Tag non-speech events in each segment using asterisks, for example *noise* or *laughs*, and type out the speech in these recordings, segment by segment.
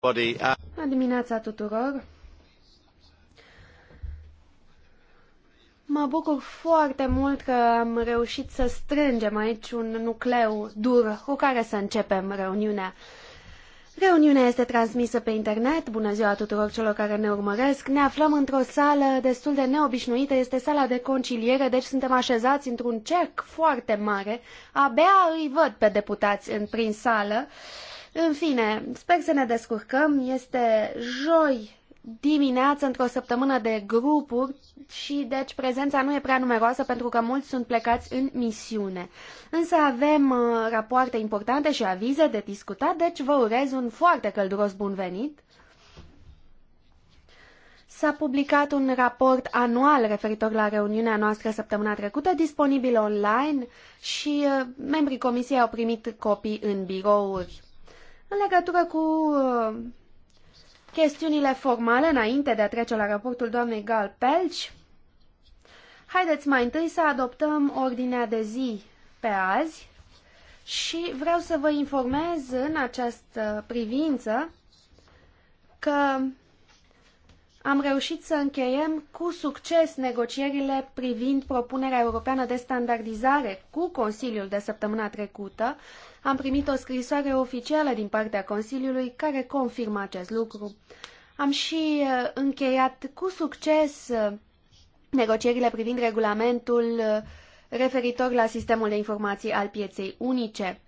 Bună dimineața tuturor! Mă bucur foarte mult că am reușit să strângem aici un nucleu dur cu care să începem reuniunea. Reuniunea este transmisă pe internet. Bună ziua tuturor celor care ne urmăresc. Ne aflăm într-o sală destul de neobișnuită. Este sala de conciliere, deci suntem așezați într-un cerc foarte mare. Abia îi văd pe deputați în prin sală. Uh, în fine, sper să ne descurcăm. Este joi dimineață, într-o săptămână de grupuri și deci prezența nu e prea numeroasă pentru că mulți sunt plecați în misiune. Însă avem uh, rapoarte importante și avize de discutat, deci vă urez un foarte călduros bun venit. S-a publicat un raport anual referitor la reuniunea noastră săptămâna trecută, disponibil online și uh, membrii comisiei au primit copii în birouri. În legătură cu uh, chestiunile formale, înainte de a trece la raportul doamnei Gal Pelci, haideți mai întâi să adoptăm ordinea de zi pe azi și vreau să vă informez în această privință că am reușit să încheiem cu succes negocierile privind propunerea europeană de standardizare cu Consiliul de săptămâna trecută am primit o scrisoare oficială din partea Consiliului care confirmă acest lucru. Am și uh, încheiat cu succes uh, negocierile privind regulamentul uh, referitor la sistemul de informații al pieței unice.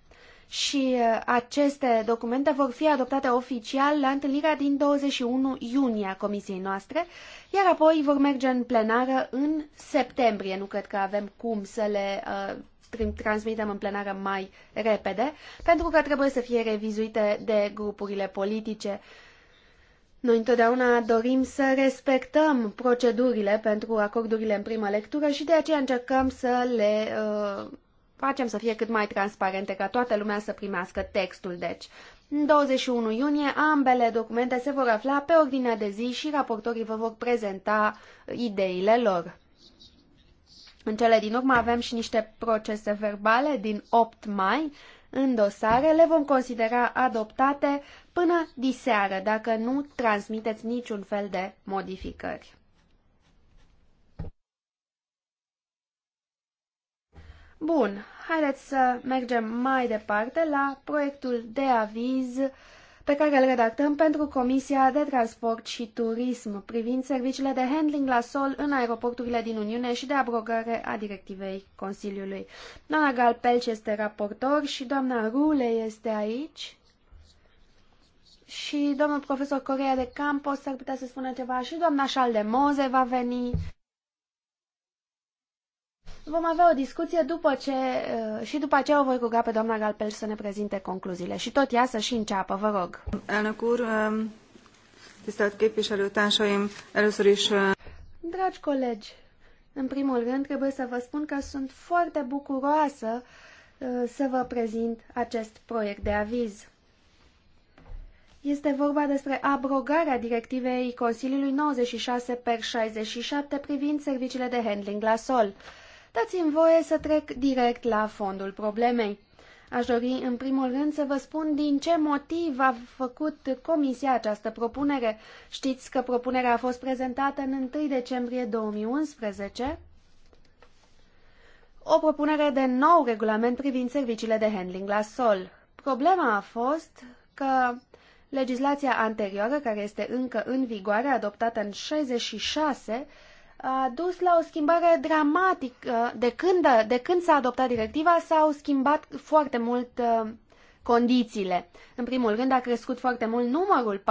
Și aceste documente vor fi adoptate oficial la întâlnirea din 21 iunie a comisiei noastre, iar apoi vor merge în plenară în septembrie. Nu cred că avem cum să le uh, transmitem în plenară mai repede, pentru că trebuie să fie revizuite de grupurile politice. Noi întotdeauna dorim să respectăm procedurile pentru acordurile în primă lectură și de aceea încercăm să le uh, facem să fie cât mai transparente, ca toată lumea să primească textul, deci. În 21 iunie, ambele documente se vor afla pe ordinea de zi și raportorii vă vor prezenta ideile lor. În cele din urmă avem și niște procese verbale din 8 mai în dosare. Le vom considera adoptate până diseară, dacă nu transmiteți niciun fel de modificări. Bun, haideți să mergem mai departe la proiectul de aviz pe care îl redactăm pentru Comisia de Transport și Turism privind serviciile de handling la sol în aeroporturile din Uniune și de abrogare a directivei Consiliului. Doamna Galpelci este raportor și doamna Rule este aici. Și domnul profesor Corea de Campos ar putea să spună ceva și doamna de Moze va veni. Vom avea o discuție după ce, uh, și după aceea o voi ruga pe doamna Galpel să ne prezinte concluziile. Și tot ea să și înceapă, vă rog. Elnök úr, um, tisztelt képviselőtársaim, először is... Uh, Dragi colegi, în primul rând trebuie să vă spun că sunt foarte bucuroasă uh, să vă prezint acest proiect de aviz. Este vorba despre abrogarea directivei Consiliului 96 per 67 privind serviciile de handling la sol dați-mi voie să trec direct la fondul problemei. Aș dori în primul rând să vă spun din ce motiv a făcut Comisia această propunere. Știți că propunerea a fost prezentată în 1 decembrie 2011? O propunere de nou regulament privind serviciile de handling la sol. Problema a fost că legislația anterioară, care este încă în vigoare, adoptată în 66, a dus la o schimbare dramatică. De când, de când s-a adoptat directiva, s-au schimbat foarte mult uh, condițiile. În primul rând, a crescut foarte mult numărul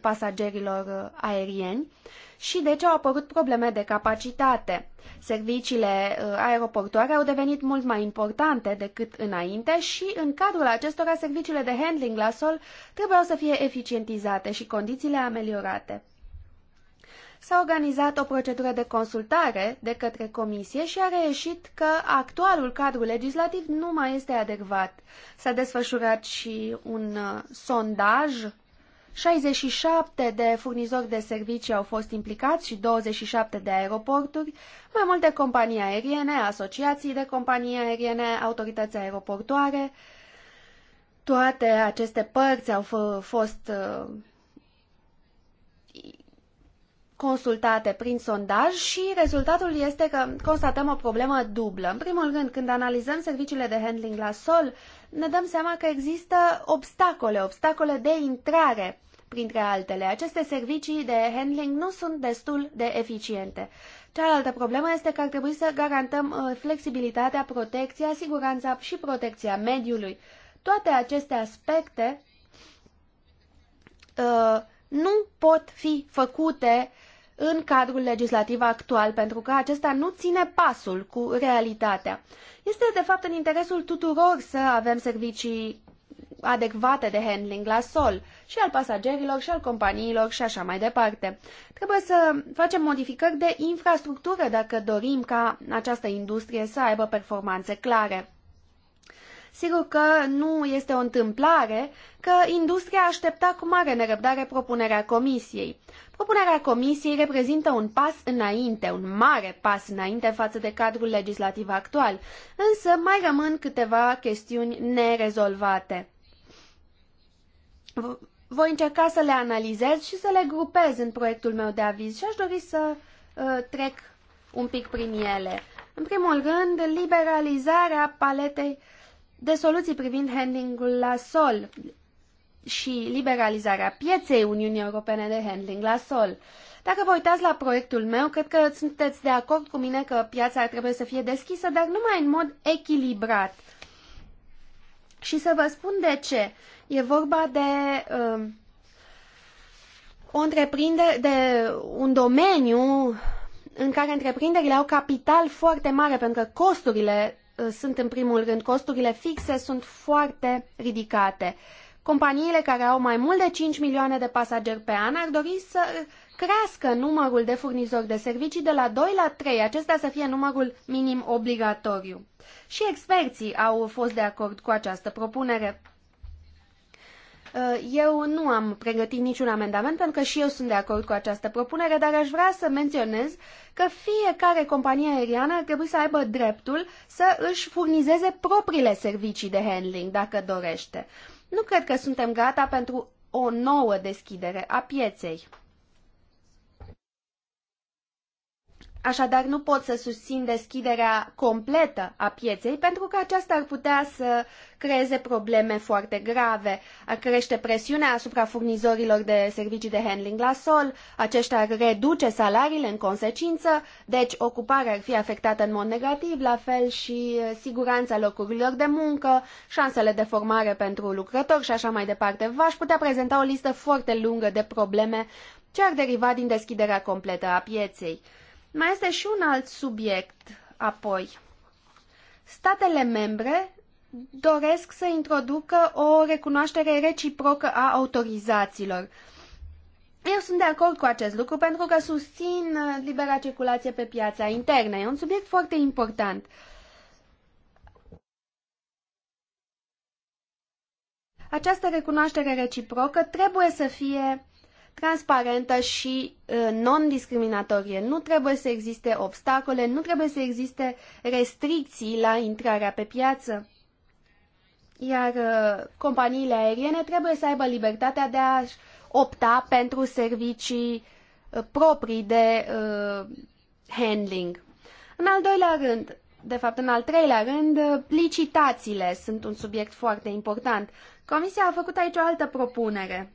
pasagerilor uh, aerieni și deci au apărut probleme de capacitate. Serviciile uh, aeroportoare au devenit mult mai importante decât înainte și în cadrul acestora serviciile de handling la sol trebuiau să fie eficientizate și condițiile ameliorate. S-a organizat o procedură de consultare de către comisie și a reieșit că actualul cadru legislativ nu mai este adecvat. S-a desfășurat și un uh, sondaj. 67 de furnizori de servicii au fost implicați și 27 de aeroporturi, mai multe companii aeriene, asociații de companii aeriene, autorități aeroportoare. Toate aceste părți au fost uh, consultate prin sondaj și rezultatul este că constatăm o problemă dublă. În primul rând, când analizăm serviciile de handling la sol, ne dăm seama că există obstacole, obstacole de intrare printre altele. Aceste servicii de handling nu sunt destul de eficiente. Cealaltă problemă este că ar trebui să garantăm uh, flexibilitatea, protecția, siguranța și protecția mediului. Toate aceste aspecte uh, nu pot fi făcute în cadrul legislativ actual, pentru că acesta nu ține pasul cu realitatea. Este, de fapt, în interesul tuturor să avem servicii adecvate de handling la sol și al pasagerilor și al companiilor și așa mai departe. Trebuie să facem modificări de infrastructură dacă dorim ca această industrie să aibă performanțe clare. Sigur că nu este o întâmplare că industria aștepta cu mare nerăbdare propunerea comisiei. Propunerea Comisiei reprezintă un pas înainte, un mare pas înainte față de cadrul legislativ actual, însă mai rămân câteva chestiuni nerezolvate. Voi încerca să le analizez și să le grupez în proiectul meu de aviz și aș dori să uh, trec un pic prin ele. În primul rând, liberalizarea paletei de soluții privind handlingul la sol, și liberalizarea pieței Uniunii Europene de handling la sol. Dacă vă uitați la proiectul meu, cred că sunteți de acord cu mine că piața ar trebui să fie deschisă, dar numai în mod echilibrat. Și să vă spun de ce. E vorba de uh, o întreprindere, de un domeniu în care întreprinderile au capital foarte mare, pentru că costurile uh, sunt în primul rând, costurile fixe sunt foarte ridicate. Uh, Companiile care au mai mult de 5 milioane de pasageri pe an ar dori să crească numărul de furnizori de servicii de la 2 la 3, acesta să fie numărul minim obligatoriu. Și experții au fost de acord cu această propunere. Uh, eu nu am pregătit niciun amendament pentru că și eu sunt de acord cu această propunere, dar aș vrea să menționez că fiecare companie aeriană ar trebui să aibă dreptul să își furnizeze propriile servicii de handling dacă dorește. Nu cred că suntem gata pentru o nouă deschidere a pieței. Așadar, nu pot să susțin deschiderea completă a pieței, pentru că aceasta ar putea să creeze probleme foarte grave. Ar crește presiunea asupra furnizorilor de servicii de handling la sol, aceștia ar reduce salariile în consecință, deci ocuparea ar fi afectată în mod negativ, la fel și uh, siguranța locurilor de muncă, șansele de formare pentru lucrători și așa mai departe. V-aș putea prezenta o listă foarte lungă de probleme ce ar deriva din deschiderea completă a pieței. Mai este și un alt subiect apoi. Statele membre doresc să introducă o recunoaștere reciprocă a autorizațiilor. Eu sunt de acord cu acest lucru pentru că susțin uh, libera circulație pe piața internă. E un subiect foarte important. Această recunoaștere reciprocă trebuie să fie transparentă și uh, non-discriminatorie. Nu trebuie să existe obstacole, nu trebuie să existe restricții la intrarea pe piață. Iar uh, companiile aeriene trebuie să aibă libertatea de a opta pentru servicii uh, proprii de handling. În al doilea rând, de fapt în al treilea rând, licitațiile sunt un subiect foarte important. Comisia a făcut aici o altă propunere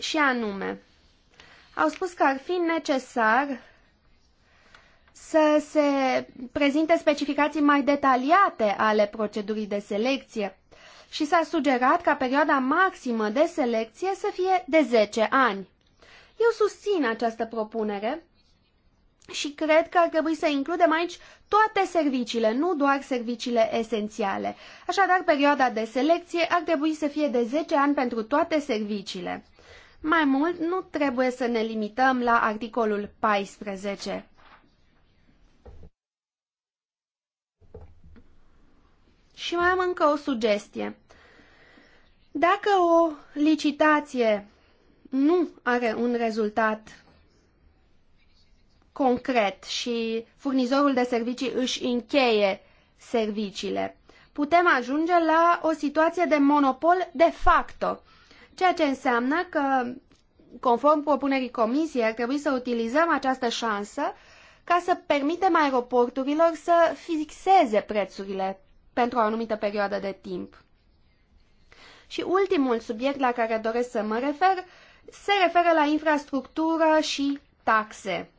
și anume, au spus că ar fi necesar să se prezinte specificații mai detaliate ale procedurii de selecție și s-a sugerat ca perioada maximă de selecție să fie de 10 ani. Eu susțin această propunere și cred că ar trebui să includem aici toate serviciile, nu doar serviciile esențiale. Așadar, perioada de selecție ar trebui să fie de 10 ani pentru toate serviciile. Mai mult, nu trebuie să ne limităm la articolul 14. Și mai am încă o sugestie. Dacă o licitație nu are un rezultat concret și furnizorul de servicii își încheie serviciile, putem ajunge la o situație de monopol de facto ceea ce înseamnă că, conform propunerii comisiei, ar trebui să utilizăm această șansă ca să permitem aeroporturilor să fixeze prețurile pentru o anumită perioadă de timp. Și ultimul subiect la care doresc să mă refer se referă la infrastructură și taxe.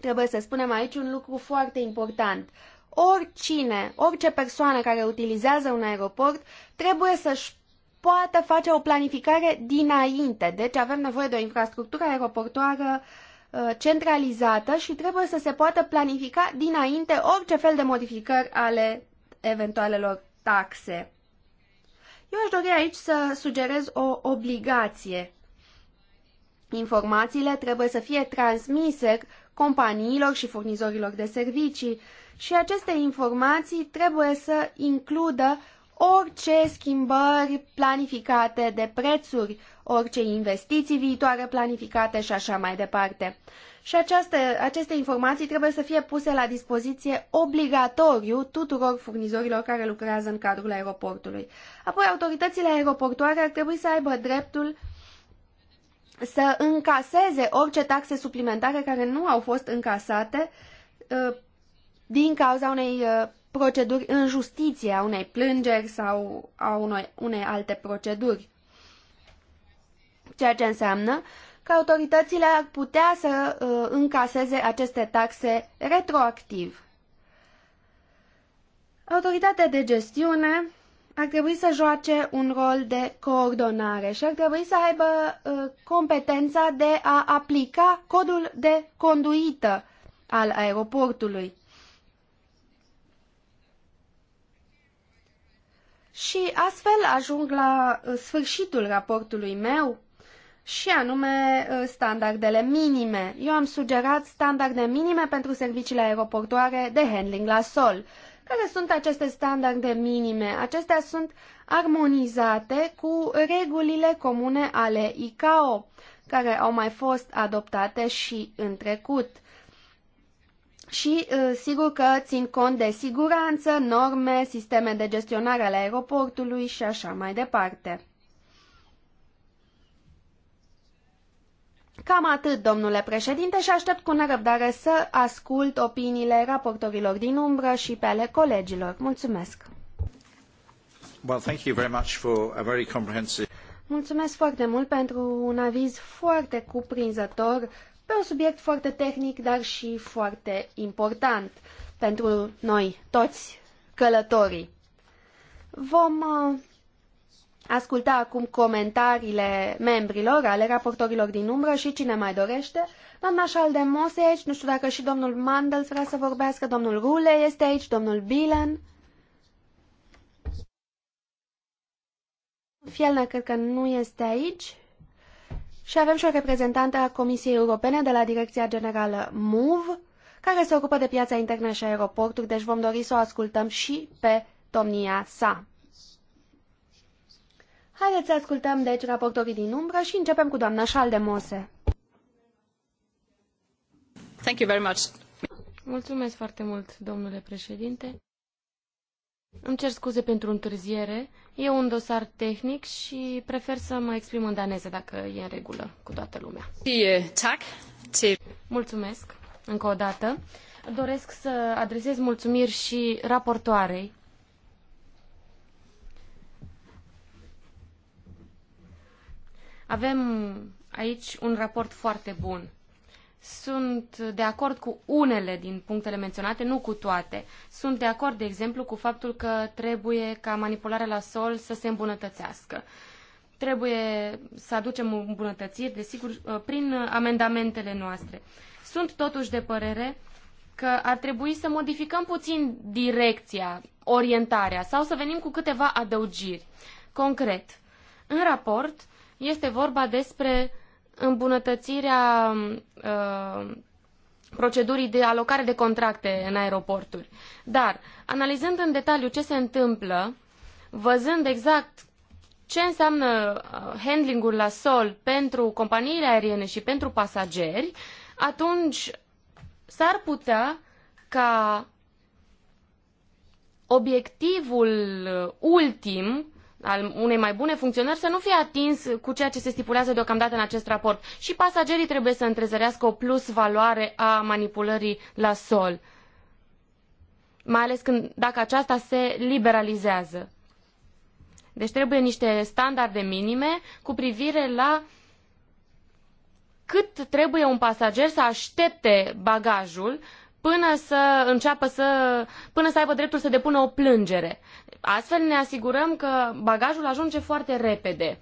Trebuie să spunem aici un lucru foarte important. Oricine, orice persoană care utilizează un aeroport trebuie să-și poată face o planificare dinainte. Deci avem nevoie de o infrastructură aeroportoară uh, centralizată și trebuie să se poată planifica dinainte orice fel de modificări ale eventualelor taxe. Eu aș dori aici să sugerez o obligație. Informațiile trebuie să fie transmise companiilor și furnizorilor de servicii și aceste informații trebuie să includă orice schimbări planificate de prețuri, orice investiții viitoare planificate și așa mai departe. Și aceaste, aceste informații trebuie să fie puse la dispoziție obligatoriu tuturor furnizorilor care lucrează în cadrul aeroportului. Apoi, autoritățile aeroportoare ar trebui să aibă dreptul să încaseze orice taxe suplimentare care nu au fost încasate uh, din cauza unei uh, proceduri în justiție, a unei plângeri sau a unei, unei alte proceduri. Ceea ce înseamnă că autoritățile ar putea să uh, încaseze aceste taxe retroactiv. Autoritatea de gestiune ar trebui să joace un rol de coordonare și ar trebui să aibă uh, competența de a aplica codul de conduită al aeroportului. Și astfel ajung la uh, sfârșitul raportului meu, și anume uh, standardele minime. Eu am sugerat standarde minime pentru serviciile aeroportoare de handling la sol. Care sunt aceste standarde minime? Acestea sunt armonizate cu regulile comune ale ICAO, care au mai fost adoptate și în trecut și uh, sigur că țin cont de siguranță, norme, sisteme de gestionare ale aeroportului și așa mai departe. Cam atât, domnule președinte, și aștept cu nerăbdare să ascult opiniile raportorilor din umbră și pe ale colegilor. Mulțumesc! Well, thank you very much for a very comprehensive... Mulțumesc foarte mult pentru un aviz foarte cuprinzător pe un subiect foarte tehnic, dar și foarte important pentru noi toți călătorii. Vom uh, asculta acum comentariile membrilor, ale raportorilor din umbră și cine mai dorește. Doamna Șaldemose e aici, nu știu dacă și domnul Mandel vrea să vorbească, domnul Rule este aici, domnul Bilen. Fielna cred că nu este aici. Și avem și o reprezentantă a Comisiei Europene de la Direcția Generală MOVE, care se ocupă de piața internă și aeroporturi, deci vom dori să o ascultăm și pe domnia sa. Haideți să ascultăm, deci, raportorii din umbră și începem cu doamna Șaldemose. Thank you very much. Mulțumesc foarte mult, domnule președinte. Îmi cer scuze pentru întârziere. E un dosar tehnic și prefer să mă exprim în daneză dacă e în regulă cu toată lumea. Mulțumesc încă o dată. Doresc să adresez mulțumiri și raportoarei. Avem aici un raport foarte bun. Sunt de acord cu unele din punctele menționate, nu cu toate. Sunt de acord, de exemplu, cu faptul că trebuie ca manipularea la sol să se îmbunătățească. Trebuie să aducem îmbunătățiri, desigur, prin amendamentele noastre. Sunt totuși de părere că ar trebui să modificăm puțin direcția, orientarea sau să venim cu câteva adăugiri. Concret, în raport este vorba despre îmbunătățirea uh, procedurii de alocare de contracte în aeroporturi. Dar, analizând în detaliu ce se întâmplă, văzând exact ce înseamnă uh, handlingul la sol pentru companiile aeriene și pentru pasageri, atunci s-ar putea ca obiectivul uh, ultim al unei mai bune funcționări să nu fie atins cu ceea ce se stipulează deocamdată în acest raport. Și pasagerii trebuie să întrezărească o plus valoare a manipulării la sol, mai ales când, dacă aceasta se liberalizează. Deci trebuie niște standarde minime cu privire la cât trebuie un pasager să aștepte bagajul până să înceapă să, până să aibă dreptul să depună o plângere. Astfel ne asigurăm că bagajul ajunge foarte repede.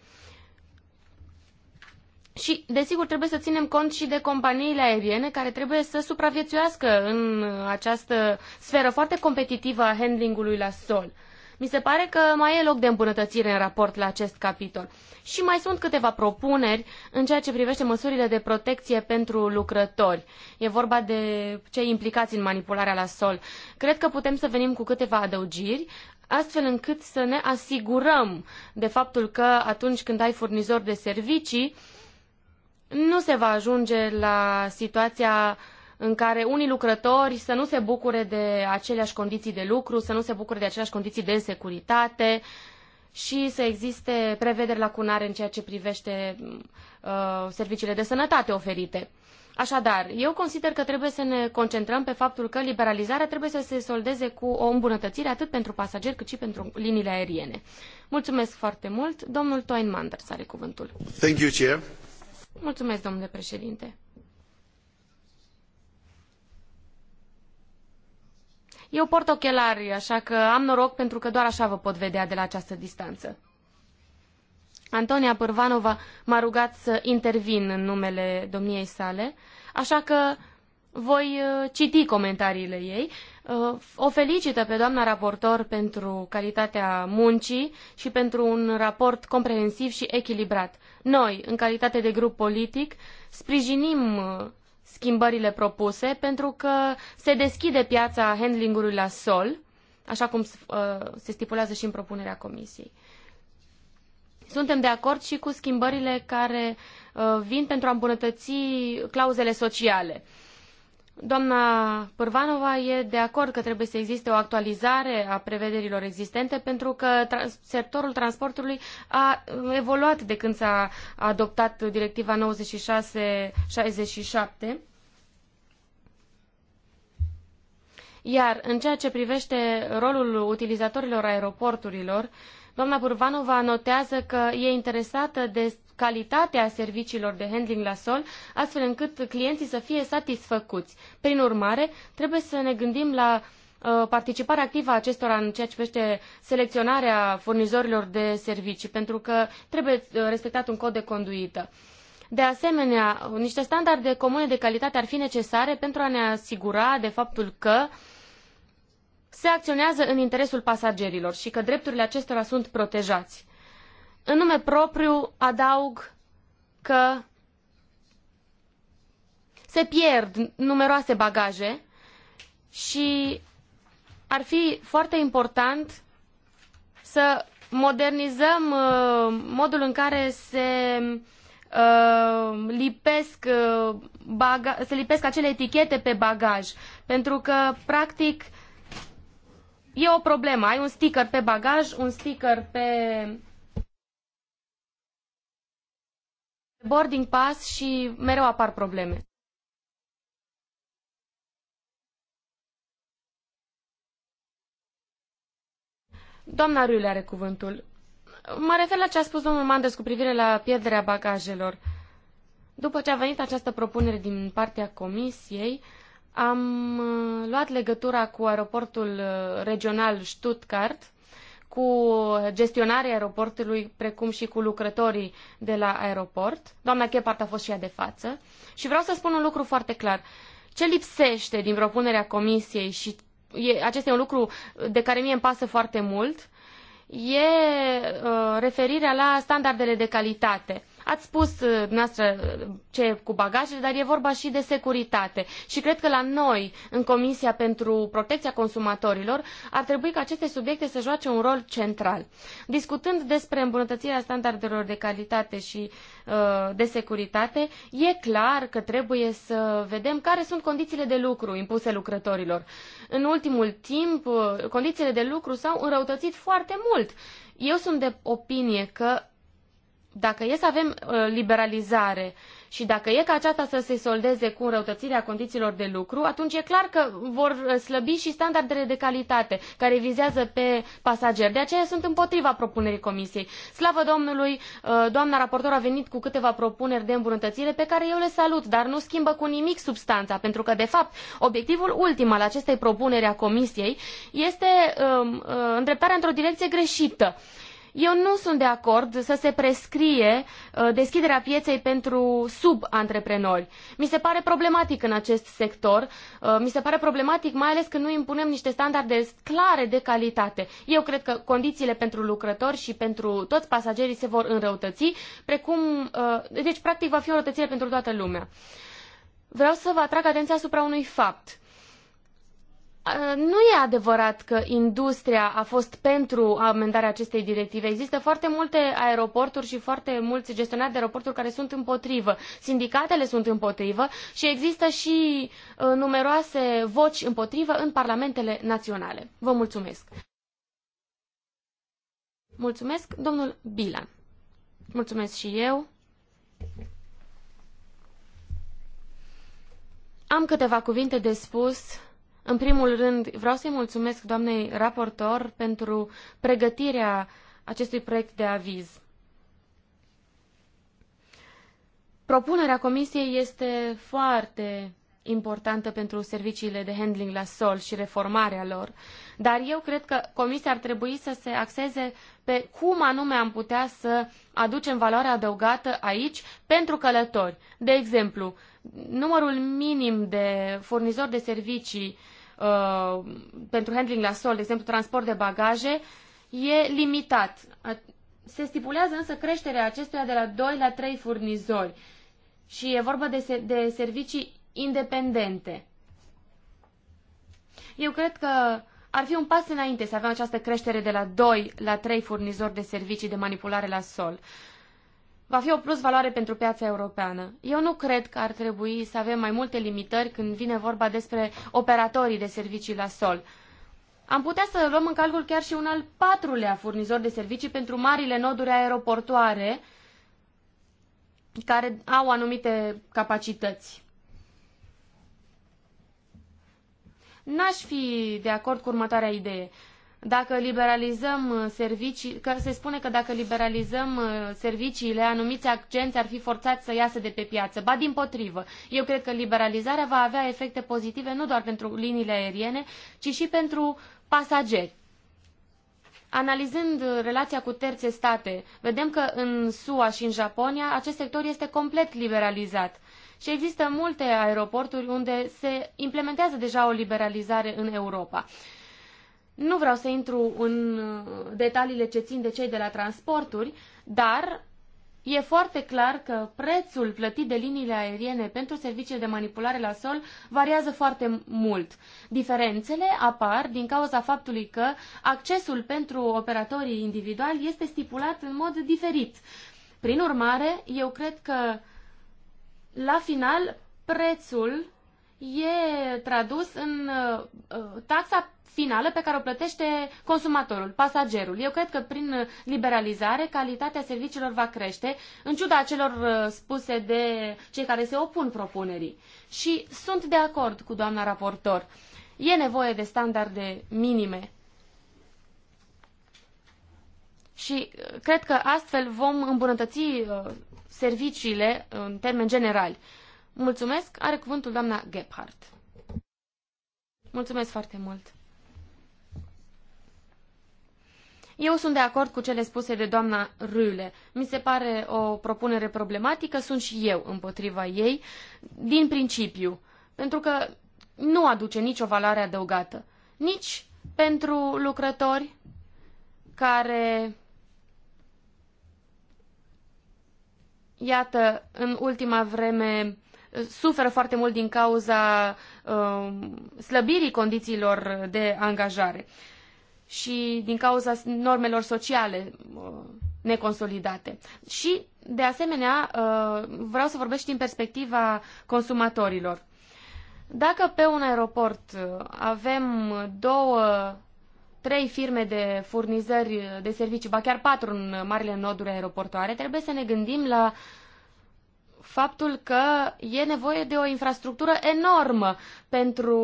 Și, desigur, trebuie să ținem cont și de companiile aeriene care trebuie să supraviețuiască în această sferă foarte competitivă a handlingului la sol. Uh, mi se pare că mai e loc de îmbunătățire în raport la acest capitol. Și mai sunt câteva propuneri în ceea ce privește măsurile de protecție pentru lucrători. E vorba de cei implicați în manipularea la sol. Cred că putem să venim cu câteva adăugiri, astfel încât să ne asigurăm de faptul că atunci când ai furnizor de servicii, nu se va ajunge la situația în care unii lucrători să nu se bucure de aceleași condiții de lucru, să nu se bucure de aceleași condiții de securitate și să existe prevederi lacunare în ceea ce privește uh, serviciile de sănătate oferite. Așadar, eu consider că trebuie să ne concentrăm pe faptul că liberalizarea trebuie să se soldeze cu o îmbunătățire atât pentru pasageri cât și pentru liniile aeriene. Mulțumesc foarte mult. Domnul Toin Manders are cuvântul. Thank you, Chair. Mulțumesc, domnule președinte. Eu port ochelari, așa că am noroc pentru că doar așa vă pot vedea de la această distanță. Antonia Pârvanova m-a rugat să intervin în numele domniei sale, așa că voi uh, citi comentariile ei. Uh, o felicită pe doamna raportor pentru calitatea muncii și pentru un raport comprehensiv și echilibrat. Noi, în calitate de grup politic, sprijinim uh, schimbările propuse, pentru că se deschide piața handlingului la sol, așa cum uh, se stipulează și în propunerea comisiei. Suntem de acord și cu schimbările care uh, vin pentru a îmbunătăți clauzele sociale. Doamna Pârvanova e de acord că trebuie să existe o actualizare a prevederilor existente pentru că sectorul transportului a uh, evoluat de când s-a adoptat directiva 96-67 Iar în ceea ce privește rolul utilizatorilor aeroporturilor, doamna Burvanova notează că e interesată de calitatea serviciilor de handling la sol, astfel încât clienții să fie satisfăcuți. Prin urmare, trebuie să ne gândim la uh, participarea activă a acestora în ceea ce privește selecționarea furnizorilor de servicii, pentru că trebuie uh, respectat un cod de conduită. De asemenea, niște standarde comune de calitate ar fi necesare pentru a ne asigura de faptul că uh, se acționează în interesul pasagerilor și că drepturile acestora sunt protejați. În nume propriu adaug că se pierd numeroase bagaje și ar fi foarte important să modernizăm uh, modul în care se uh, lipesc, uh, baga- se lipesc acele etichete pe bagaj, pentru că, practic, uh, e o problemă. Ai un sticker pe bagaj, un sticker pe boarding pass și mereu apar probleme. Doamna Râle are cuvântul. Mă refer la ce a spus domnul Mandes cu privire la pierderea bagajelor. După ce a venit această propunere din partea comisiei, uh, am uh, luat legătura cu aeroportul uh, regional Stuttgart, cu gestionarea aeroportului, precum și cu lucrătorii de la aeroport. Doamna Chepart a fost și ea de față. Și vreau să spun un lucru foarte clar. Ce lipsește din propunerea comisiei și e, acest e un lucru de care mie îmi pasă foarte mult, e uh, referirea la standardele de calitate. Ați spus uh, dumneavoastră ce e cu bagajele, dar e vorba și de securitate. Și cred că la noi, în Comisia pentru Protecția Consumatorilor, ar trebui ca aceste subiecte să joace un rol central. Discutând despre îmbunătățirea standardelor de calitate și uh, de securitate, e clar că trebuie să vedem care sunt condițiile de lucru impuse lucrătorilor. În ultimul timp, uh, condițiile de lucru s-au înrăutățit foarte mult. Eu sunt de opinie că dacă e să avem ă, liberalizare și dacă e ca aceasta să se soldeze cu înrăutățirea condițiilor de lucru, atunci e clar că vor ă, slăbi și standardele de calitate care vizează pe pasageri. De aceea sunt împotriva propunerii Comisiei. Slavă Domnului, ă, doamna raportor a venit cu câteva propuneri de îmbunătățire pe care eu le salut, dar nu schimbă cu nimic substanța, pentru că, de fapt, obiectivul ultim al acestei propuneri a Comisiei este îndreptarea într-o direcție greșită. Eu nu sunt de acord să se prescrie uh, deschiderea pieței pentru sub sub-antreprenori. Mi se pare problematic în acest sector, uh, mi se pare problematic mai ales că nu impunem niște standarde clare de calitate. Eu cred că condițiile pentru lucrători și pentru toți pasagerii se vor înrăutăți, precum, uh, deci practic va fi o rătățire pentru toată lumea. Vreau să vă atrag atenția asupra unui fapt nu e adevărat că industria a fost pentru amendarea acestei directive. Există foarte multe aeroporturi și foarte mulți gestionari de aeroporturi care sunt împotrivă. Sindicatele sunt împotrivă și există și uh, numeroase voci împotrivă în parlamentele naționale. Vă mulțumesc. Mulțumesc, domnul Bilan. Mulțumesc și eu. Am câteva cuvinte de spus în primul rând, vreau să-i mulțumesc doamnei raportor pentru pregătirea acestui proiect de aviz. Propunerea comisiei este foarte importantă pentru serviciile de handling la sol și reformarea lor, dar eu cred că comisia ar trebui să se axeze pe cum anume am putea să aducem valoare adăugată aici pentru călători. De exemplu, numărul minim de furnizori de servicii uh, pentru handling la sol, de exemplu transport de bagaje, e limitat. Se stipulează însă creșterea acestuia de la 2 la 3 furnizori și e vorba de, se- de servicii independente. Eu cred că ar fi un pas înainte să avem această creștere de la 2 la 3 furnizori de servicii de manipulare la sol. Uh, va fi o plus valoare pentru piața europeană. Eu nu cred că ar trebui să avem mai multe limitări când vine vorba despre operatorii de servicii la sol. Am putea să luăm în calcul chiar și un al patrulea furnizor de servicii pentru marile noduri aeroportoare care au anumite capacități. N-aș fi de acord cu următoarea idee dacă liberalizăm uh, servicii, că se spune că dacă liberalizăm uh, serviciile, anumiți agenți ar fi forțați să iasă de pe piață. Ba din potrivă, eu cred că liberalizarea va avea efecte pozitive nu doar pentru liniile aeriene, ci și pentru pasageri. Analizând uh, relația cu terțe state, vedem că în SUA și în Japonia acest sector este complet liberalizat. Și există multe aeroporturi unde se implementează deja o liberalizare în Europa. Nu vreau să intru în uh, detaliile ce țin de cei de la transporturi, dar e foarte clar că prețul plătit de liniile aeriene pentru serviciile de manipulare la sol variază foarte mult. Diferențele apar din cauza faptului că accesul pentru operatorii individuali este stipulat în mod diferit. Prin urmare, eu cred că la final prețul e tradus în uh, uh, taxa finală pe care o plătește consumatorul, pasagerul. Eu cred că prin liberalizare calitatea serviciilor va crește, în ciuda celor uh, spuse de cei care se opun propunerii. Și sunt de acord cu doamna raportor. E nevoie de standarde minime. Și uh, cred că astfel vom îmbunătăți uh, serviciile în termeni generali. Mulțumesc. Are cuvântul doamna Gebhardt. Mulțumesc foarte mult. Eu sunt de acord cu cele spuse de doamna Râle. Mi se pare o propunere problematică, sunt și eu împotriva ei, din principiu, pentru că nu aduce nicio valoare adăugată, nici pentru lucrători care, iată, în ultima vreme uh, suferă foarte mult din cauza uh, slăbirii condițiilor de angajare și din cauza normelor sociale uh, neconsolidate. Și, de asemenea, uh, vreau să vorbesc și din perspectiva consumatorilor. Dacă pe un aeroport uh, avem două, trei firme de furnizări de servicii, ba chiar patru în marile noduri aeroportoare, trebuie să ne gândim la uh, faptul că e nevoie de o infrastructură enormă pentru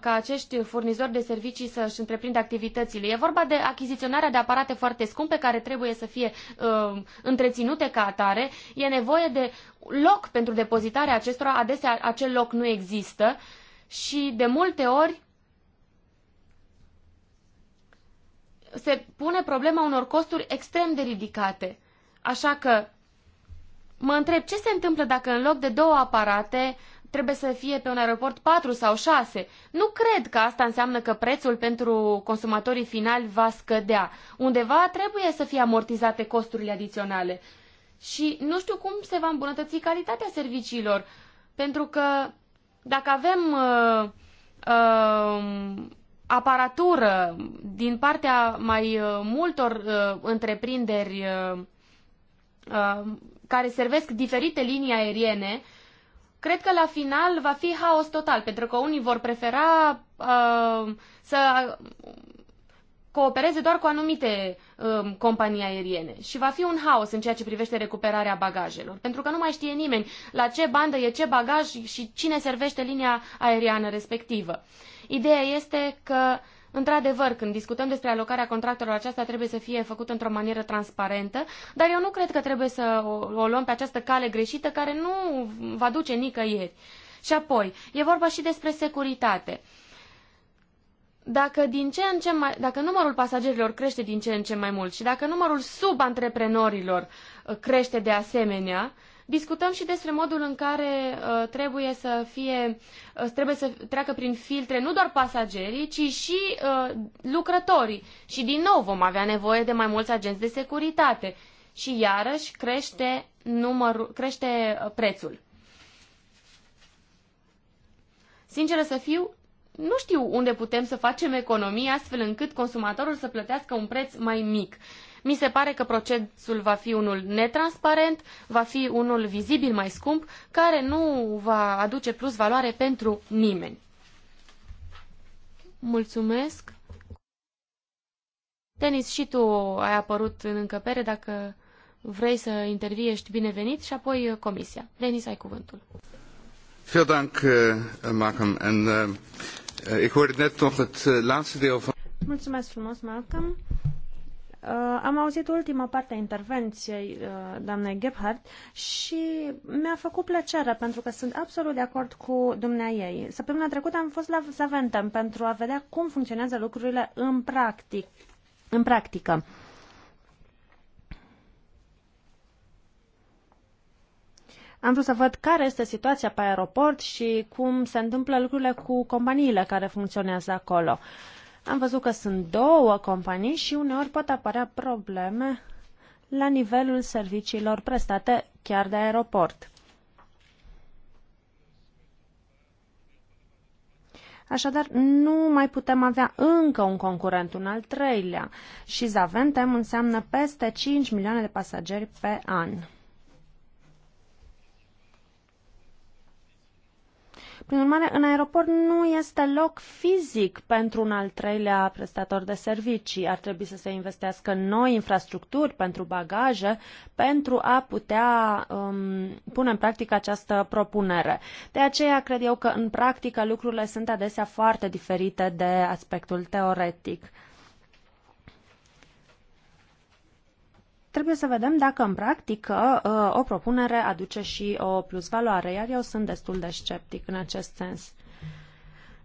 ca acești furnizori de servicii să-și întreprindă activitățile. E vorba de achiziționarea de aparate foarte scumpe care trebuie să fie uh, întreținute ca atare. E nevoie de loc pentru depozitarea acestora. Adesea acel loc nu există și de multe ori se pune problema unor costuri extrem de ridicate. Așa că Mă întreb ce se întâmplă dacă în loc de două aparate trebuie să fie pe un aeroport patru sau șase. Nu cred că asta înseamnă că prețul pentru consumatorii finali va scădea. Undeva trebuie să fie amortizate costurile adiționale. Și nu știu cum se va îmbunătăți calitatea serviciilor, pentru că dacă avem uh, uh, aparatură din partea mai uh, multor uh, întreprinderi uh, uh, care servesc diferite linii aeriene, cred că la final va fi haos total, pentru că unii vor prefera uh, să uh, coopereze doar cu anumite um, companii aeriene și va fi un haos în ceea ce privește recuperarea bagajelor, pentru că nu mai știe nimeni la ce bandă e ce bagaj și cine servește linia aeriană respectivă. Ideea este că uh, Într-adevăr, când discutăm despre alocarea contractelor, aceasta trebuie să fie făcută într-o manieră transparentă, dar eu nu cred că trebuie să o, o luăm pe această cale greșită care nu va duce nicăieri. Și apoi, e vorba și despre securitate. Dacă, din ce în ce mai, dacă numărul pasagerilor crește din ce în ce mai mult și dacă numărul subantreprenorilor uh, crește de asemenea, uh, Discutăm și despre modul în care uh, trebuie să fie, uh, trebuie să treacă prin filtre nu doar pasagerii, ci și uh, lucrătorii. Și din nou vom avea nevoie de mai mulți agenți de securitate. Și iarăși crește, numărul, crește uh, prețul. Sinceră să fiu, nu știu unde putem să facem economii astfel încât consumatorul să plătească un preț mai mic. Uh, mi se pare că procesul va fi unul netransparent, va fi unul vizibil mai scump, care nu va aduce plus valoare pentru nimeni. Mulțumesc. Denis, și tu ai apărut în încăpere. Dacă vrei să intervii, ești binevenit și apoi comisia. Denis, ai cuvântul. Veel dank, eh, Malcolm. En eh, eh, ik hoorde net nog het laatste deel van... Mulțumesc frumos, Malcolm. Uh, am auzit ultima parte a intervenției uh, doamnei Gebhardt și mi-a făcut plăcere pentru că sunt absolut de acord cu dumnea ei. Săptămâna trecută am fost la Saventem pentru a vedea cum funcționează lucrurile în, practic, în practică. Am vrut să văd care este situația pe aeroport și cum se întâmplă lucrurile cu companiile care funcționează acolo. Uh, am văzut că sunt două companii și uneori pot apărea probleme la nivelul serviciilor prestate chiar de aeroport. Așadar, nu mai putem avea încă un concurent, un al treilea. Și Zaventem înseamnă peste 5 milioane de pasageri pe an. Prin urmare, în aeroport nu este loc fizic pentru un al treilea prestator de servicii. Ar trebui să se investească în noi infrastructuri pentru bagaje pentru a putea um, pune în practică această propunere. De aceea cred eu că în practică lucrurile sunt adesea foarte diferite de aspectul teoretic. trebuie să vedem dacă în practică uh, o propunere aduce și o plusvaloare, iar eu sunt destul de sceptic în acest sens.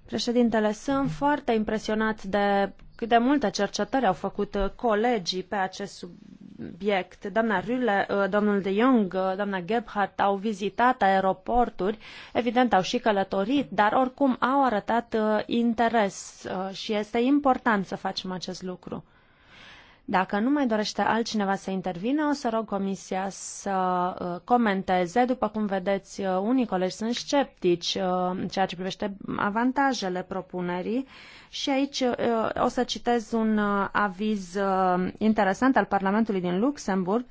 Președintele, sunt foarte impresionat de cât de multe cercetări au făcut uh, colegii pe acest subiect. Doamna Rule, uh, domnul de Jong, doamna Gebhardt au vizitat aeroporturi, evident au și călătorit, dar oricum au arătat interes și este important să facem acest lucru. Dacă nu mai dorește altcineva să intervină, o să rog Comisia să uh, comenteze. După cum vedeți, uh, unii colegi sunt sceptici uh, în ceea ce privește avantajele propunerii și aici o să citez un aviz interesant al Parlamentului din Luxemburg.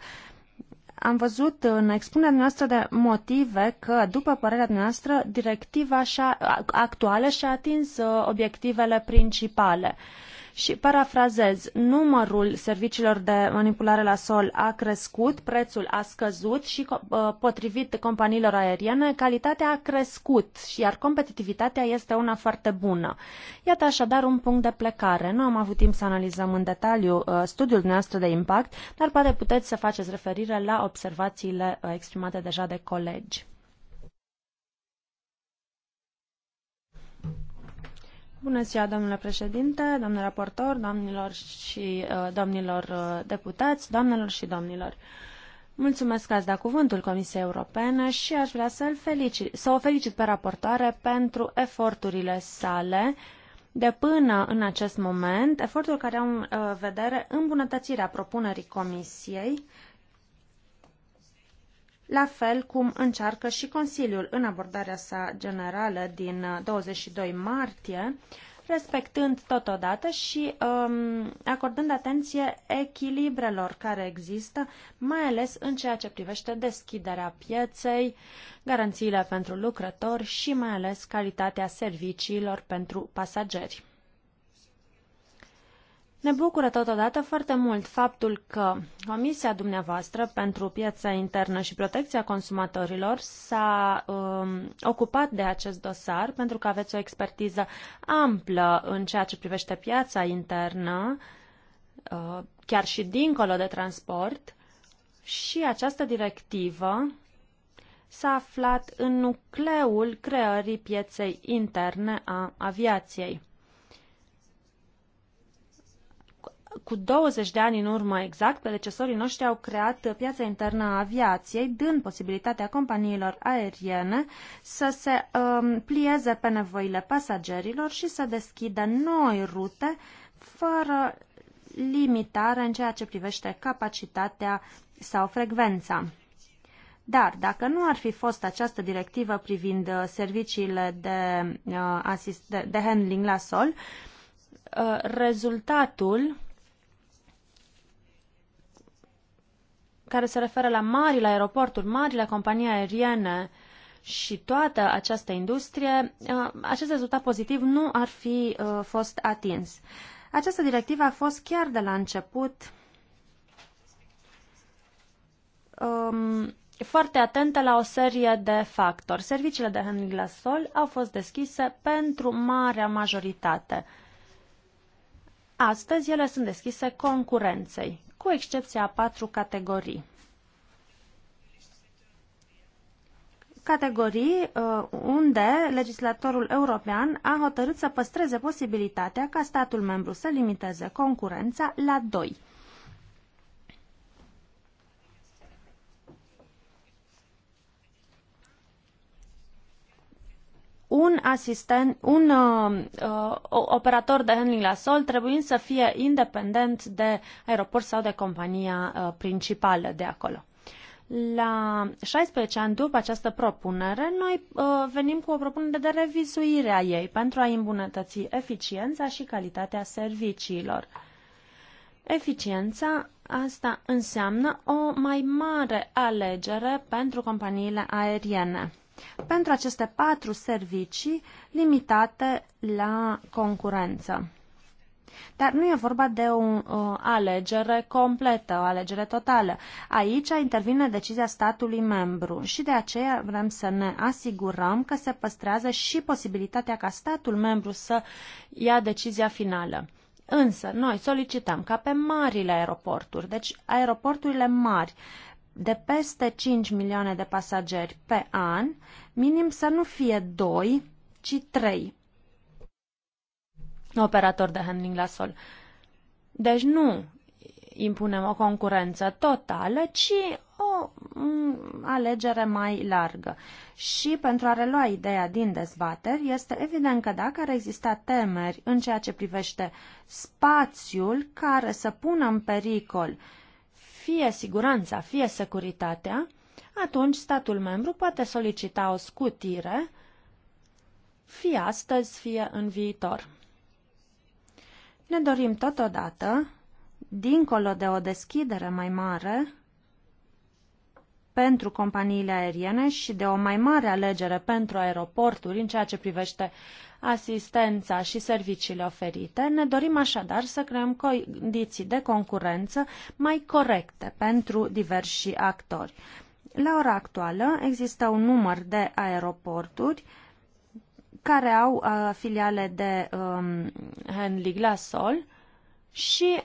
Am văzut în expunerea noastră de motive că, după părerea noastră, directiva actuală și-a atins obiectivele principale. Și parafrazez, numărul serviciilor de manipulare la sol a crescut, prețul a scăzut și, uh, potrivit companiilor aeriene, calitatea a crescut, și iar competitivitatea este una foarte bună. Iată așadar un punct de plecare. Nu am avut timp să analizăm în detaliu uh, studiul nostru de impact, dar poate puteți să faceți referire la observațiile uh, exprimate deja de colegi. Bună ziua, domnule președinte, domnule raportor, domnilor și uh, domnilor uh, deputați, doamnelor și domnilor. Mulțumesc că ați dat cuvântul Comisiei Europene și aș vrea să, felicit, să o felicit pe raportoare pentru eforturile sale de până în acest moment, eforturi care au în uh, vedere îmbunătățirea propunerii Comisiei uh, la fel cum încearcă și Consiliul în abordarea sa generală din 22 uh, martie, respectând totodată și um, acordând atenție echilibrelor care există, mai ales în ceea ce privește deschiderea pieței, garanțiile pentru lucrători și mai ales calitatea serviciilor pentru pasageri. Ne bucură totodată foarte mult faptul că Comisia dumneavoastră pentru piața internă și protecția consumatorilor s-a um, ocupat de acest dosar pentru că aveți o expertiză amplă în ceea ce privește piața internă, uh, chiar și dincolo de transport, și această directivă s-a aflat în nucleul creării pieței interne a aviației. cu 20 de ani în urmă exact, predecesorii noștri au creat piața internă a aviației, dând posibilitatea companiilor aeriene să se um, plieze pe nevoile pasagerilor și să deschidă noi rute fără limitare în ceea ce privește capacitatea sau frecvența. Dar dacă nu ar fi fost această directivă privind uh, serviciile de, uh, asist- de, de handling la sol, uh, rezultatul care se referă la marile aeroporturi, marile companii aeriene și toată această industrie, uh, acest rezultat pozitiv nu ar fi uh, fost atins. Această directivă a fost chiar de la început um, foarte atentă la o serie de factori. Serviciile de handling la sol au fost deschise pentru marea majoritate. Astăzi ele sunt deschise concurenței cu excepția a patru categorii. categorii uh, unde legislatorul european a hotărât să păstreze posibilitatea ca statul membru să limiteze concurența la doi. un asistent, un uh, uh, operator de handling la sol trebuie să fie independent de aeroport sau de compania uh, principală de acolo. La 16 ani după această propunere, noi uh, venim cu o propunere de revizuire a ei pentru a îmbunătăți eficiența și calitatea serviciilor. Eficiența asta înseamnă o mai mare alegere pentru companiile aeriene pentru aceste patru servicii limitate la concurență. Dar nu e vorba de o, alegere completă, o alegere totală. Aici intervine decizia statului membru și de aceea vrem să ne asigurăm că se păstrează și posibilitatea ca statul membru să ia decizia finală. Însă, noi solicităm ca pe marile aeroporturi, deci aeroporturile mari, uh, de peste 5 milioane de pasageri pe an, minim să nu fie 2, ci 3 Operator de handling la sol. Deci nu impunem o concurență totală, ci o alegere mai largă. Și pentru a relua ideea din dezbateri, este evident că dacă ar exista temeri în ceea ce privește spațiul care să pună în pericol uh, fie siguranța, fie securitatea, atunci statul membru poate solicita o scutire, fie astăzi, fie în viitor. Ne dorim totodată, dincolo de o deschidere mai mare pentru companiile aeriene și de o mai mare alegere pentru aeroporturi în ceea ce privește asistența și serviciile oferite, ne dorim așadar să creăm condiții de concurență mai corecte pentru diversi actori. La ora actuală există un număr de aeroporturi care au uh, filiale de um, Henley Glassol și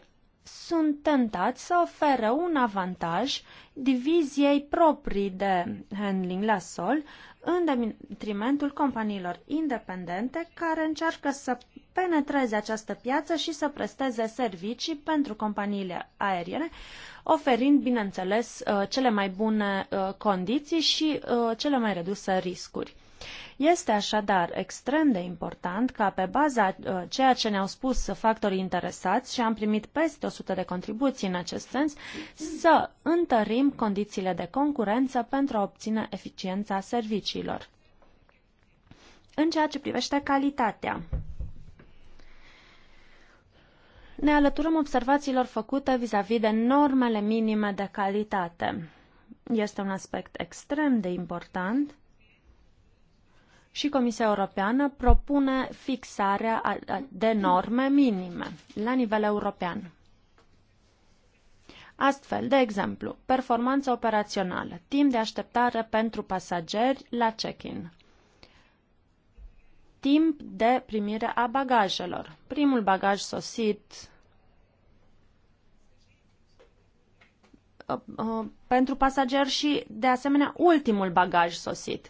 sunt tentați să oferă un avantaj diviziei proprii de handling la sol în detrimentul companiilor independente care încearcă să penetreze această piață și să presteze servicii pentru companiile aeriene, oferind, bineînțeles, uh, cele mai bune uh, condiții și uh, cele mai reduse riscuri. Este așadar extrem de important ca pe baza uh, ceea ce ne-au spus factorii interesați și am primit peste 100 de contribuții în acest sens, să întărim condițiile de concurență pentru a obține eficiența serviciilor. În ceea ce privește calitatea, ne alăturăm observațiilor făcute vis-a-vis -vis de normele minime de calitate. Este un aspect extrem de important și Comisia Europeană propune fixarea de norme minime la nivel european. Astfel, de exemplu, performanță operațională, timp de așteptare pentru pasageri la check-in, timp de primire a bagajelor, primul bagaj sosit, uh, uh, pentru pasager și, de asemenea, ultimul bagaj sosit.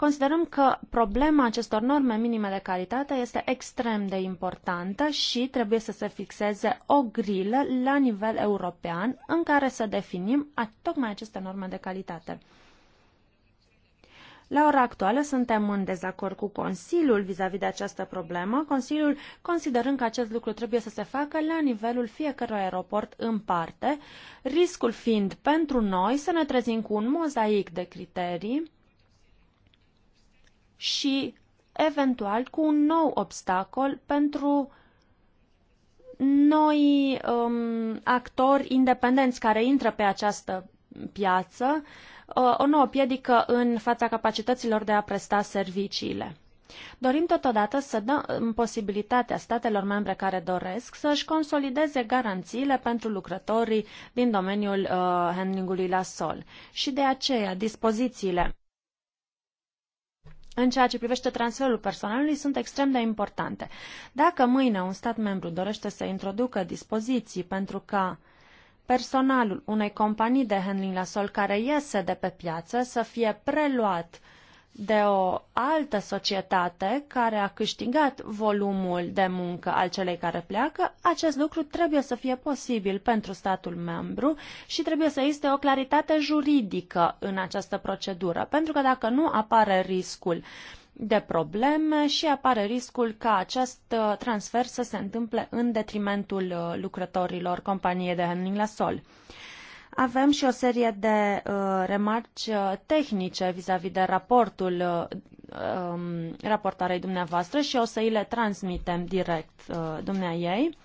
Considerăm că problema acestor norme minime de calitate este extrem de importantă și trebuie să se fixeze o grilă la nivel european în care să definim tocmai aceste norme de calitate. La ora actuală suntem în dezacord cu Consiliul vis-a-vis -vis de această problemă, Consiliul considerând că acest lucru trebuie să se facă la nivelul fiecărui aeroport în parte, riscul fiind pentru noi să ne trezim cu un mozaic de criterii și eventual cu un nou obstacol pentru noi um, actori independenți care intră pe această piață, uh, o nouă piedică în fața capacităților de a presta serviciile. Dorim totodată să dăm um, posibilitatea statelor membre care doresc să-și consolideze garanțiile pentru lucrătorii din domeniul uh, handlingului la sol. Și de aceea, dispozițiile în ceea ce privește transferul personalului sunt extrem de importante. Dacă mâine un stat membru dorește să introducă dispoziții pentru ca personalul unei companii de handling la sol care iese de pe piață să fie preluat uh, de o altă societate care a câștigat volumul de muncă al celei care pleacă, acest lucru trebuie să fie posibil pentru statul membru și trebuie să existe o claritate juridică în această procedură, pentru că dacă nu apare riscul de probleme și apare riscul ca acest uh, transfer să se întâmple în detrimentul uh, lucrătorilor companiei de handling la sol. Avem și o serie de uh, remarci uh, tehnice vis-a-vis -vis de raportul uh, um, raportarei dumneavoastră și o să îi le transmitem direct uh, dumnea ei.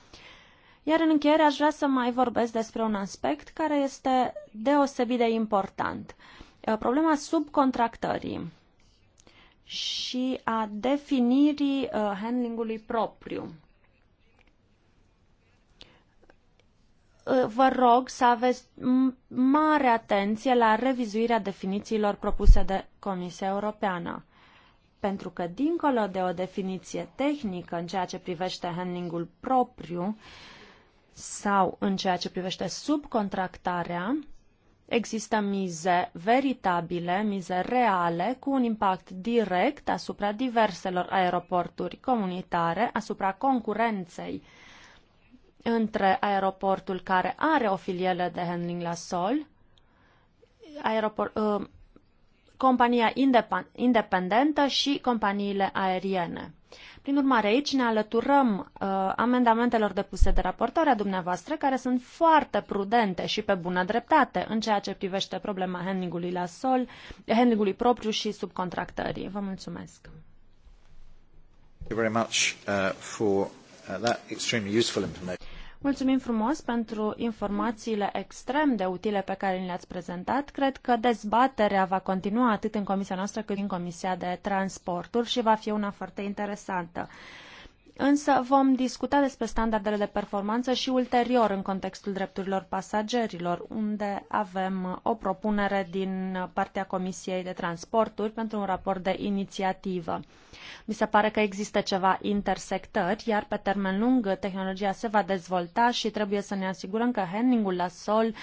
Iar în încheiere aș vrea să mai vorbesc despre un aspect care este deosebit de important. Uh, problema subcontractării și a definirii uh, handlingului propriu. vă rog să aveți mare atenție la revizuirea definițiilor propuse de Comisia Europeană. Pentru că, dincolo de o definiție tehnică în ceea ce privește handlingul propriu sau în ceea ce privește subcontractarea, există mize veritabile, mize reale, cu un impact direct asupra diverselor aeroporturi comunitare, asupra concurenței uh, între aeroportul care are o filială de handling la sol, aeroport, uh, compania independentă și companiile aeriene. Prin urmare, aici ne alăturăm uh, amendamentelor depuse de raportoarea dumneavoastră, care sunt foarte prudente și pe bună dreptate în ceea ce privește problema handlingului la sol, handlingului propriu și subcontractării. Vă mulțumesc. Thank you very much uh, for uh, that extremely useful information. Mulțumim frumos pentru informațiile extrem de utile pe care le-ați prezentat. Cred că dezbaterea va continua atât în comisia noastră cât și în comisia de transporturi și va fi una foarte interesantă însă vom discuta despre standardele de performanță și ulterior în contextul drepturilor pasagerilor, unde avem o propunere din partea Comisiei de Transporturi pentru un raport de inițiativă. Mi se pare că există ceva intersectări, iar pe termen lung tehnologia se va dezvolta și trebuie să ne asigurăm că handlingul la sol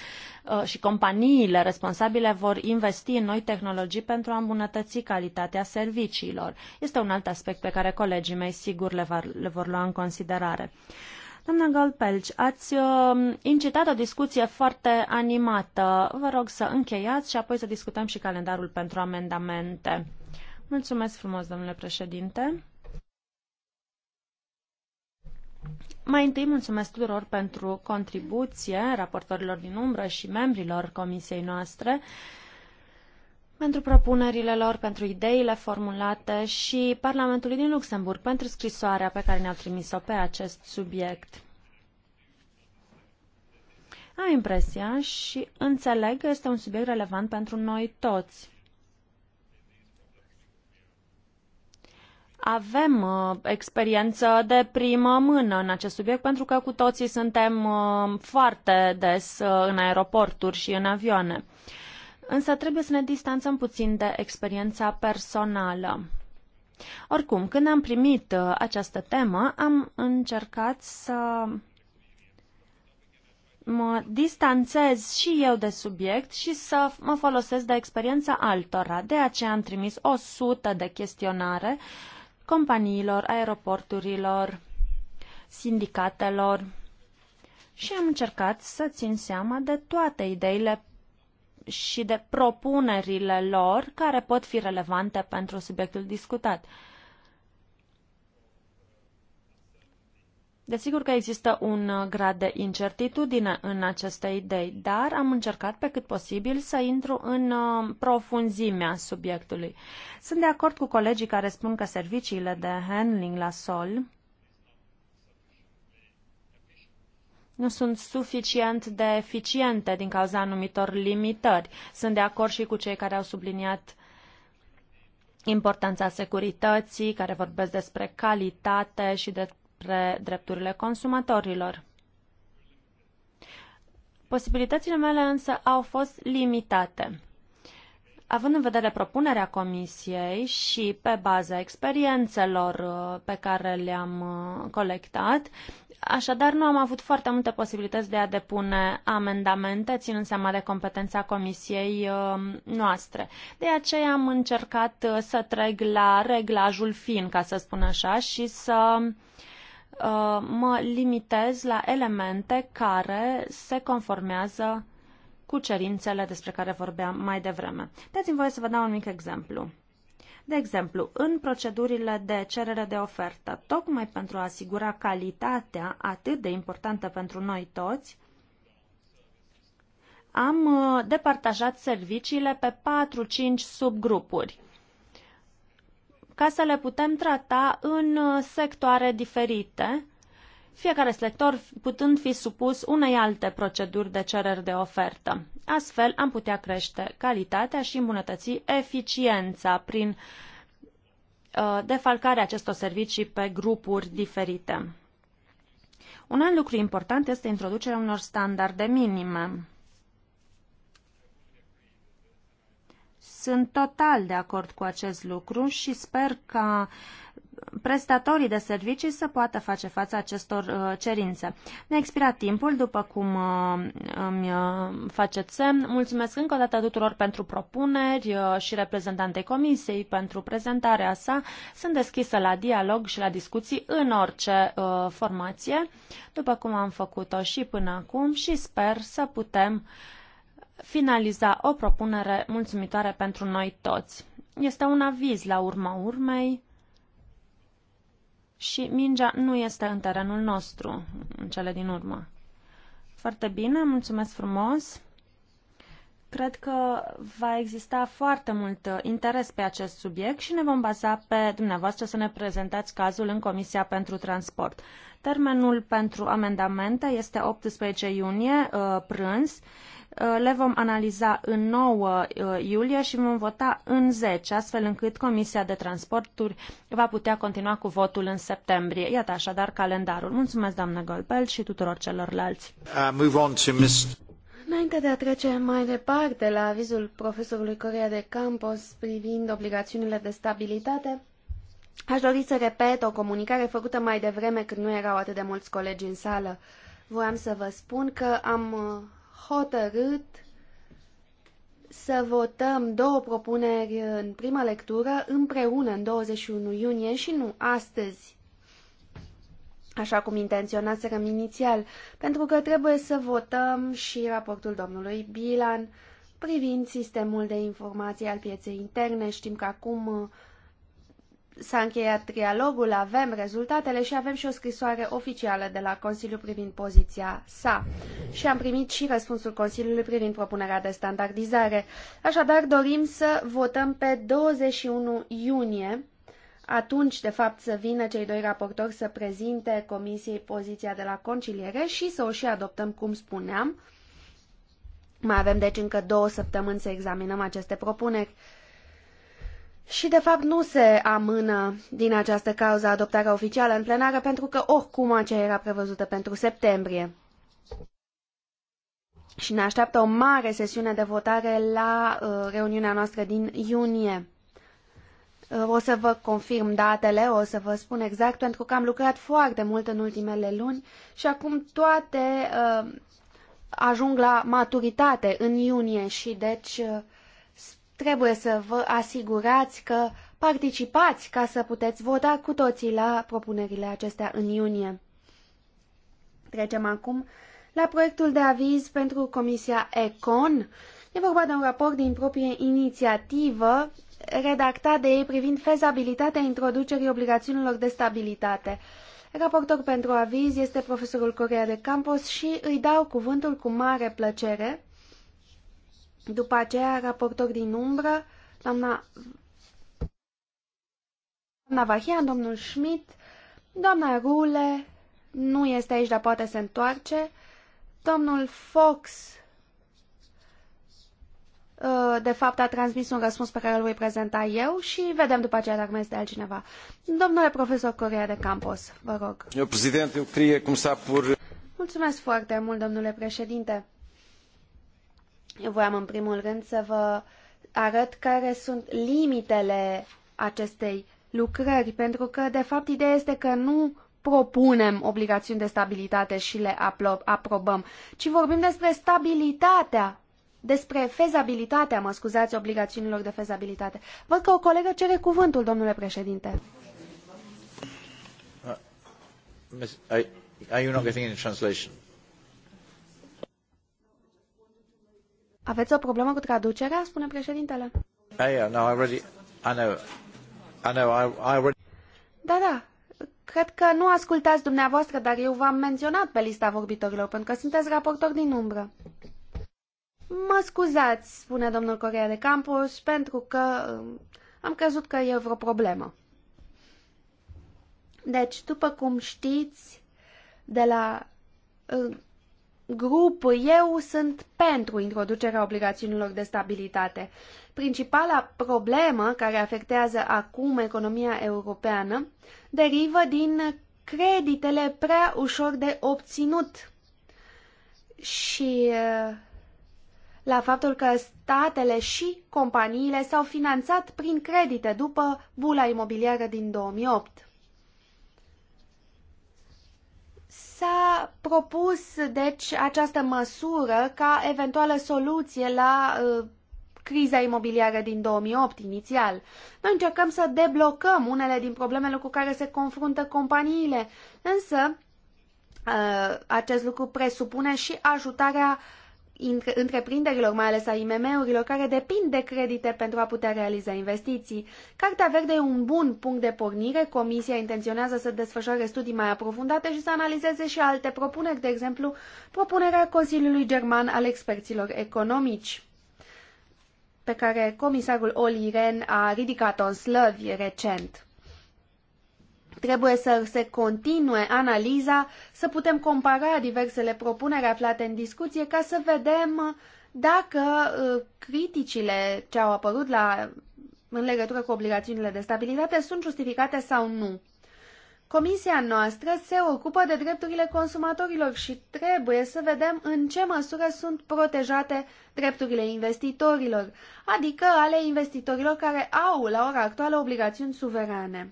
Uh, și companiile responsabile vor investi în noi tehnologii pentru a îmbunătăți calitatea serviciilor. Este un alt aspect pe care colegii mei sigur le, va, le vor lua în considerare. Doamna Galpelci, ați uh, incitat o discuție foarte animată. Vă rog să încheiați și apoi să discutăm și calendarul pentru amendamente. Mulțumesc frumos, domnule președinte. Mai întâi mulțumesc tuturor pentru contribuție, raportorilor din umbră și membrilor comisiei noastre, pentru propunerile lor, pentru ideile formulate și Parlamentului din Luxemburg pentru scrisoarea pe care ne-au trimis-o pe acest subiect. Am impresia și înțeleg că este un subiect relevant pentru noi toți. avem uh, experiență de primă mână în acest subiect, pentru că cu toții suntem uh, foarte des uh, în aeroporturi și în avioane. Însă trebuie să ne distanțăm puțin de experiența personală. Oricum, când am primit uh, această temă, am încercat să mă distanțez și eu de subiect și să mă folosesc de experiența altora. De aceea am trimis 100 de chestionare uh, companiilor, aeroporturilor, sindicatelor și am încercat să țin seama de toate ideile și de propunerile lor care pot fi relevante pentru subiectul discutat. Desigur că există un uh, grad de incertitudine în aceste idei, dar am încercat pe cât posibil să intru în uh, profunzimea subiectului. Sunt de acord cu colegii care spun că serviciile de handling la sol nu sunt suficient de eficiente din cauza anumitor limitări. Sunt de acord și cu cei care au subliniat importanța securității, care vorbesc despre calitate și de despre drepturile consumatorilor. Posibilitățile mele însă au fost limitate. Având în vedere propunerea comisiei și pe baza experiențelor uh, pe care le-am uh, colectat, așadar nu am avut foarte multe posibilități de a depune amendamente, ținând seama de competența comisiei uh, noastre. De aceea am încercat să trec la reglajul fin, ca să spun așa, și să uh, Uh, mă limitez la elemente care se conformează cu cerințele despre care vorbeam mai devreme. Dați-mi voie să vă dau un mic exemplu. De exemplu, în procedurile de cerere de ofertă, tocmai pentru a asigura calitatea atât de importantă pentru noi toți, am uh, departajat serviciile pe 4-5 subgrupuri ca să le putem trata în uh, sectoare diferite, fiecare sector putând fi supus unei alte proceduri de cereri de ofertă. Astfel am putea crește calitatea și îmbunătăți eficiența prin uh, defalcarea acestor servicii pe grupuri diferite. Un alt lucru important este introducerea unor standarde minime. Sunt total de acord cu acest lucru și sper ca prestatorii de servicii să poată face față acestor uh, cerințe. Ne-a expirat timpul, după cum uh, îmi uh, faceți semn. Mulțumesc încă o dată tuturor pentru propuneri uh, și reprezentantei comisiei pentru prezentarea sa. Sunt deschisă la dialog și la discuții în orice uh, formație, după cum am făcut-o și până acum și sper să putem uh, finaliza o propunere mulțumitoare pentru noi toți. Este un aviz la urma urmei și mingea nu este în terenul nostru în cele din urmă. Foarte bine, mulțumesc frumos. Cred că va exista foarte mult interes pe acest subiect și ne vom baza pe dumneavoastră să ne prezentați cazul în Comisia pentru Transport. Termenul pentru amendamente este 18 iunie, uh, prânz. Uh, le vom analiza în 9 uh, iulie și vom vota în 10, astfel încât Comisia de Transporturi va putea continua cu votul în septembrie. Iată așadar calendarul. Mulțumesc, doamnă Golpel, și tuturor celorlalți. Uh, Înainte de a trece mai departe la avizul profesorului Corea de Campos privind obligațiunile de stabilitate, aș dori să repet o comunicare făcută mai devreme când nu erau atât de mulți colegi în sală. Voiam să vă spun că am uh, hotărât să votăm două propuneri în prima lectură împreună în 21 iunie și nu astăzi, așa cum intenționaserăm inițial, pentru că trebuie să votăm și raportul domnului Bilan privind sistemul de informații al pieței interne. Știm că acum S-a încheiat trialogul, avem rezultatele și avem și o scrisoare oficială de la Consiliu privind poziția sa. Și am primit și răspunsul Consiliului privind propunerea de standardizare. Așadar, dorim să votăm pe 21 iunie. Atunci, de fapt, să vină cei doi raportori să prezinte Comisiei poziția de la conciliere și să o și adoptăm, cum spuneam. Mai avem, deci, încă două săptămâni să examinăm aceste propuneri. Și, de fapt, nu se amână din această cauză adoptarea oficială în plenară, pentru că oricum aceea era prevăzută pentru septembrie. Și ne așteaptă o mare sesiune de votare la uh, reuniunea noastră din iunie. Uh, o să vă confirm datele, o să vă spun exact, pentru că am lucrat foarte mult în ultimele luni și acum toate uh, ajung la maturitate în iunie și deci uh, Trebuie să vă asigurați că participați ca să puteți vota cu toții la propunerile acestea în iunie. Trecem acum la proiectul de aviz pentru Comisia ECON. E vorba de un raport din proprie inițiativă redactat de ei privind fezabilitatea introducerii obligațiunilor de stabilitate. Raportor pentru aviz este profesorul Corea de Campos și îi dau cuvântul cu mare plăcere după aceea, raportor din umbră, doamna, doamna Vahian, domnul Schmidt, doamna Rule, nu este aici, dar poate se întoarce, domnul Fox, ă, de fapt a transmis un răspuns pe care îl voi prezenta eu și vedem după aceea dacă mai este altcineva. Domnule profesor Corea de Campos, vă rog. Eu, președinte, eu crie cum s-a pur... Mulțumesc foarte mult, domnule președinte. Eu voiam în primul rând să vă arăt care sunt limitele acestei lucrări, pentru că, de fapt, ideea este că nu propunem obligațiuni de stabilitate și le aprobăm, ci vorbim despre stabilitatea, despre fezabilitatea, mă scuzați, obligațiunilor de fezabilitate. Văd că o colegă cere cuvântul, domnule președinte. Uh, are you not getting any translation? Aveți o problemă cu traducerea, spune președintele. Da, da. Cred că nu ascultați dumneavoastră, dar eu v-am menționat pe lista vorbitorilor, pentru că sunteți raportori din umbră. Mă scuzați, spune domnul Corea de Campus, pentru că um, am crezut că e vreo problemă. Deci, după cum știți, de la um, grup, eu sunt pentru introducerea obligațiunilor de stabilitate. Principala problemă care afectează acum economia europeană derivă din creditele prea ușor de obținut și eh, la faptul că statele și companiile s-au finanțat prin credite după bula imobiliară din 2008. S-a propus, deci, această măsură ca eventuală soluție la uh, criza imobiliară din 2008 inițial. Noi încercăm să deblocăm unele din problemele cu care se confruntă companiile, însă uh, acest lucru presupune și ajutarea uh, întreprinderilor, mai ales a IMM-urilor, care depind de credite pentru a putea realiza investiții. Cartea verde e un bun punct de pornire. Comisia intenționează să desfășoare studii mai aprofundate și să analizeze și alte propuneri, de exemplu, propunerea Consiliului German al experților economici pe care comisarul Oli Ren a ridicat-o în slăvi recent. Trebuie să se continue analiza, să putem compara diversele propuneri aflate în discuție ca să vedem dacă uh, criticile ce au apărut la, în legătură cu obligațiunile de stabilitate sunt justificate sau nu. Comisia noastră se ocupă de drepturile consumatorilor și trebuie să vedem în ce măsură sunt protejate drepturile investitorilor, adică ale investitorilor care au la ora actuală obligațiuni suverane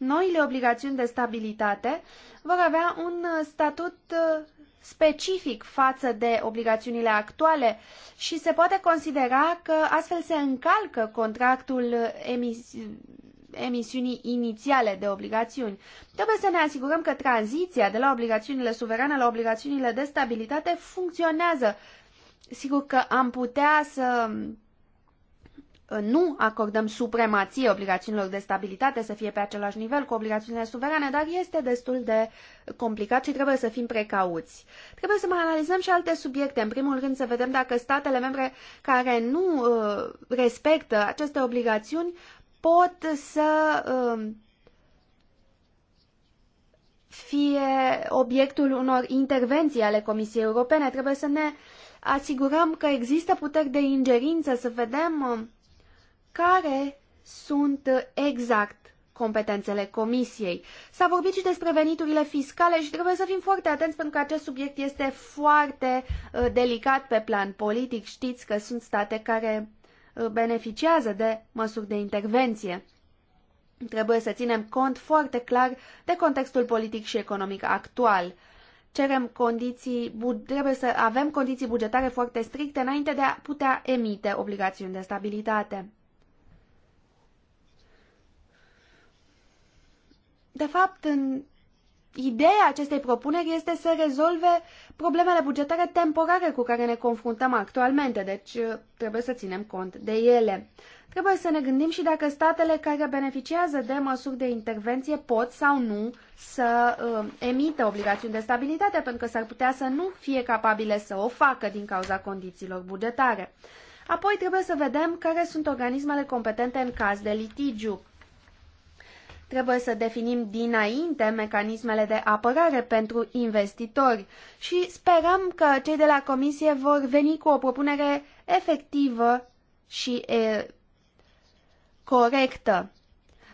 noile obligațiuni de stabilitate vor avea un statut uh, specific față de obligațiunile actuale și se poate considera că astfel se încalcă contractul emis emisiunii inițiale de obligațiuni. Trebuie să ne asigurăm că tranziția de la obligațiunile suverane la obligațiunile de stabilitate funcționează. Sigur că am putea să Uh, nu acordăm supremație obligațiunilor de stabilitate să fie pe același nivel cu obligațiunile suverane, dar este destul de complicat și trebuie să fim precauți. Trebuie să mai analizăm și alte subiecte. În primul rând să vedem dacă statele membre care nu uh, respectă aceste obligațiuni pot să uh, fie obiectul unor intervenții ale Comisiei Europene. Trebuie să ne asigurăm că există puteri de ingerință, să vedem uh, care sunt uh, exact competențele comisiei. S-a vorbit și despre veniturile fiscale și trebuie să fim foarte atenți pentru că acest subiect este foarte uh, delicat pe plan politic. Știți că sunt state care uh, beneficiază de măsuri de intervenție. Trebuie să ținem cont foarte clar de contextul politic și economic actual. Cerem condiții, trebuie să avem condiții bugetare foarte stricte înainte de a putea emite obligațiuni de stabilitate. De fapt, în ideea acestei propuneri este să rezolve problemele bugetare temporare cu care ne confruntăm actualmente, deci uh, trebuie să ținem cont de ele. Trebuie să ne gândim și dacă statele care beneficiază de măsuri de intervenție pot sau nu să uh, emită obligațiuni de stabilitate, pentru că s-ar putea să nu fie capabile să o facă din cauza condițiilor bugetare. Apoi trebuie să vedem care sunt organismele competente în caz de litigiu. Trebuie să definim dinainte mecanismele de apărare pentru investitori și sperăm că cei de la Comisie vor veni cu o propunere efectivă și e, corectă.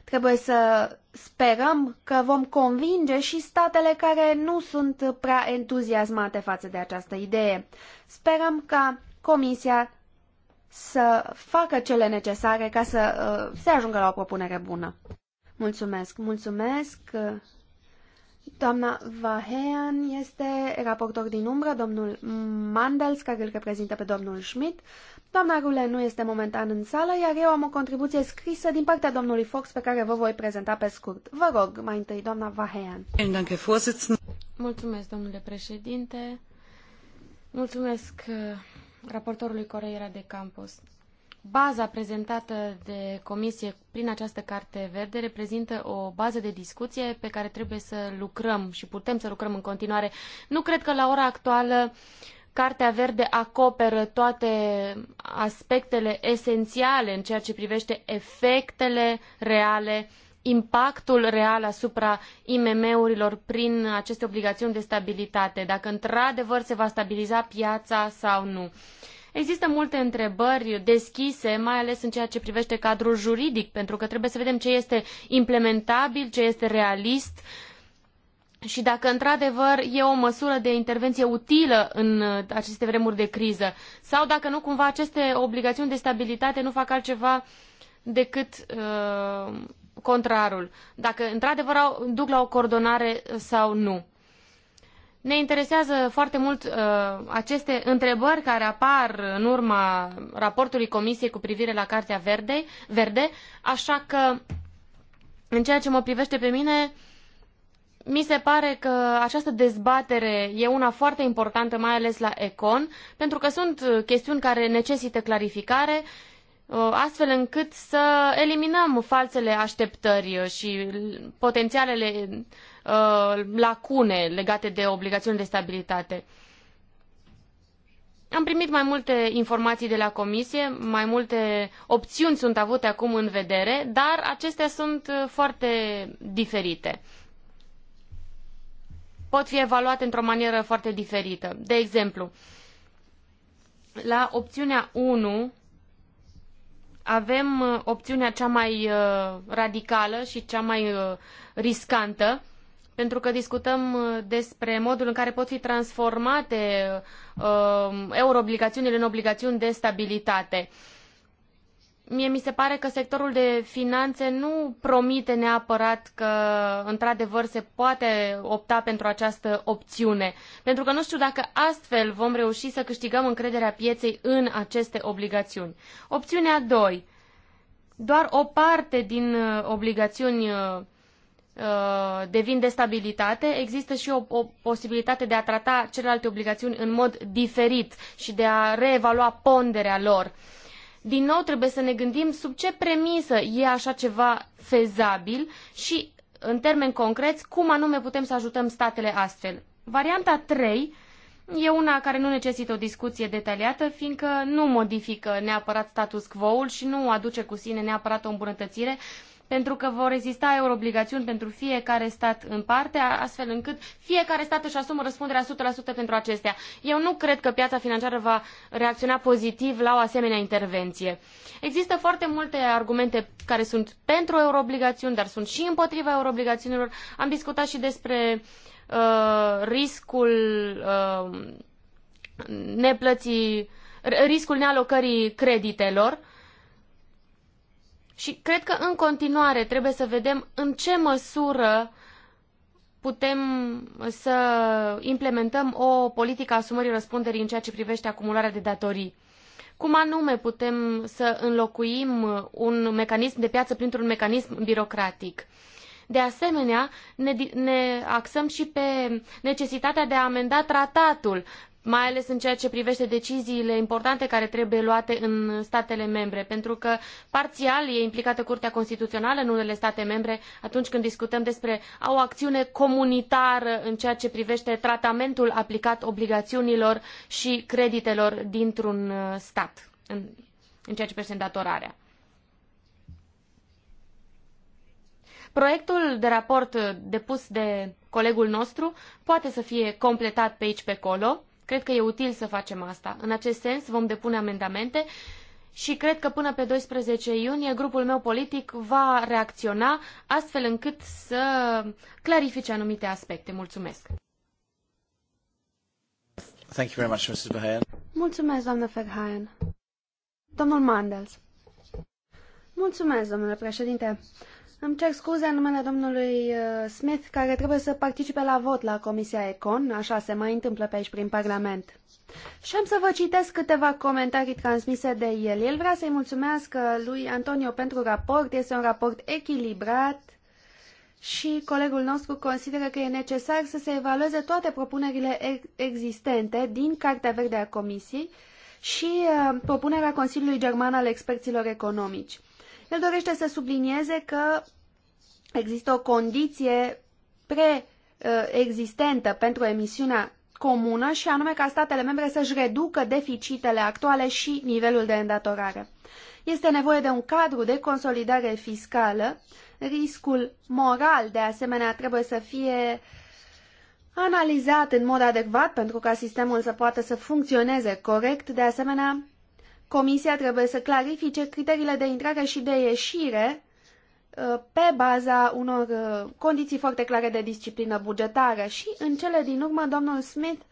Trebuie să sperăm că vom convinge și statele care nu sunt prea entuziasmate față de această idee. Sperăm ca Comisia să facă cele necesare ca să uh, se ajungă la o propunere bună. Mulțumesc, mulțumesc. Doamna Vahean este raportor din umbră, domnul Mandels, care îl reprezintă pe domnul Schmidt. Doamna Rule nu este momentan în sală, iar eu am o contribuție scrisă din partea domnului Fox pe care vă voi prezenta pe scurt. Vă rog, mai întâi, doamna Vahean. Mulțumesc, domnule președinte. Mulțumesc uh, raportorului Coreira de Campos. Baza prezentată de comisie prin această carte verde reprezintă o bază de discuție pe care trebuie să lucrăm și putem să lucrăm în continuare. Nu cred că la ora actuală Cartea Verde acoperă toate aspectele esențiale în ceea ce privește efectele reale, impactul real asupra IMM-urilor prin aceste obligațiuni de stabilitate, dacă într-adevăr se va stabiliza piața sau nu. Uh, Există multe întrebări deschise, mai ales în ceea ce privește cadrul juridic, pentru că trebuie să vedem ce este implementabil, ce este realist și dacă într-adevăr e o măsură de intervenție utilă în uh, aceste vremuri de criză sau dacă nu cumva aceste obligațiuni de stabilitate nu fac altceva decât uh, contrarul, dacă într-adevăr duc la o coordonare sau nu. Ne interesează foarte mult uh, aceste întrebări care apar în urma raportului Comisiei cu privire la Cartea Verde, verde așa că, în ceea ce mă privește pe mine, mi se pare că această dezbatere e una foarte importantă, mai ales la Econ, pentru că sunt chestiuni care necesită clarificare, uh, astfel încât să eliminăm falsele așteptări și potențialele Uh, lacune legate de obligațiuni de stabilitate. Am primit mai multe informații de la comisie, mai multe opțiuni sunt avute acum în vedere, dar acestea sunt uh, foarte diferite. Pot fi evaluate într-o manieră foarte diferită. De exemplu, la opțiunea 1 avem uh, opțiunea cea mai radicală și cea mai riscantă, pentru că discutăm uh, despre modul în care pot fi transformate uh, euroobligațiunile în obligațiuni de stabilitate. Mie mi se pare că sectorul de finanțe nu promite neapărat că, într-adevăr, se poate opta pentru această opțiune. Pentru că nu știu dacă astfel vom reuși să câștigăm încrederea pieței în aceste obligațiuni. Opțiunea 2. Doar o parte din uh, obligațiuni uh, Uh, devin de stabilitate, există și o, o, posibilitate de a trata celelalte obligațiuni în mod diferit și de a reevalua ponderea lor. Din nou trebuie să ne gândim sub ce premisă e așa ceva fezabil și în termeni concreți cum anume putem să ajutăm statele astfel. Varianta 3 e una care nu necesită o discuție detaliată, fiindcă nu modifică neapărat status quo-ul și nu aduce cu sine neapărat o îmbunătățire, pentru că vor exista euroobligațiuni pentru fiecare stat în parte, astfel încât fiecare stat își asumă răspunderea 100% pentru acestea. Eu nu cred că piața financiară va reacționa pozitiv la o asemenea intervenție. Există foarte multe argumente care sunt pentru euroobligațiuni, dar sunt și împotriva euroobligațiunilor. Am discutat și despre uh, riscul uh, neplății riscul nealocării creditelor. Și cred că în continuare trebuie să vedem în ce măsură putem să implementăm o politică a asumării răspunderii în ceea ce privește acumularea de datorii. Cum anume putem să înlocuim un mecanism de piață printr-un mecanism birocratic? De asemenea, ne, ne axăm și pe necesitatea de a amenda tratatul mai ales în ceea ce privete deciziile importante care trebuie luate în statele membre, pentru că parțial e implicată Curtea Constituțională în unele state membre atunci când discutăm despre o acțiune comunitară în ceea ce privește tratamentul aplicat obligațiunilor și creditelor dintr-un uh, stat în, ceea ce privete îndatorarea. Proiectul de raport uh, depus de colegul nostru poate să fie completat pe aici pe acolo Cred că e util să facem asta. În acest sens vom depune amendamente și cred că până pe 12 iunie grupul meu politic va reacționa astfel încât să clarifice anumite aspecte. Mulțumesc! Thank you very much, Mrs. Mulțumesc, doamnă Verheyen. Domnul Mandels. Mulțumesc, domnule președinte. Îmi cer scuze în numele domnului uh, Smith, care trebuie să participe la vot la Comisia Econ, așa se mai întâmplă pe aici prin Parlament. Și am să vă citesc câteva comentarii transmise de el. El vrea să-i mulțumească lui Antonio pentru raport, este un raport echilibrat și colegul nostru consideră că e necesar să se evalueze toate propunerile existente din Cartea Verde a Comisiei și uh, propunerea Consiliului German al Experților Economici. El dorește să sublinieze că există o condiție preexistentă pentru emisiunea comună și anume ca statele membre să-și reducă deficitele actuale și nivelul de îndatorare. Este nevoie de un cadru de consolidare fiscală, riscul moral de asemenea trebuie să fie analizat în mod adecvat pentru ca sistemul să poată să funcționeze corect, de asemenea Comisia trebuie să clarifice criteriile de intrare și de ieșire Uh, pe baza unor uh, condiții foarte clare de disciplină bugetară. Și în cele din urmă, domnul Smith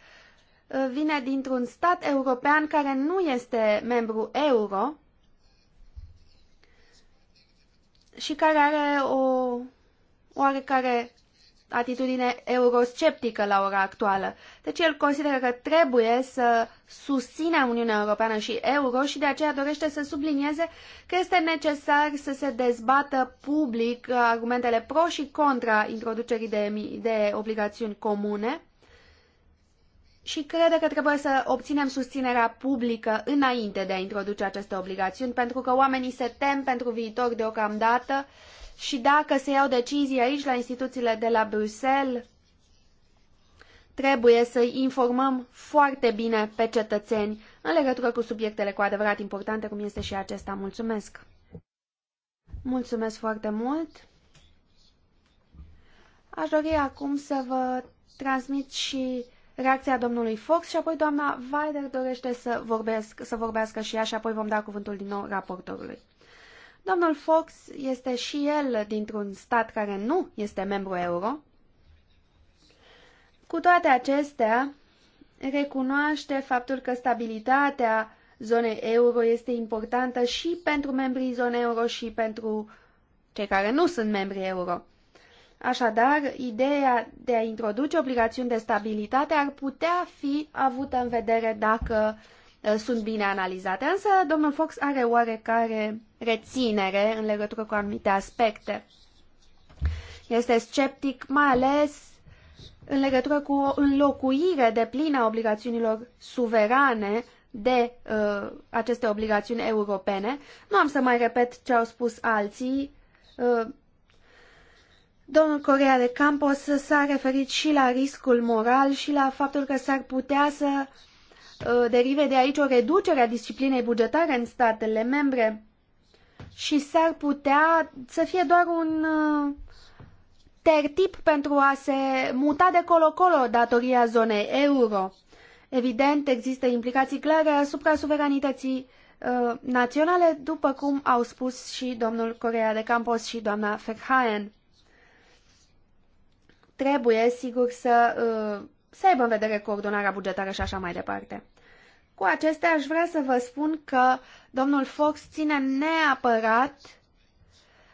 uh, vine dintr-un stat european care nu este membru euro și care are o oarecare atitudine eurosceptică la ora actuală. Deci el consideră că trebuie să susținem Uniunea Europeană și euro și de aceea dorește să sublinieze că este necesar să se dezbată public argumentele pro și contra introducerii de, de obligațiuni comune și crede că trebuie să obținem susținerea publică înainte de a introduce aceste obligațiuni, pentru că oamenii se tem pentru viitor deocamdată și dacă se iau decizii aici la instituțiile de la Bruxelles, trebuie să informăm foarte bine pe cetățeni în legătură cu subiectele cu adevărat importante, cum este și acesta. Mulțumesc! Mulțumesc foarte mult! Aș dori acum să vă transmit și reacția domnului Fox și apoi doamna Weider dorește să, vorbesc, să vorbească și ea și apoi vom da cuvântul din nou raportorului. Domnul Fox este și el dintr-un stat care nu este membru euro. Cu toate acestea, recunoaște faptul că stabilitatea zonei euro este importantă și pentru membrii zonei euro și pentru cei care nu sunt membri euro. Așadar, ideea de a introduce obligațiuni de stabilitate ar putea fi avută în vedere dacă uh, sunt bine analizate, însă domnul Fox are oarecare reținere în legătură cu anumite aspecte. Este sceptic mai ales în legătură cu o înlocuire de plină a obligațiunilor suverane de uh, aceste obligațiuni europene. Nu am să mai repet ce au spus alții. Uh, Domnul Corea de Campos s-a referit și la riscul moral și la faptul că s-ar putea să uh, derive de aici o reducere a disciplinei bugetare în statele membre și s-ar putea să fie doar un uh, tertip pentru a se muta de colo-colo datoria zonei euro. Evident, există implicații clare asupra suveranității uh, naționale, după cum au spus și domnul Corea de Campos și doamna Ferhaen. Trebuie, sigur, să uh, să aibă în vedere coordonarea bugetară și așa mai departe. Cu acestea aș vrea să vă spun că domnul Fox ține neapărat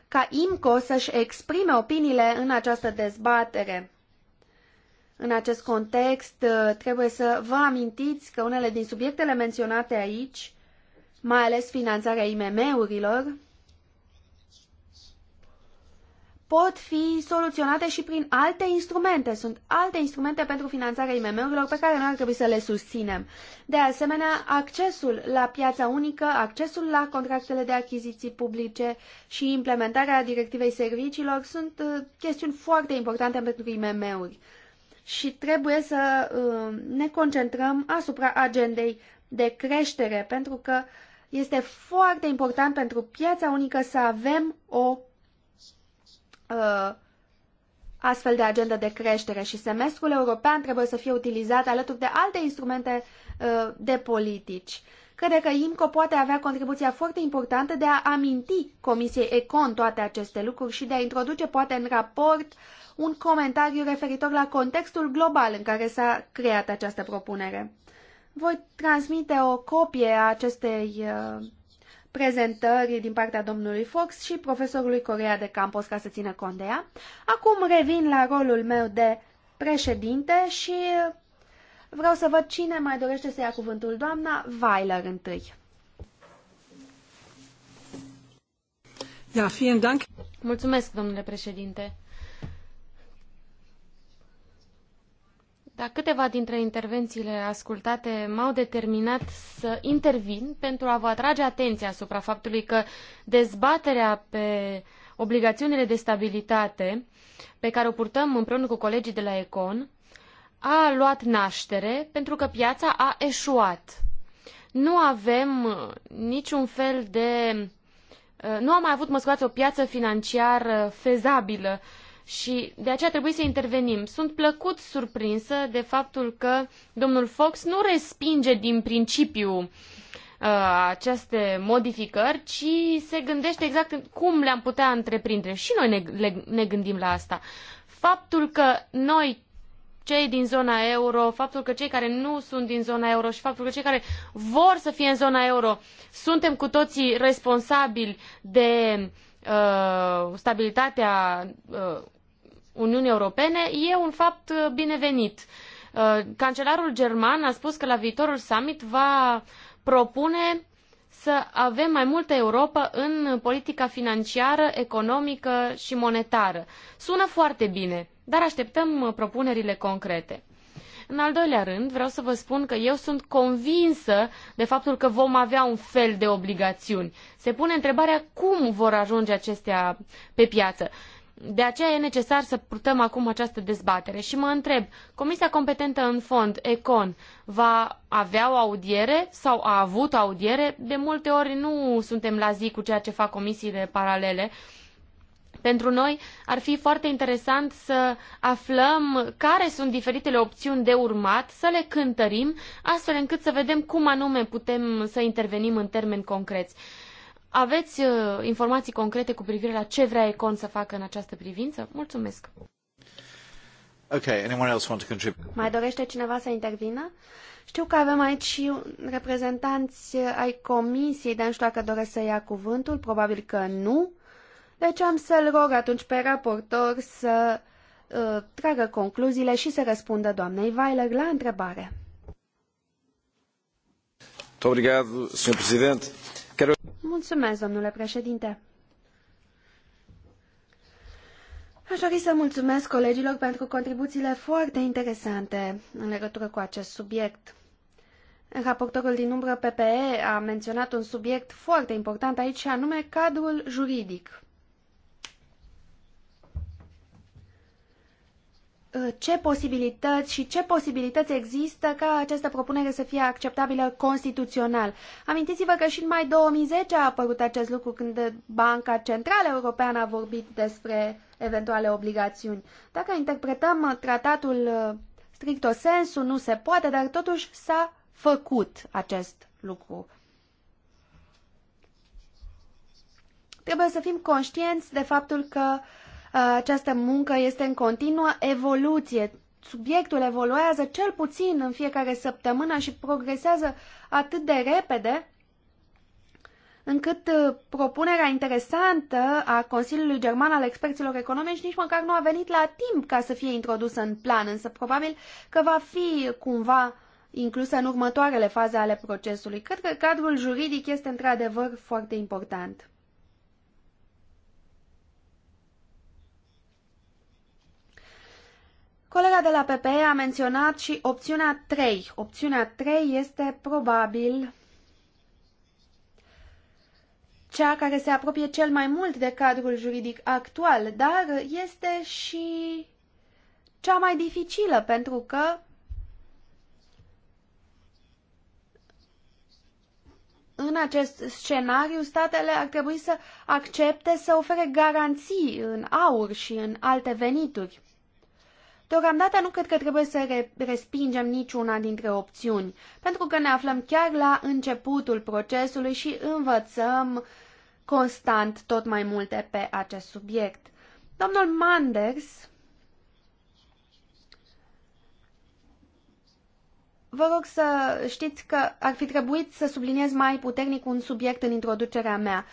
ca IMCO să-și exprime opiniile în această dezbatere. În acest context, uh, trebuie să vă amintiți că unele din subiectele menționate aici, mai ales finanțarea IMM-urilor, pot fi soluționate și prin alte instrumente. Sunt alte instrumente pentru finanțarea IMM-urilor pe care noi ar trebui să le susținem. De asemenea, accesul la piața unică, accesul la contractele de achiziții publice și implementarea directivei serviciilor sunt uh, chestiuni foarte importante pentru IMM-uri. Și trebuie să uh, ne concentrăm asupra agendei de creștere, pentru că este foarte important pentru piața unică să avem o Uh, astfel de agendă de creștere și semestrul european trebuie să fie utilizat alături de alte instrumente uh, de politici. Crede că IMCO poate avea contribuția foarte importantă de a aminti Comisiei Econ toate aceste lucruri și de a introduce poate în raport un comentariu referitor la contextul global în care s-a creat această propunere. Voi transmite o copie a acestei uh, prezentări din partea domnului Fox și profesorului Corea de Campos ca să țină cont de ea. Acum revin la rolul meu de președinte și vreau să văd cine mai dorește să ia cuvântul. Doamna Weiler întâi. Ja, vielen Dank. Mulțumesc, domnule președinte. Da, câteva dintre intervențiile ascultate m-au determinat să intervin pentru a vă atrage atenția asupra faptului că dezbaterea pe obligațiunile de stabilitate pe care o purtăm împreună cu colegii de la Econ a luat naștere pentru că piața a eșuat. Nu avem niciun fel de. Nu am mai avut, măscuați o piață financiară fezabilă și de aceea trebuie să intervenim. Sunt plăcut surprinsă de faptul că domnul Fox nu respinge din principiu uh, aceste modificări, ci se gândește exact cum le-am putea întreprinde. Și noi ne, le, ne gândim la asta. Faptul că noi cei din zona euro, faptul că cei care nu sunt din zona euro și faptul că cei care vor să fie în zona euro suntem cu toții responsabili de uh, stabilitatea uh, Uniunii Europene e un fapt uh, binevenit. Uh, cancelarul german a spus că la viitorul summit va propune să avem mai multă Europa în politica financiară, economică și monetară. Sună foarte bine, dar așteptăm uh, propunerile concrete. În al doilea rând, vreau să vă spun că eu sunt convinsă de faptul că vom avea un fel de obligațiuni. Se pune întrebarea cum vor ajunge acestea pe piață. De aceea e necesar să purtăm acum această dezbatere și mă întreb, Comisia competentă în fond, ECON, va avea o audiere sau a avut o audiere? De multe ori nu suntem la zi cu ceea ce fac comisiile paralele. Pentru noi ar fi foarte interesant să aflăm care sunt diferitele opțiuni de urmat, să le cântărim, astfel încât să vedem cum anume putem să intervenim în termeni concreți. Aveți uh, informații concrete cu privire la ce vrea Econ să facă în această privință? Mulțumesc! Okay, anyone else want to contribute? Mai dorește cineva să intervină? Știu că avem aici și reprezentanți ai comisiei, dar nu știu dacă doresc să ia cuvântul, probabil că nu. Deci am să-l rog atunci pe raportor să uh, tragă concluziile și să răspundă doamnei Weiler la întrebare. Muito obrigado, Sr. Presidente domnule președinte. Aș dori să mulțumesc colegilor pentru contribuțiile foarte interesante în legătură cu acest subiect. Raportorul din umbră PPE a menționat un subiect foarte important aici, și anume cadrul juridic. Uh, ce posibilități și ce posibilități există ca această propunere să fie acceptabilă constituțional. Amintiți-vă că și în mai 2010 a apărut acest lucru când Banca Centrală Europeană a vorbit despre eventuale obligațiuni. Dacă interpretăm tratatul uh, stricto sensu, nu se poate, dar totuși s-a făcut acest lucru. Trebuie să fim conștienți de faptul că uh, această muncă este în continuă evoluție. Subiectul evoluează cel puțin în fiecare săptămână și progresează atât de repede încât uh, propunerea interesantă a Consiliului German al experților economici nici măcar nu a venit la timp ca să fie introdusă în plan, însă probabil că va fi cumva inclusă în următoarele faze ale procesului. Cred că cadrul juridic este într-adevăr foarte important. Colega de la PPE a menționat și opțiunea 3. Opțiunea 3 este probabil cea care se apropie cel mai mult de cadrul juridic actual, dar este și cea mai dificilă, pentru că în acest scenariu statele ar trebui să accepte să ofere garanții în aur și în alte venituri. Deocamdată nu cred că trebuie să re respingem niciuna dintre opțiuni, pentru că ne aflăm chiar la începutul procesului și învățăm constant tot mai multe pe acest subiect. Domnul Manders, vă rog să știți că ar fi trebuit să subliniez mai puternic un subiect în introducerea mea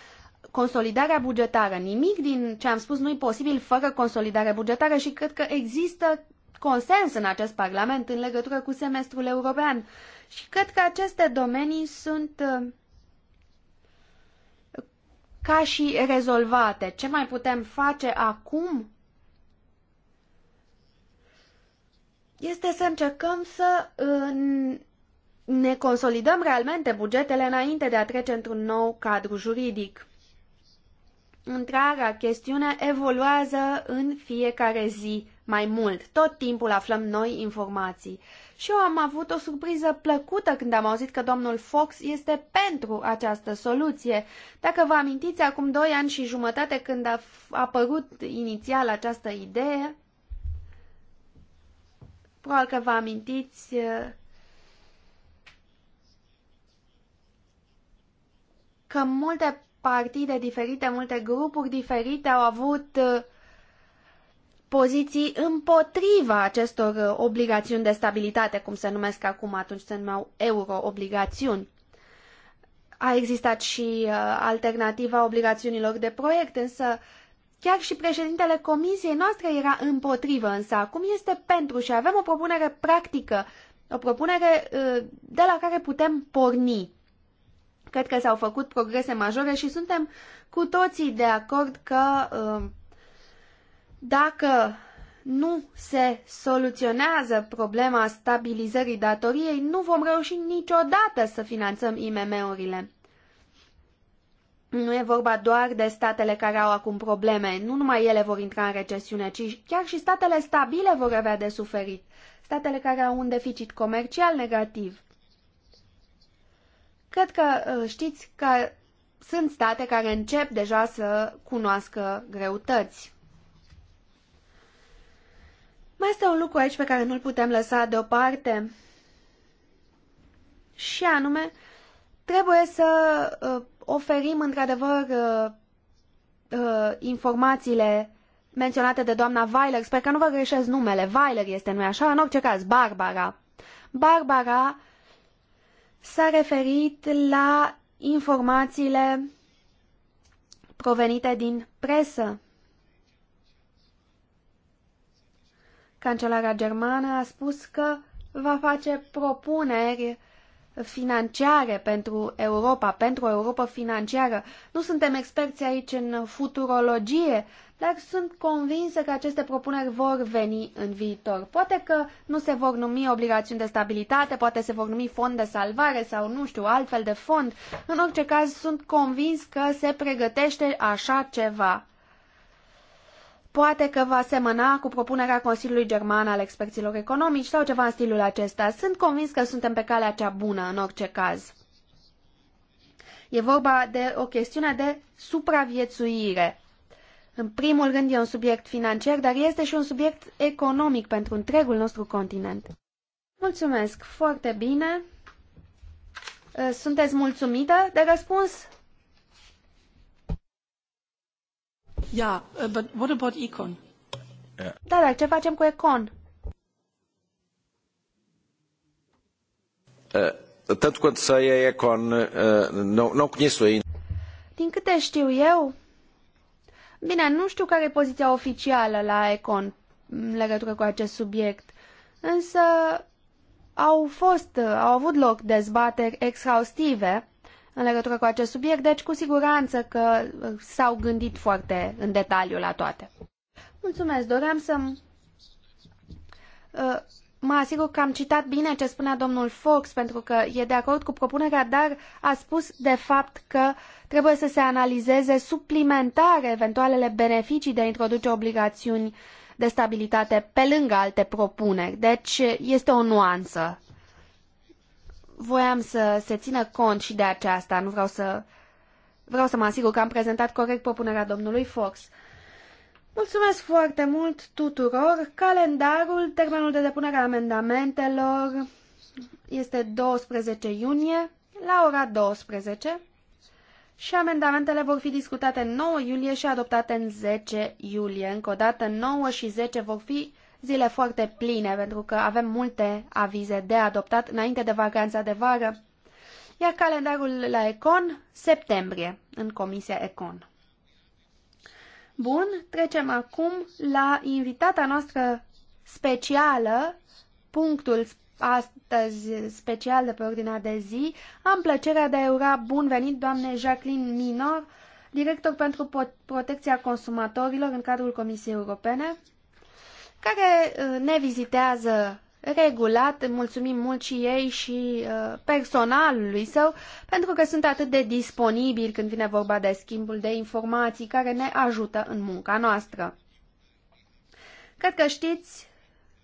consolidarea bugetară. Nimic din ce am spus nu e posibil fără consolidare bugetară și cred că există consens în acest Parlament în legătură cu semestrul european. Și cred că aceste domenii sunt uh, ca și rezolvate. Ce mai putem face acum este să încercăm să uh, ne consolidăm realmente bugetele înainte de a trece într-un nou cadru juridic întreaga chestiune evoluează în fiecare zi mai mult. Tot timpul aflăm noi informații. Și eu am avut o surpriză plăcută când am auzit că domnul Fox este pentru această soluție. Dacă vă amintiți, acum doi ani și jumătate când a apărut inițial această idee, probabil că vă amintiți uh, că multe partide diferite, multe grupuri diferite au avut uh, poziții împotriva acestor uh, obligațiuni de stabilitate, cum se numesc acum, atunci se numeau euro-obligațiuni. A existat și uh, alternativa obligațiunilor de proiect, însă chiar și președintele comisiei noastre era împotrivă, însă acum este pentru și avem o propunere practică, o propunere de la care putem porni. Cred că s-au făcut progrese majore și suntem cu toții de acord că uh, dacă nu se soluționează problema stabilizării datoriei, nu vom reuși niciodată să finanțăm IMM-urile. Nu e vorba doar de statele care au acum probleme, nu numai ele vor intra în recesiune, ci chiar și statele stabile vor avea de suferit, statele care au un deficit comercial negativ. Cred că uh, știți că sunt state care încep deja să cunoască greutăți. Mai este un lucru aici pe care nu-l putem lăsa deoparte și anume trebuie să uh, oferim într-adevăr uh, uh, informațiile menționate de doamna Weiler. Sper că nu vă greșesc numele. Weiler este, nu-i așa? În orice caz, Barbara. Barbara uh, s-a referit la informațiile provenite din presă. Cancelara germană a spus că va face propuneri financiare pentru Europa, pentru o Europa financiară. Nu suntem experți aici în futurologie, dar sunt convinsă că aceste propuneri vor veni în viitor. Poate că nu se vor numi obligațiuni de stabilitate, poate se vor numi fond de salvare sau nu știu, altfel de fond. În orice caz, sunt convins că se pregătește așa ceva. Poate că va semăna cu propunerea Consiliului German al experților economici sau ceva în stilul acesta. Sunt convins că suntem pe calea cea bună în orice caz. E vorba de o chestiune de supraviețuire. În primul rând e un subiect financiar, dar este și un subiect economic pentru întregul nostru continent. Mulțumesc foarte bine. Sunteți mulțumită de răspuns? Yeah, uh, but what about Econ? Yeah. Da, dar ce facem cu Econ? Uh, tanto quanto sei, a Econ uh, não, não conheço ainda. Din câte știu eu, bine, nu știu care e poziția oficială la Econ în legătură cu acest subiect, însă au fost, uh, au avut loc dezbateri exhaustive în legătură cu acest subiect, deci cu siguranță că uh, s-au gândit foarte în detaliu la toate. Mulțumesc, doream să uh, mă asigur că am citat bine ce spunea domnul Fox, pentru că e de acord cu propunerea, dar a spus de fapt că trebuie să se analizeze suplimentar eventualele beneficii de a introduce obligațiuni de stabilitate pe lângă alte propuneri. Deci este o nuanță voiam să se țină cont și de aceasta. Nu vreau să... Vreau să mă asigur că am prezentat corect propunerea domnului Fox. Mulțumesc foarte mult tuturor. Calendarul, termenul de depunere a amendamentelor este 12 iunie la ora 12 și amendamentele vor fi discutate 9 iulie și adoptate în 10 iulie. Încă o dată 9 și 10 vor fi zile foarte pline, pentru că avem multe avize de adoptat înainte de vacanța de vară, iar calendarul la Econ, septembrie, în Comisia Econ. Bun, trecem acum la invitata noastră specială, punctul astăzi special de pe ordinea de zi. Am plăcerea de a ura bun venit doamne Jacqueline Minor, director pentru protecția consumatorilor în cadrul Comisiei Europene care uh, ne vizitează regulat, mulțumim mult și ei și uh, personalului său, pentru că sunt atât de disponibili când vine vorba de schimbul de informații care ne ajută în munca noastră. Cred că știți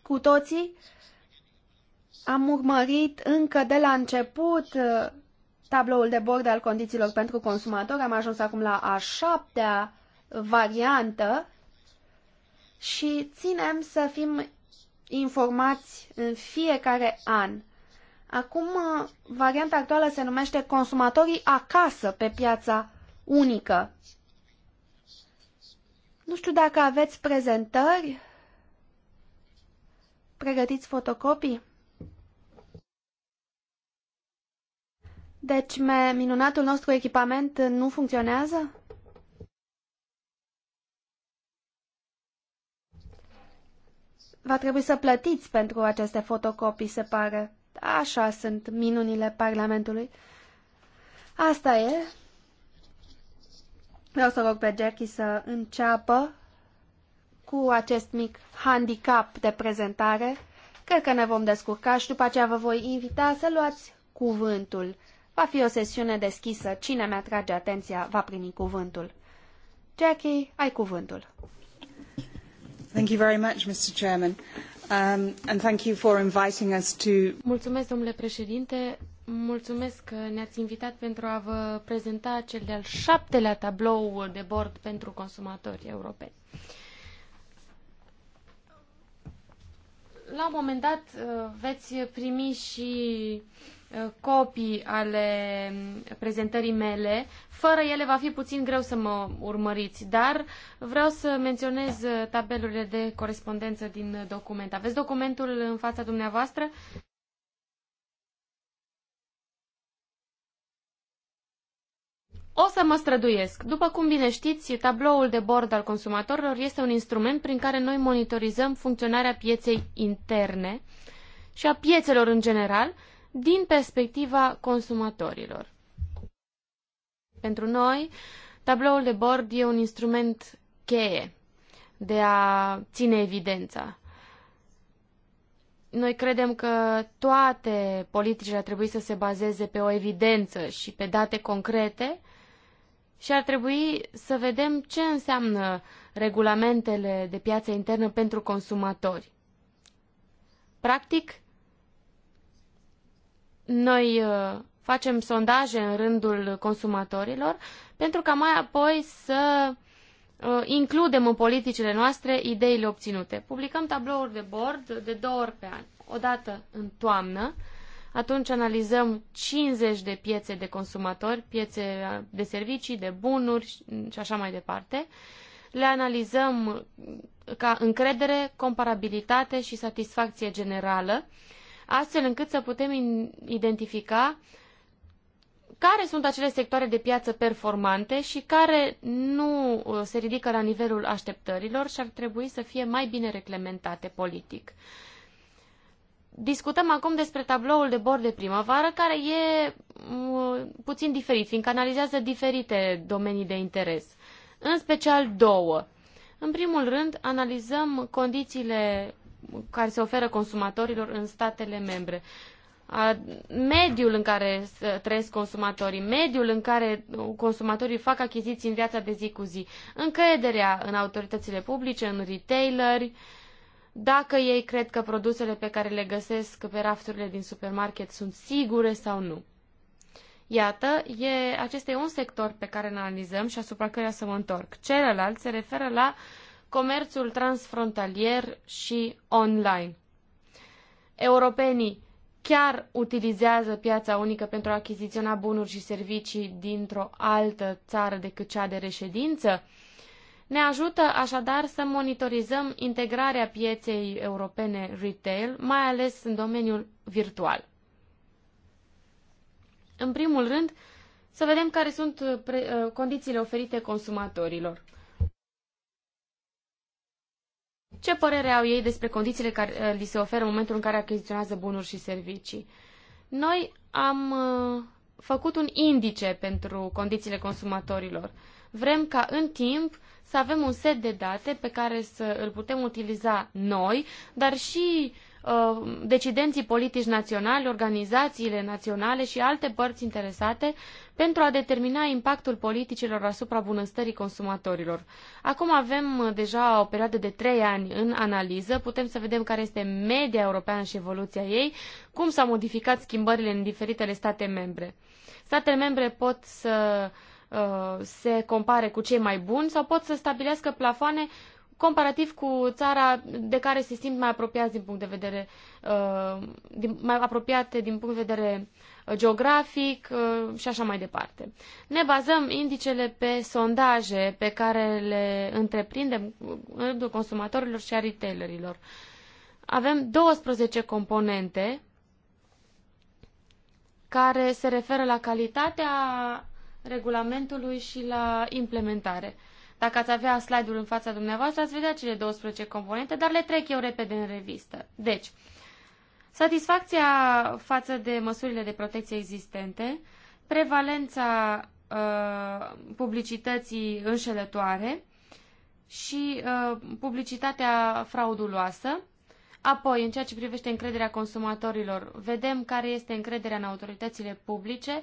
cu toții, am urmărit încă de la început uh, tabloul de bord al condițiilor pentru consumator, am ajuns acum la a șaptea variantă și ținem să fim informați în fiecare an. Acum, uh, varianta actuală se numește consumatorii acasă pe piața unică. Nu știu dacă aveți prezentări. Pregătiți fotocopii? Deci, minunatul nostru echipament nu funcționează? va trebui să plătiți pentru aceste fotocopii, se pare. Așa sunt minunile Parlamentului. Asta e. Vreau să rog pe Jackie să înceapă cu acest mic handicap de prezentare. Cred că ne vom descurca și după aceea vă voi invita să luați cuvântul. Va fi o sesiune deschisă. Cine mi-atrage atenția va primi cuvântul. Jackie, ai cuvântul. Thank you very much, Mr. Chairman. Um, and thank you for inviting us to... Mulțumesc, domnule președinte. Mulțumesc că ne-ați invitat pentru a vă prezenta cel de-al șaptelea tablou de bord pentru consumatori europeni. La un moment dat uh, veți primi și uh, Uh, copii ale prezentării mele. Fără ele va fi puțin greu să mă urmăriți, dar vreau să menționez uh, tabelurile de corespondență din document. Aveți documentul în fața dumneavoastră? O să mă străduiesc. După cum bine știți, tabloul de bord al consumatorilor este un instrument prin care noi monitorizăm funcționarea pieței interne și a piețelor în general, din perspectiva consumatorilor. Pentru noi, tabloul de bord e un instrument cheie de a ține evidența. Noi credem că toate politicile ar trebui să se bazeze pe o evidență și pe date concrete și ar trebui să vedem ce înseamnă regulamentele de piață internă pentru consumatori. Practic, noi uh, facem sondaje în rândul consumatorilor pentru ca mai apoi să uh, includem în politicile noastre ideile obținute. Publicăm tablouri de bord de două ori pe an. O dată în toamnă, atunci analizăm 50 de piețe de consumatori, piețe de servicii, de bunuri și așa mai departe. Le analizăm ca încredere, comparabilitate și satisfacție generală astfel încât să putem identifica care sunt acele sectoare de piață performante și care nu uh, se ridică la nivelul așteptărilor și ar trebui să fie mai bine reglementate politic. Discutăm acum despre tabloul de bord de primăvară, care e uh, puțin diferit, fiindcă analizează diferite domenii de interes, în special două. În primul rând, analizăm condițiile care se oferă consumatorilor în statele membre. Mediul în care trăiesc consumatorii, mediul în care consumatorii fac achiziții în viața de zi cu zi, încrederea în autoritățile publice, în retaileri, dacă ei cred că produsele pe care le găsesc pe rafturile din supermarket sunt sigure sau nu. Iată, e, acesta e un sector pe care îl analizăm și asupra căreia să mă întorc. Celălalt se referă la uh, comerțul transfrontalier și online. Europenii chiar utilizează piața unică pentru a achiziționa bunuri și servicii dintr-o altă țară decât cea de reședință? Ne ajută așadar să monitorizăm integrarea pieței europene retail, mai ales în domeniul virtual. În primul rând, să vedem care sunt uh, condițiile oferite consumatorilor. ce părere au ei despre condițiile care uh, li se oferă în momentul în care achiziționează bunuri și servicii. Noi am uh, făcut un indice pentru condițiile consumatorilor. Vrem ca în timp să avem un set de date pe care să îl putem utiliza noi, dar și uh, Uh, decidenții politici naționali, organizațiile naționale și alte părți interesate pentru a determina impactul politicilor asupra bunăstării consumatorilor. Acum avem uh, deja o perioadă de trei ani în analiză, putem să vedem care este media europeană și evoluția ei, cum s-au modificat schimbările în diferitele state membre. Statele membre pot să uh, se compare cu cei mai buni sau pot să stabilească plafoane comparativ cu țara de care se simt mai apropiați din punct de vedere uh, din, mai apropiate din punct de vedere uh, geografic uh, și așa mai departe. Ne bazăm indicele pe sondaje pe care le întreprindem în rândul consumatorilor și a retailerilor. Avem 12 componente care se referă la calitatea regulamentului și la implementare. Dacă ați avea slide-ul în fața dumneavoastră, ați vedea cele 12 componente, dar le trec eu repede în revistă. Deci, satisfacția față de măsurile de protecție existente, prevalența uh, publicității înșelătoare și uh, publicitatea frauduloasă, Apoi, în ceea ce privește încrederea consumatorilor, vedem care este încrederea în autoritățile publice,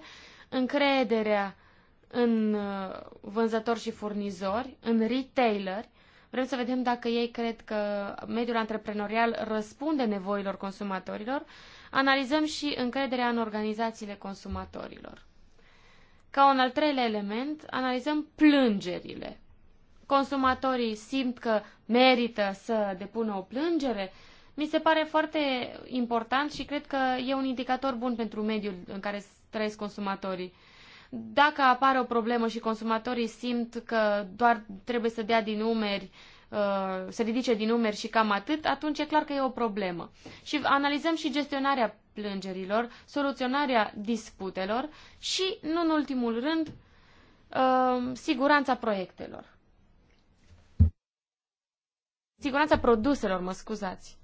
încrederea uh, în uh, vânzători și furnizori, în retaileri. Vrem să vedem dacă ei cred că mediul antreprenorial răspunde nevoilor consumatorilor. Analizăm și încrederea în organizațiile consumatorilor. Ca un al treilea element, analizăm plângerile. Consumatorii simt că merită să depună o plângere. Mi se pare foarte important și cred că e un indicator bun pentru mediul în care trăiesc consumatorii. Uh, dacă apare o problemă și consumatorii simt că doar trebuie să dea din numeri, uh, să ridice din numeri și cam atât, atunci e clar că e o problemă. Și analizăm și gestionarea plângerilor, soluționarea disputelor și, nu în ultimul rând, uh, siguranța proiectelor. Siguranța produselor, mă scuzați.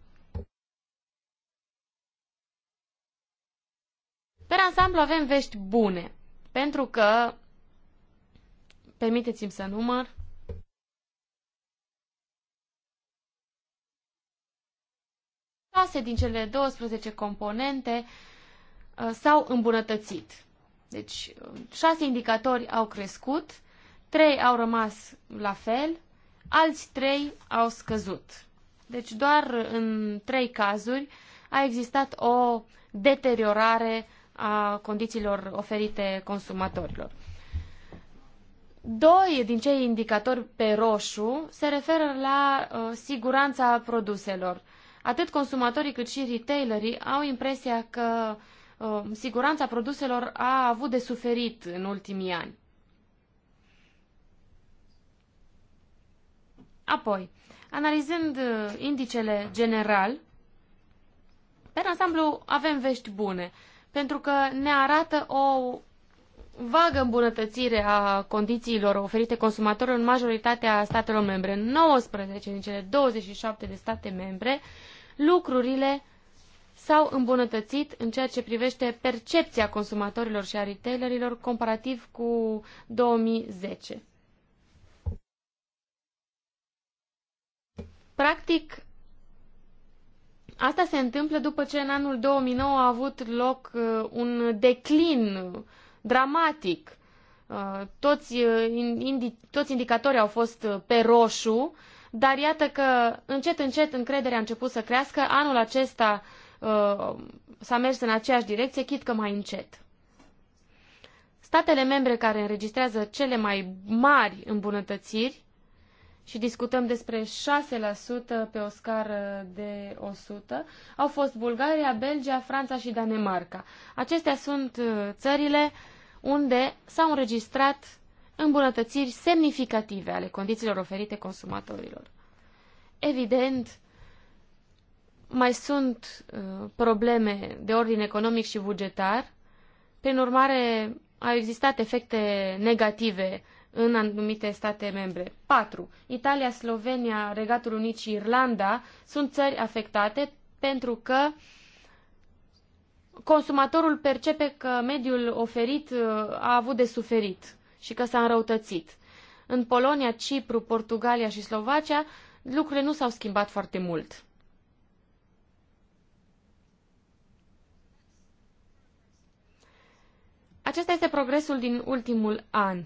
Per ansamblu avem vești bune pentru că, permiteți-mi să număr, șase din cele 12 componente uh, s-au îmbunătățit. Deci, uh, șase indicatori au crescut, trei au rămas la fel, alți trei au scăzut. Deci, doar în trei cazuri a existat o deteriorare a condițiilor oferite consumatorilor. Doi din cei indicatori pe roșu se referă la uh, siguranța produselor. Atât consumatorii cât și retailerii au impresia că uh, siguranța produselor a avut de suferit în ultimii ani. Apoi, analizând uh, indicele general, pe ansamblu avem vești bune. Uh, pentru că ne arată o vagă îmbunătățire a condițiilor oferite consumatorilor în majoritatea statelor membre. În 19 din cele 27 de state membre, lucrurile s-au îmbunătățit în ceea ce privește percepția consumatorilor și a retailerilor comparativ cu 2010. Practic, Asta se întâmplă după ce în anul 2009 a avut loc uh, un declin dramatic. Uh, toți, uh, indi, toți indicatorii au fost pe roșu, dar iată că încet, încet încrederea a început să crească. Anul acesta s-a mers în aceeași direcție, chit că mai încet. Statele membre care înregistrează cele mai mari îmbunătățiri și discutăm despre 6% pe o scară de 100, au fost Bulgaria, Belgia, Franța și Danemarca. Acestea sunt uh, țările unde s-au înregistrat îmbunătățiri semnificative ale condițiilor oferite consumatorilor. Evident, mai sunt uh, probleme de ordin economic și bugetar, prin urmare au existat efecte negative în anumite state membre. 4. Italia, Slovenia, Regatul Unit și Irlanda sunt țări afectate pentru că consumatorul percepe că mediul oferit uh, a avut de suferit și că s-a înrăutățit. În Polonia, Cipru, Portugalia și Slovacia lucrurile nu s-au schimbat foarte mult. Acesta este progresul din ultimul an.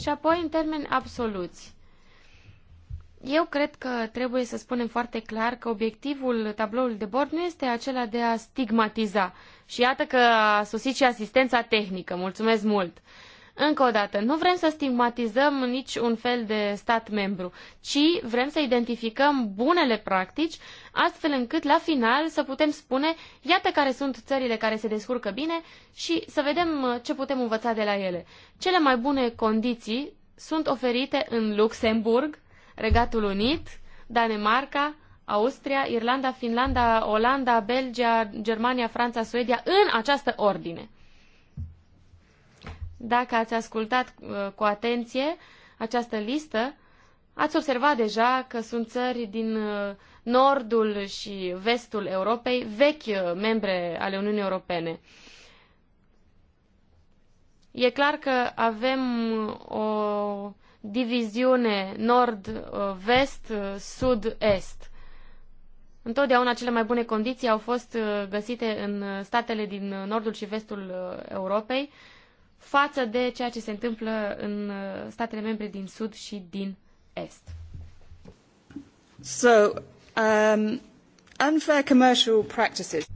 Și apoi, în termeni absoluți, eu cred că trebuie să spunem foarte clar că obiectivul tabloului de bord nu este acela de a stigmatiza. Și iată că a sosit și asistența tehnică. Mulțumesc mult! Uh, încă o dată, nu vrem să stigmatizăm nici un fel de stat membru, ci vrem să identificăm bunele practici, astfel încât la final să putem spune, iată care sunt țările care se descurcă bine și să vedem uh, ce putem învăța de la ele. Cele mai bune condiții sunt oferite în Luxemburg, Regatul Unit, Danemarca, Austria, Irlanda, Finlanda, Olanda, Belgia, Germania, Franța, Suedia, în această ordine. Dacă ați ascultat uh, cu atenție această listă, ați observat deja că sunt țări din uh, nordul și vestul Europei, vechi uh, membre ale Uniunii Europene. E clar că avem o diviziune nord-vest, sud-est. Întotdeauna cele mai bune condiții au fost găsite în statele din nordul și vestul Europei față de ceea ce se întâmplă în uh, statele membre din Sud și din Est. So, um, unfair commercial practices.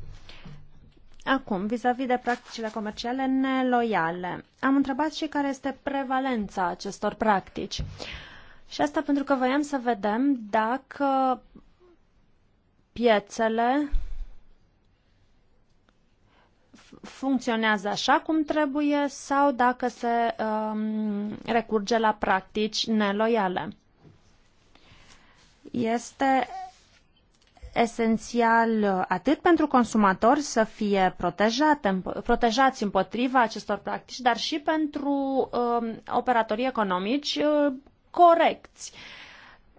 Acum, vis-a-vis -vis de practicile comerciale neloiale, am întrebat și care este prevalența acestor practici. Și asta pentru că voiam să vedem dacă piețele funcționează așa cum trebuie sau dacă se um, recurge la practici neloiale. Este esențial atât pentru consumatori să fie protejate, protejați împotriva acestor practici, dar și pentru um, operatorii economici uh, corecți. Uh,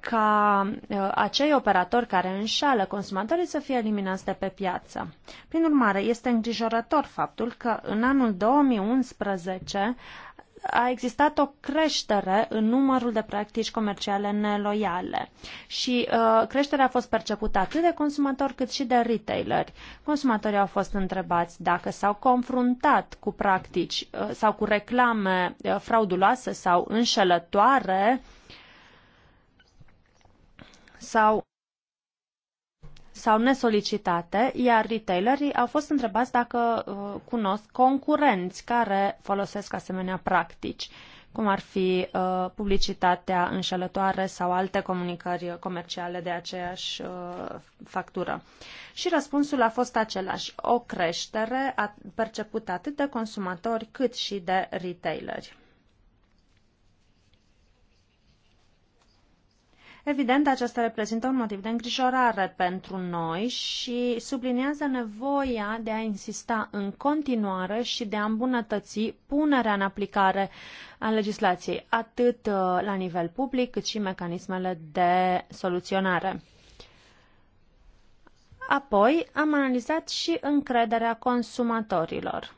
ca uh, acei operatori care înșală consumatorii să fie eliminați de pe piață. Prin urmare, este îngrijorător faptul că în anul 2011 a existat o creștere în numărul de practici comerciale neloiale și uh, creșterea a fost percepută atât de consumatori cât și de retaileri. Consumatorii au fost întrebați dacă s-au confruntat cu practici uh, sau cu reclame uh, frauduloase sau înșelătoare uh, sau sau nesolicitate, iar retailerii au fost întrebați dacă uh, cunosc concurenți care folosesc asemenea practici, cum ar fi uh, publicitatea înșelătoare sau alte comunicări comerciale de aceeași uh, factură. Și răspunsul a fost același, o creștere a, percepută atât de consumatori cât și de retaileri. Evident, acesta reprezintă un motiv de îngrijorare pentru noi și subliniază nevoia de a insista în continuare și de a îmbunătăți punerea în aplicare a legislației, atât uh, la nivel public cât și mecanismele de soluționare. Apoi am analizat și încrederea consumatorilor.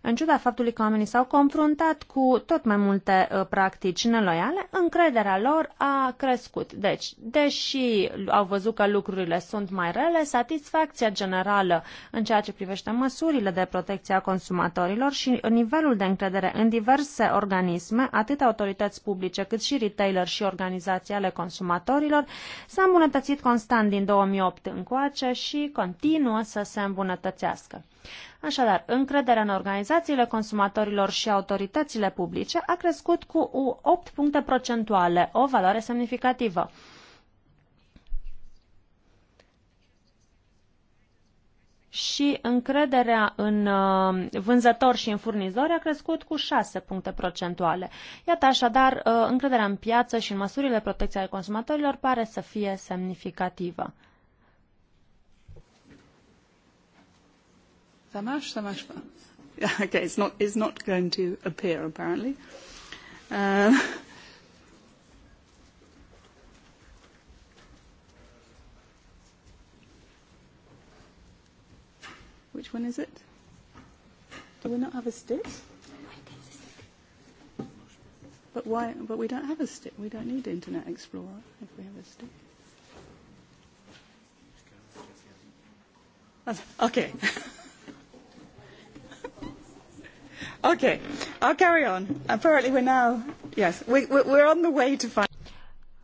În ciuda faptului că oamenii s-au confruntat cu tot mai multe uh, practici neloiale, încrederea lor a crescut. Deci, deși au văzut că lucrurile sunt mai rele, satisfacția generală în ceea ce privește măsurile de protecție a consumatorilor și nivelul de încredere în diverse organisme, atât autorități publice cât și retailer și organizații ale consumatorilor, s-a îmbunătățit constant din 2008 încoace și continuă să se îmbunătățească. Așadar, încrederea în organizațiile consumatorilor și autoritățile publice a crescut cu 8 puncte procentuale, o valoare semnificativă. și încrederea în uh, vânzători și în furnizori a crescut cu 6 puncte procentuale. Iată așadar, uh, încrederea în piață și în măsurile protecției ale consumatorilor pare să fie semnificativă. Ça marche, ça Yeah, okay, it's not, it's not going to appear apparently. Uh, *laughs* which one is it? Do we not have a stick? But why? But we don't have a stick. We don't need Internet Explorer if we have a stick. *laughs* Okay. *laughs* Okay, I'll carry on. Apparently we're now, yes, we, we're on the way to find...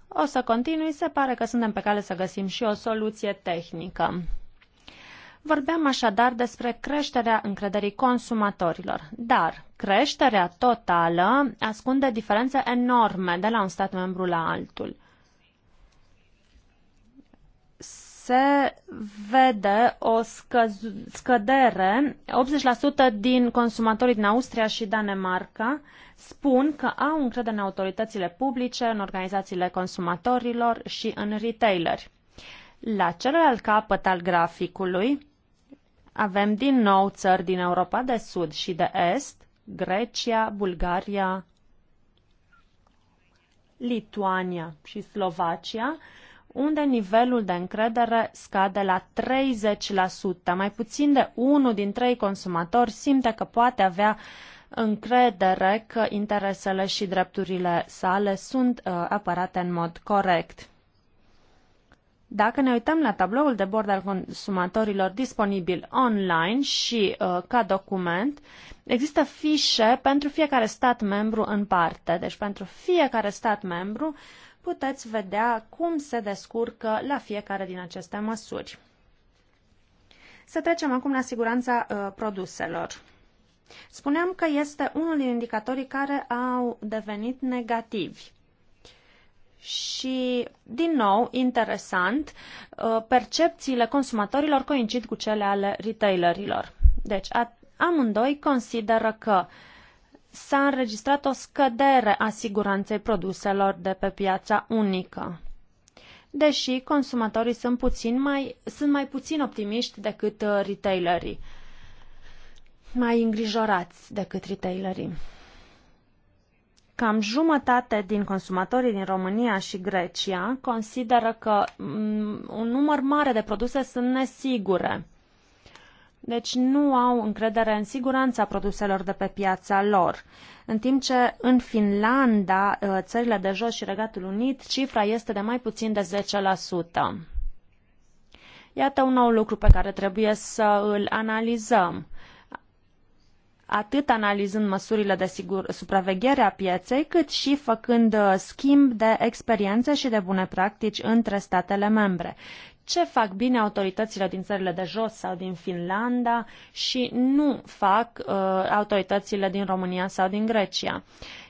O să continui, se pare că suntem pe cale să găsim și o soluție tehnică. Vorbeam așadar despre creșterea încrederii consumatorilor, dar creșterea totală ascunde diferențe enorme de la un stat membru la altul. se vede o scădere. 80% din consumatorii din Austria și Danemarca spun că au încredere în autoritățile publice, în organizațiile consumatorilor și în retaileri. La celălalt capăt al graficului avem din nou țări din Europa de Sud și de Est, Grecia, Bulgaria, Lituania și Slovacia, unde nivelul de încredere scade la 30%. Mai puțin de unul din trei consumatori simte că poate avea încredere că interesele și drepturile sale sunt uh, apărate în mod corect. Dacă ne uităm la tabloul de bord al consumatorilor disponibil online și uh, ca document, există fișe pentru fiecare stat membru în parte. Deci pentru fiecare stat membru uh, puteți vedea cum se descurcă la fiecare din aceste măsuri. Să trecem acum la siguranța uh, produselor. Spuneam că este unul din indicatorii care au devenit negativi. Și, din nou, interesant, uh, percepțiile consumatorilor coincid cu cele ale retailerilor. Deci, amândoi consideră că uh, s-a înregistrat o scădere a siguranței produselor de pe piața unică. Deși consumatorii sunt, puțin mai, sunt mai puțin optimiști decât uh, retailerii, mai îngrijorați decât retailerii. Cam jumătate din consumatorii din România și Grecia consideră că mm, un număr mare de produse sunt nesigure deci nu au încredere în siguranța produselor de pe piața lor. În timp ce în Finlanda, uh, țările de jos și Regatul Unit, cifra este de mai puțin de 10%. Iată un nou lucru pe care trebuie să îl analizăm atât analizând măsurile de sigur, supraveghere a pieței, cât și făcând uh, schimb de experiențe și de bune practici între statele membre ce fac bine autoritățile din țările de jos sau din Finlanda și nu fac uh, autoritățile din România sau din Grecia.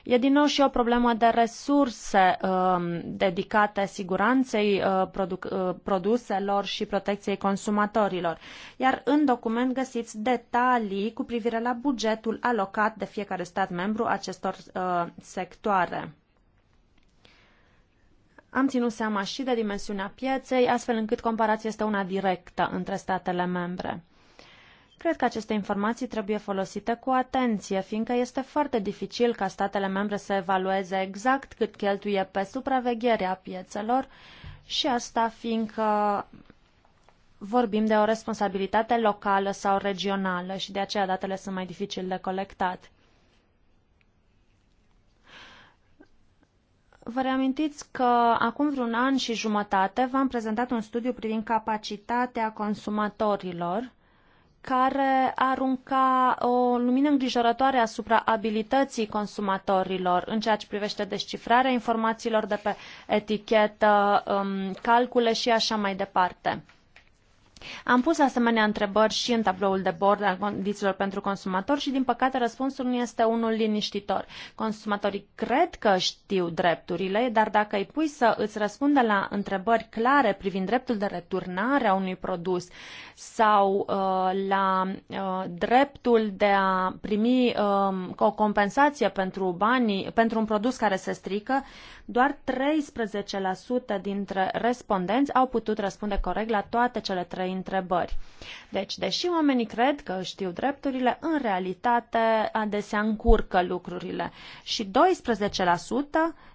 E din nou și o problemă de resurse uh, dedicate siguranței uh, produc- uh, produselor și protecției consumatorilor. Iar în document găsiți detalii cu privire la bugetul alocat de fiecare stat membru acestor uh, sectoare. Am ținut seama și de dimensiunea pieței, astfel încât comparația este una directă între statele membre. Cred că aceste informații trebuie folosite cu atenție, fiindcă este foarte dificil ca statele membre să evalueze exact cât cheltuie pe supravegherea piețelor și asta fiindcă vorbim de o responsabilitate locală sau regională și de aceea datele sunt mai dificil de colectat. Vă reamintiți că acum vreun an și jumătate v-am prezentat un studiu privind capacitatea consumatorilor care arunca o lumină îngrijorătoare asupra abilității consumatorilor în ceea ce privește descifrarea informațiilor de pe etichetă, um, calcule și așa mai departe. Am pus asemenea întrebări și în tabloul de bord al condițiilor pentru consumatori și, din păcate, răspunsul nu este unul liniștitor. Consumatorii cred că știu drepturile, dar dacă îi pui să îți răspundă la întrebări clare privind dreptul de returnare a unui produs sau uh, la uh, dreptul de a primi uh, o compensație pentru banii, pentru un produs care se strică, uh, doar 13% dintre respondenți au putut răspunde corect la toate cele trei întrebări. Deci, deși oamenii cred că știu drepturile, în realitate adesea încurcă lucrurile și 12%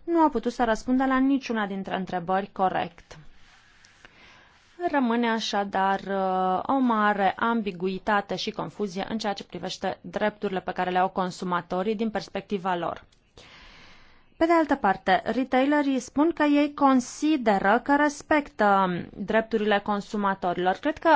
nu au putut să răspundă la niciuna dintre întrebări corect. Rămâne așadar uh, o mare ambiguitate și confuzie în ceea ce privește drepturile pe care le au consumatorii din perspectiva lor. Pe de altă parte, retailerii spun că ei consideră că respectă um, drepturile consumatorilor. Cred că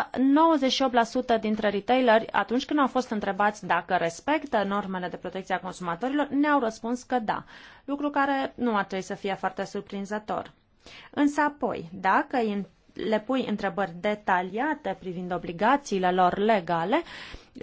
98% dintre retaileri, atunci când au fost întrebați dacă respectă normele de protecție a consumatorilor, ne-au răspuns că da, lucru care nu ar trebui să fie foarte surprinzător. Însă apoi, dacă le pui întrebări detaliate privind obligațiile lor legale,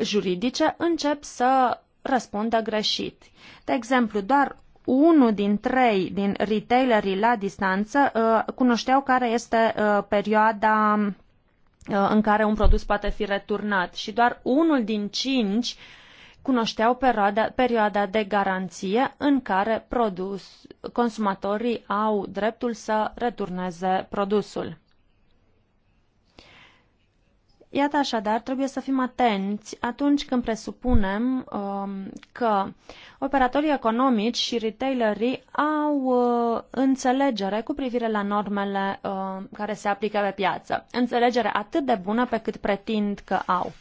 juridice, încep să răspundă greșit. De exemplu, doar unul din trei din retailerii la distanță uh, cunoșteau care este uh, perioada uh, în care un produs poate fi returnat și doar unul din cinci cunoșteau perioada, perioada de garanție în care produs, consumatorii au dreptul să returneze produsul. Iată așadar, trebuie să fim atenți atunci când presupunem uh, că operatorii economici și retailerii au uh, înțelegere cu privire la normele uh, care se aplică pe piață. Înțelegere atât de bună pe cât pretind că au.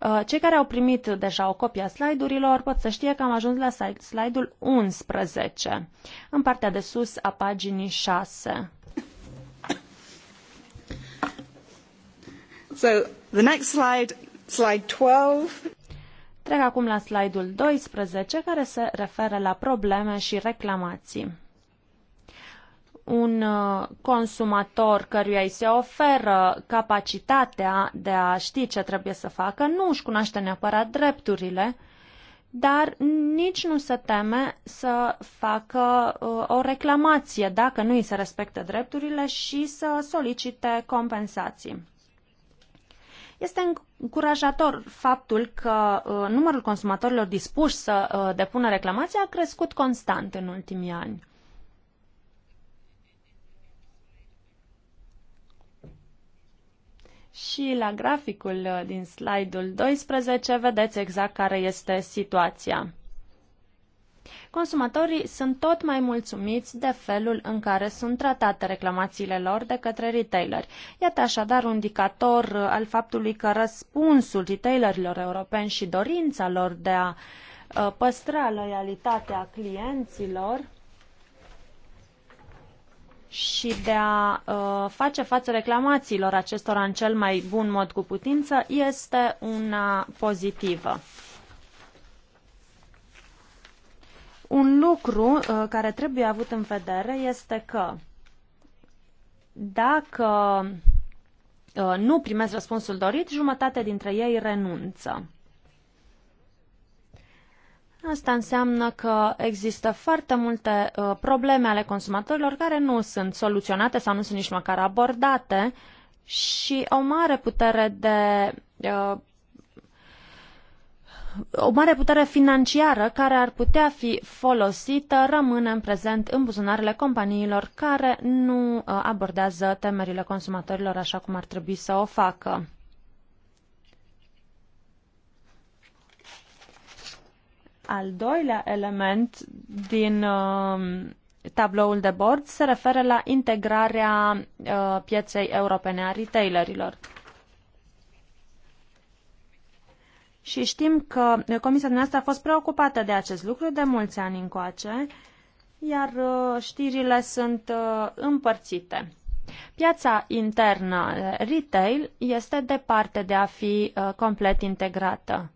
Uh, cei care au primit deja o copie a slide-urilor pot să știe că am ajuns la slide-ul 11, în partea de sus a paginii 6. the next slide, slide 12. Trec acum la slide-ul 12, care se referă la probleme și reclamații. Un uh, consumator căruia îi se oferă capacitatea de a ști ce trebuie să facă nu își cunoaște neapărat drepturile, dar nici nu se teme să facă uh, o reclamație dacă nu îi se respectă drepturile și să solicite compensații. Este încurajator faptul că uh, numărul consumatorilor dispuși să uh, depună reclamații a crescut constant în ultimii ani. Și la graficul uh, din slide-ul 12 vedeți exact care este situația consumatorii sunt tot mai mulțumiți de felul în care sunt tratate reclamațiile lor de către retaileri. Iată așadar un indicator uh, al faptului că răspunsul retailerilor europeni și dorința lor de a uh, păstra loialitatea clienților și de a uh, face față reclamațiilor acestora în cel mai bun mod cu putință este una pozitivă. Un lucru uh, care trebuie avut în vedere este că dacă uh, nu primesc răspunsul dorit, jumătate dintre ei renunță. Asta înseamnă că există foarte multe uh, probleme ale consumatorilor care nu sunt soluționate sau nu sunt nici măcar abordate și o mare putere de uh, o mare putere financiară care ar putea fi folosită rămâne în prezent în buzunarele companiilor care nu uh, abordează temerile consumatorilor așa cum ar trebui să o facă. Al doilea element din uh, tabloul de bord se referă la integrarea uh, pieței europene a retailerilor. și știm că comisia dumneavoastră a fost preocupată de acest lucru de mulți ani încoace, iar uh, știrile sunt uh, împărțite. Piața internă uh, retail este departe de a fi complet integrată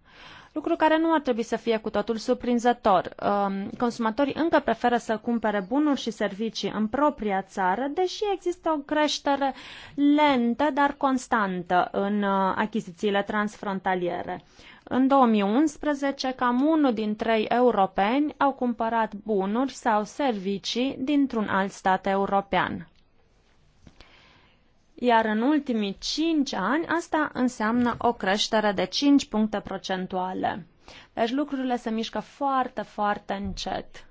lucru care nu ar trebui să fie cu totul surprinzător. Um, consumatorii încă preferă să cumpere bunuri și servicii în propria țară, deși există o creștere lentă, dar constantă în achizițiile transfrontaliere. În 2011, cam unul din trei europeni au cumpărat bunuri sau servicii dintr-un alt stat european. Iar în ultimii 5 ani, asta înseamnă o creștere de 5 puncte procentuale. Deci lucrurile se mișcă foarte, foarte încet.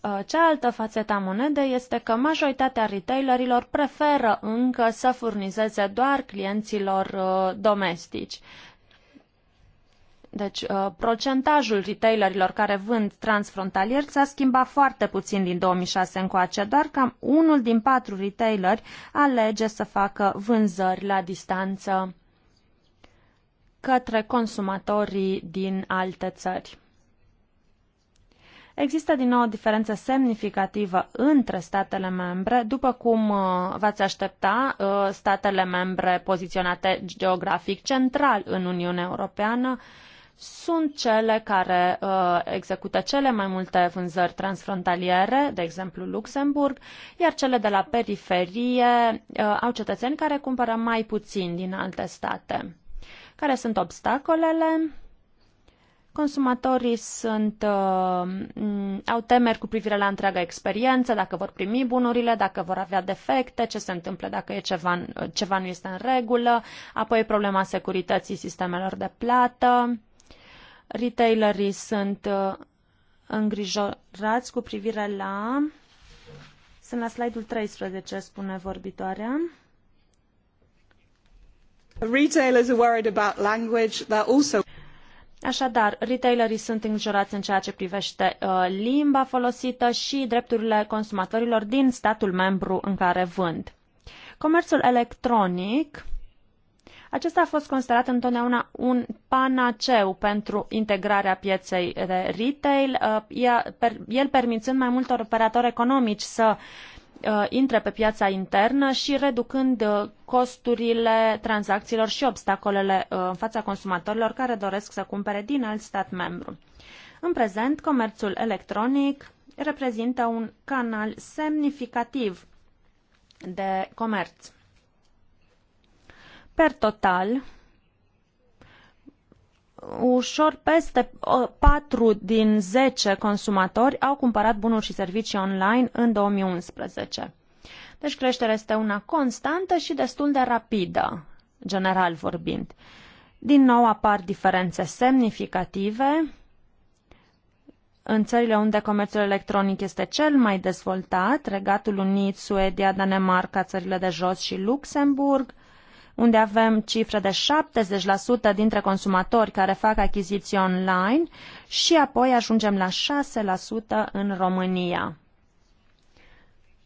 Uh, cealaltă fațetă a monedei este că majoritatea retailerilor preferă încă să furnizeze doar clienților uh, domestici. Deci, uh, procentajul retailerilor care vând transfrontalier s-a schimbat foarte puțin din 2006 încoace. Doar cam unul din patru retaileri alege să facă vânzări la distanță către consumatorii din alte țări. Există din nou o diferență semnificativă între statele membre, după cum uh, v-ați aștepta, uh, statele membre poziționate geografic central în Uniunea Europeană sunt cele care uh, execută cele mai multe vânzări transfrontaliere, de exemplu Luxemburg, iar cele de la periferie uh, au cetățeni care cumpără mai puțin din alte state. Care sunt obstacolele? Consumatorii sunt, uh, au temeri cu privire la întreaga experiență, dacă vor primi bunurile, dacă vor avea defecte, ce se întâmplă dacă e ceva, ceva nu este în regulă, apoi problema securității sistemelor de plată. Retailerii sunt uh, îngrijorați cu privire la... Sunt la slide-ul 13, spune vorbitoarea. Retailers are worried about language. They're also Așadar, retailerii sunt îngrijorați în ceea ce privește uh, limba folosită și drepturile consumatorilor din statul membru în care vând. Comerțul electronic acesta a fost considerat întotdeauna un panaceu pentru integrarea pieței de retail, uh, el permițând mai multor operatori economici să Uh, intre pe piața internă și reducând uh, costurile tranzacțiilor și obstacolele uh, în fața consumatorilor care doresc să cumpere din alt stat membru. În prezent, comerțul electronic reprezintă un canal semnificativ de comerț. Per total, ușor peste 4 din 10 consumatori au cumpărat bunuri și servicii online în 2011. Deci creșterea este una constantă și destul de rapidă, general vorbind. Din nou apar diferențe semnificative în țările unde comerțul electronic este cel mai dezvoltat, Regatul Unit, Suedia, Danemarca, țările de jos și Luxemburg, unde avem cifre de 70% dintre consumatori care fac achiziții online și apoi ajungem la 6% în România.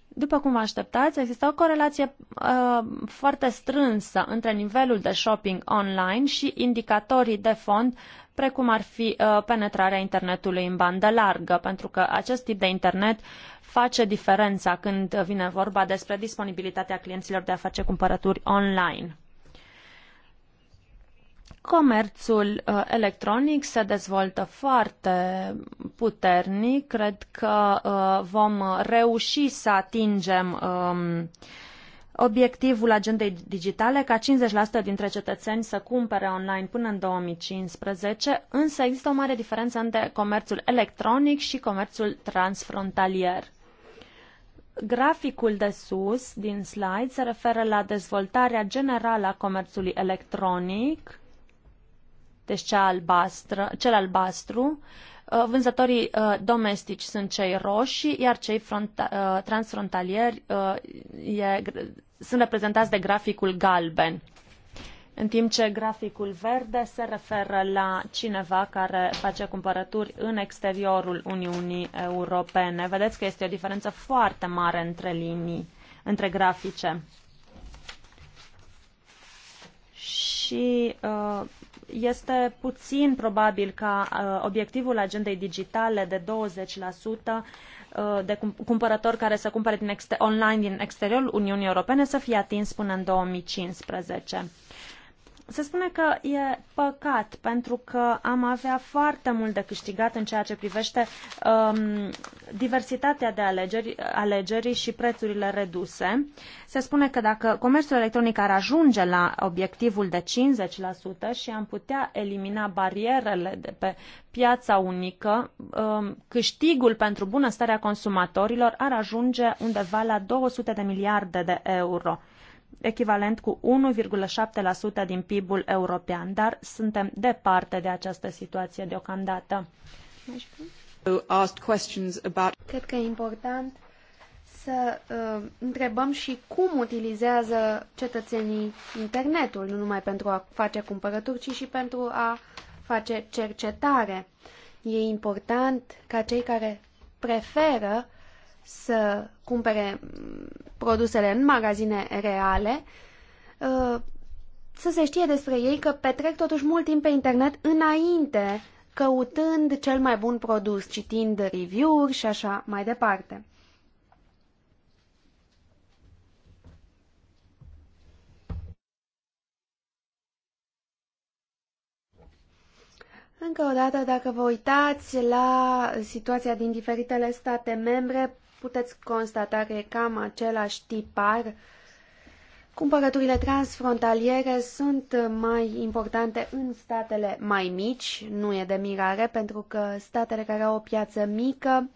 După cum vă așteptați, există o corelație uh, foarte strânsă între nivelul de shopping online și indicatorii de fond, precum ar fi uh, penetrarea internetului în bandă largă, pentru că acest tip de internet face diferența când vine vorba despre disponibilitatea clienților de a face cumpărături online. Comerțul uh, electronic se dezvoltă foarte puternic. Cred că uh, vom reuși să atingem um, obiectivul agendei digitale ca 50% dintre cetățeni să cumpere online până în 2015, însă există o mare diferență între comerțul electronic și comerțul transfrontalier. Graficul de sus din slide se referă la dezvoltarea generală a comerțului electronic deci cea albastră, cel albastru, uh, vânzătorii uh, domestici sunt cei roșii, iar cei uh, transfrontalieri e, sunt reprezentați de graficul galben. În timp ce graficul verde se referă la cineva care face cumpărături în exteriorul Uniunii Europene. Vedeți că este o diferență foarte mare între linii, între grafice. Și uh, este puțin probabil ca uh, obiectivul agendei digitale de 20% uh, de cumpărători care să cumpere din online din exteriorul Uniunii Europene să fie atins până în 2015 se spune că e păcat pentru că am avea foarte mult de câștigat în ceea ce privește um, diversitatea de alegeri, alegeri și prețurile reduse. Se spune că dacă comerțul electronic ar ajunge la obiectivul de 50% și am putea elimina barierele de pe piața unică, um, câștigul pentru bunăstarea consumatorilor ar ajunge undeva la 200 de miliarde de euro echivalent cu 1,7% din PIB-ul european, dar suntem departe de această situație deocamdată. Cred că e important să uh, întrebăm și cum utilizează cetățenii internetul, nu numai pentru a face cumpărături, ci și pentru a face cercetare. E important ca cei care preferă să cumpere produsele în magazine reale, uh, să se știe despre ei că petrec totuși mult timp pe internet înainte căutând cel mai bun produs, citind review-uri și așa mai departe. Încă o dată, dacă vă uitați la situația din diferitele state membre, puteți constata că e cam același tipar. Cumpărăturile transfrontaliere sunt mai importante în statele mai mici, nu e de mirare, pentru că statele care au o piață mică,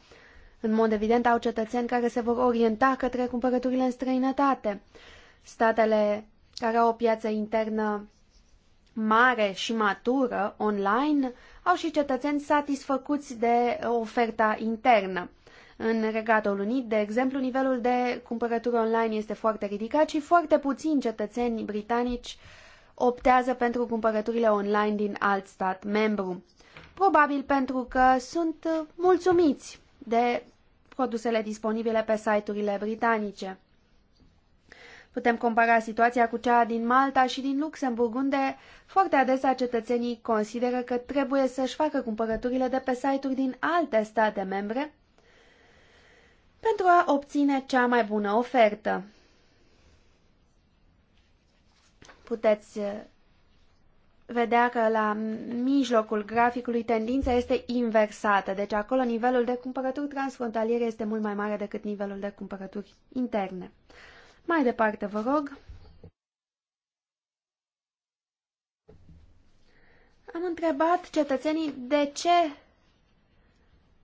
în mod evident, au cetățeni care se vor orienta către cumpărăturile în străinătate. Statele care au o piață internă mare și matură online au și cetățeni satisfăcuți de oferta internă. În Regatul Unit, de exemplu, nivelul de cumpărături online este foarte ridicat și foarte puțini cetățeni britanici optează pentru cumpărăturile online din alt stat membru. Probabil pentru că sunt mulțumiți de produsele disponibile pe site-urile britanice. Putem compara situația cu cea din Malta și din Luxemburg, unde foarte adesea cetățenii consideră că trebuie să-și facă cumpărăturile de pe site-uri din alte state membre, pentru a obține cea mai bună ofertă. Puteți uh, vedea că la mijlocul graficului tendința este inversată, deci acolo nivelul de cumpărături transfrontaliere este mult mai mare decât nivelul de cumpărături interne. Mai departe, vă rog. Am întrebat cetățenii de ce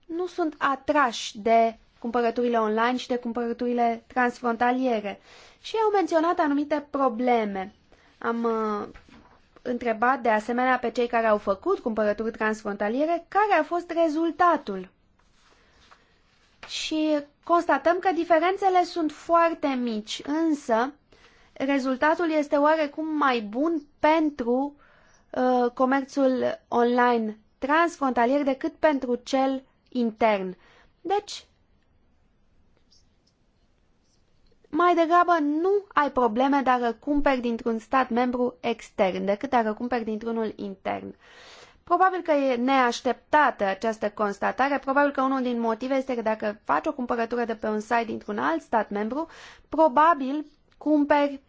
nu sunt atrași de cumpărăturile online și de cumpărăturile transfrontaliere. Și au menționat anumite probleme. Am uh, întrebat de asemenea pe cei care au făcut cumpărături transfrontaliere care a fost rezultatul. Și constatăm că diferențele sunt foarte mici, însă rezultatul este oarecum mai bun pentru uh, comerțul online transfrontalier decât pentru cel intern. Deci, mai degrabă nu ai probleme dacă cumperi dintr-un stat membru extern decât dacă cumperi dintr-unul intern. Probabil că e neașteptată această constatare, probabil că unul din motive este că dacă faci o cumpărătură de pe un site dintr-un alt stat membru, probabil cumperi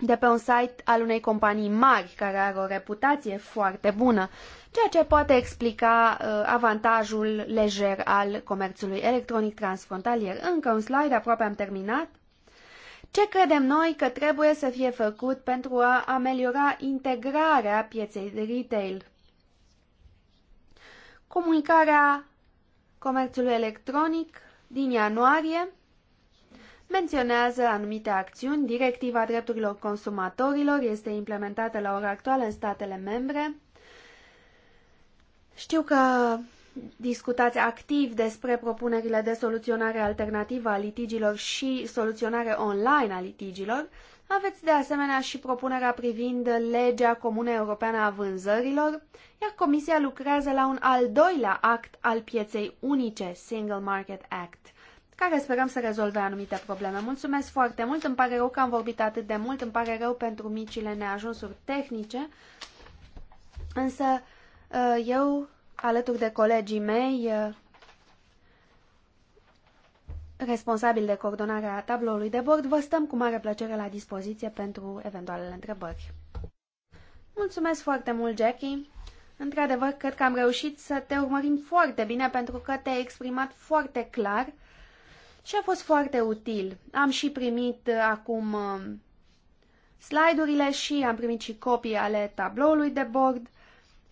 de pe un site al unei companii mari care are o reputație foarte bună, ceea ce poate explica uh, avantajul lejer al comerțului electronic transfrontalier. Încă un slide, aproape am terminat. Ce credem noi că trebuie să fie făcut pentru a ameliora integrarea pieței de retail? Comunicarea comerțului electronic din ianuarie menționează anumite acțiuni. Directiva drepturilor consumatorilor este implementată la ora actuală în statele membre. Știu că discutați activ despre propunerile de soluționare alternativă a litigilor și soluționare online a litigilor. Aveți de asemenea și propunerea privind legea comună europeană a vânzărilor, iar Comisia lucrează la un al doilea act al pieței unice, Single Market Act, care sperăm să rezolve anumite probleme. Mulțumesc foarte mult, îmi pare rău că am vorbit atât de mult, îmi pare rău pentru micile neajunsuri tehnice, însă uh, eu alături de colegii mei eh, responsabil de coordonarea tabloului de bord, vă stăm cu mare plăcere la dispoziție pentru eventualele întrebări. Mulțumesc foarte mult, Jackie! Într-adevăr, cred că am reușit să te urmărim foarte bine pentru că te-ai exprimat foarte clar și a fost foarte util. Am și primit eh, acum eh, slide-urile și am primit și copii ale tabloului de bord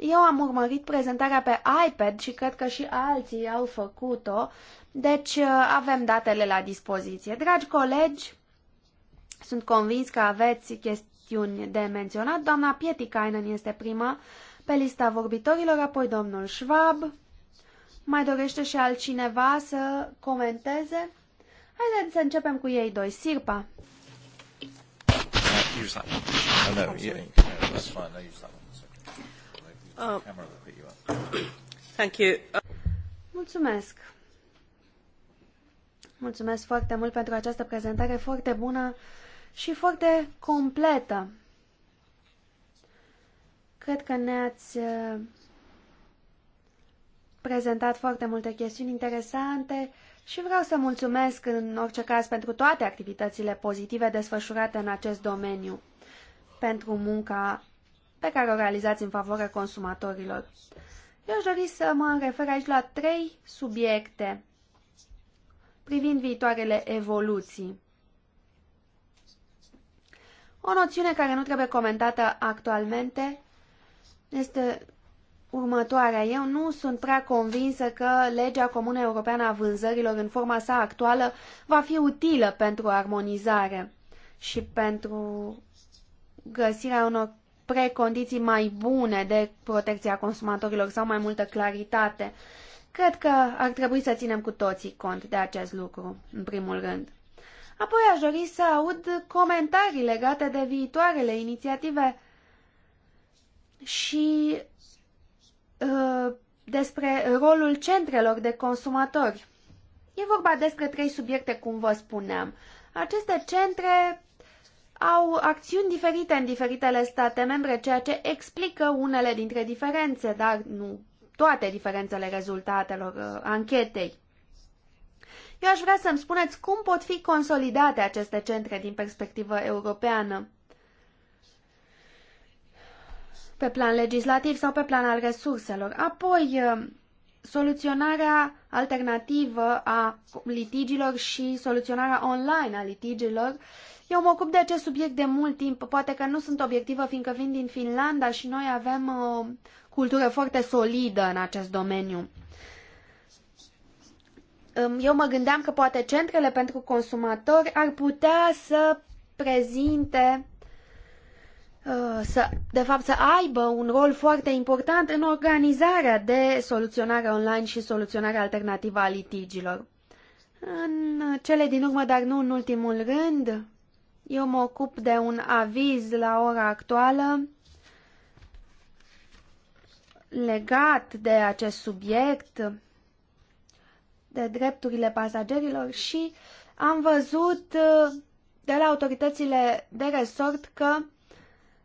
eu am urmărit prezentarea pe iPad și cred că și alții au făcut-o, deci uh, avem datele la dispoziție. Dragi colegi, sunt convins că aveți chestiuni de menționat. Doamna Pietikainen este prima pe lista vorbitorilor, apoi domnul Schwab. Mai dorește și altcineva să comenteze? Haideți să începem cu ei doi. Sirpa. Use that Oh, no, yeah, no, that's fine. I use that one. Mulțumesc. Mulțumesc foarte mult pentru această prezentare foarte bună și foarte completă. Cred că ne-ați uh, prezentat foarte multe chestiuni interesante și vreau să mulțumesc în orice caz pentru toate activitățile pozitive desfășurate în acest domeniu, pentru munca pe care o realizați în favoarea consumatorilor. Eu aș dori să mă refer aici la trei subiecte privind viitoarele evoluții. O noțiune care nu trebuie comentată actualmente este următoarea. Eu nu sunt prea convinsă că legea comună europeană a vânzărilor în forma sa actuală va fi utilă pentru armonizare și pentru găsirea unor precondiții mai bune de protecția consumatorilor sau mai multă claritate. Cred că ar trebui să ținem cu toții cont de acest lucru, în primul rând. Apoi aș dori să aud comentarii legate de viitoarele inițiative și uh, despre rolul centrelor de consumatori. E vorba despre trei subiecte, cum vă spuneam. Aceste centre au acțiuni diferite în diferitele state membre, ceea ce explică unele dintre diferențe, dar nu toate diferențele rezultatelor uh, anchetei. Eu aș vrea să-mi spuneți cum pot fi consolidate aceste centre din perspectivă europeană, pe plan legislativ sau pe plan al resurselor. Apoi, uh, soluționarea alternativă a litigilor și soluționarea online a litigilor eu mă ocup de acest subiect de mult timp, poate că nu sunt obiectivă fiindcă vin din Finlanda și noi avem o uh, cultură foarte solidă în acest domeniu. Um, eu mă gândeam că poate centrele pentru consumatori ar putea să prezinte uh, să, de fapt să aibă un rol foarte important în organizarea de soluționare online și soluționare alternativă a litigiilor. În cele din urmă, dar nu în ultimul rând, eu mă ocup de un aviz la ora actuală legat de acest subiect, de drepturile pasagerilor și am văzut uh, de la autoritățile de resort că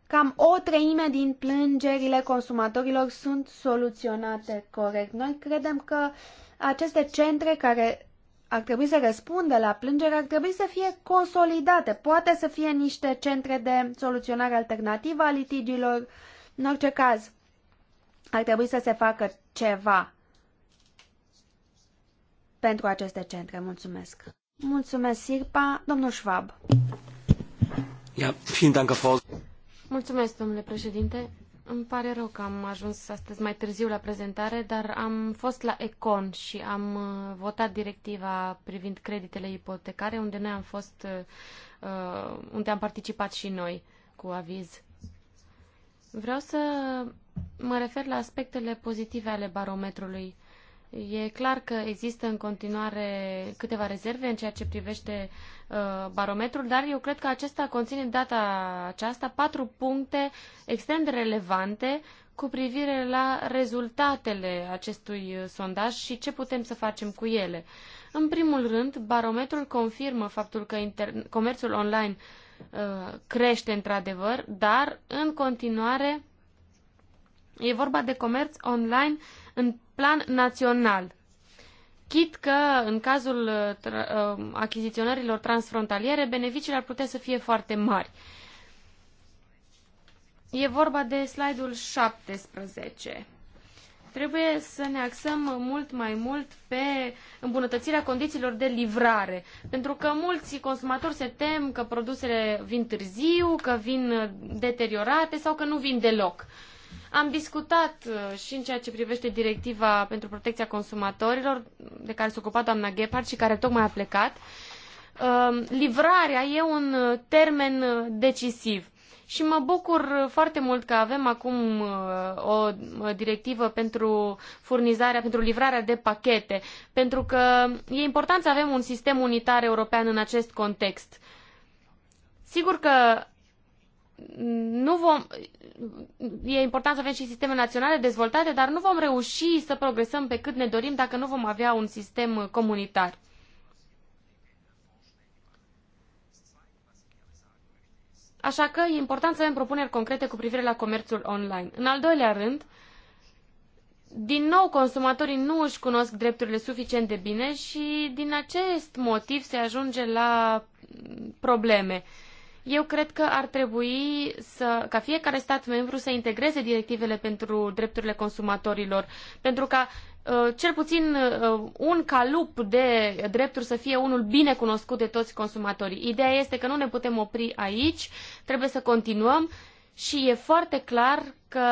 cam o treime din plângerile consumatorilor sunt soluționate corect. Noi credem că aceste centre care ar trebui să răspundă la plângere ar trebui să fie consolidate. Poate să fie niște centre de soluționare alternativă a litigiilor. În orice caz, ar trebui să se facă ceva pentru aceste centre. Mulțumesc. Mulțumesc, Sirpa. Domnul Schwab. fost. Mulțumesc, domnule președinte. Îmi pare rău că am ajuns astăzi mai târziu la prezentare, dar am fost la Econ și am uh, votat directiva privind creditele ipotecare, unde noi am fost, uh, uh, unde am participat și noi cu aviz. Vreau să mă refer la aspectele pozitive ale barometrului E clar că există în continuare câteva rezerve în ceea ce privește uh, barometrul, dar eu cred că acesta conține data aceasta patru puncte extrem de relevante cu privire la rezultatele acestui uh, sondaj și ce putem să facem cu ele. În primul rând, barometrul confirmă faptul că inter- comerțul online uh, crește într-adevăr, dar în continuare e vorba de comerț online în plan național. Chit că, în cazul uh, uh, achiziționărilor transfrontaliere, beneficiile ar putea să fie foarte mari. E vorba de slide-ul 17. Trebuie să ne axăm mult mai mult pe îmbunătățirea condițiilor de livrare, pentru că mulți consumatori se tem că produsele vin târziu, că vin deteriorate sau că nu vin deloc. Uh, am discutat uh, și în ceea ce privește directiva pentru protecția consumatorilor, de care s-a ocupat doamna Gephardt și care tocmai a plecat. Um, livrarea e un uh, termen uh, decisiv. Și mă bucur foarte mult că avem acum o directivă pentru furnizarea, pentru livrarea de pachete, pentru că e important să avem un sistem unitar european în acest context. Sigur că nu vom, e important să avem și sisteme naționale dezvoltate, dar nu vom reuși să progresăm pe cât ne dorim dacă nu vom avea un sistem comunitar. Așa că e important să avem propuneri concrete cu privire la comerțul online. În al doilea rând, din nou consumatorii nu își cunosc drepturile suficient de bine și din acest motiv se ajunge la probleme. Uh, eu cred că ar trebui să, ca fiecare stat membru să integreze directivele pentru drepturile consumatorilor, pentru ca uh, cel puțin uh, un calup de drepturi să fie unul bine cunoscut de toți consumatorii. Ideea este că nu ne putem opri aici, trebuie să continuăm și e foarte clar că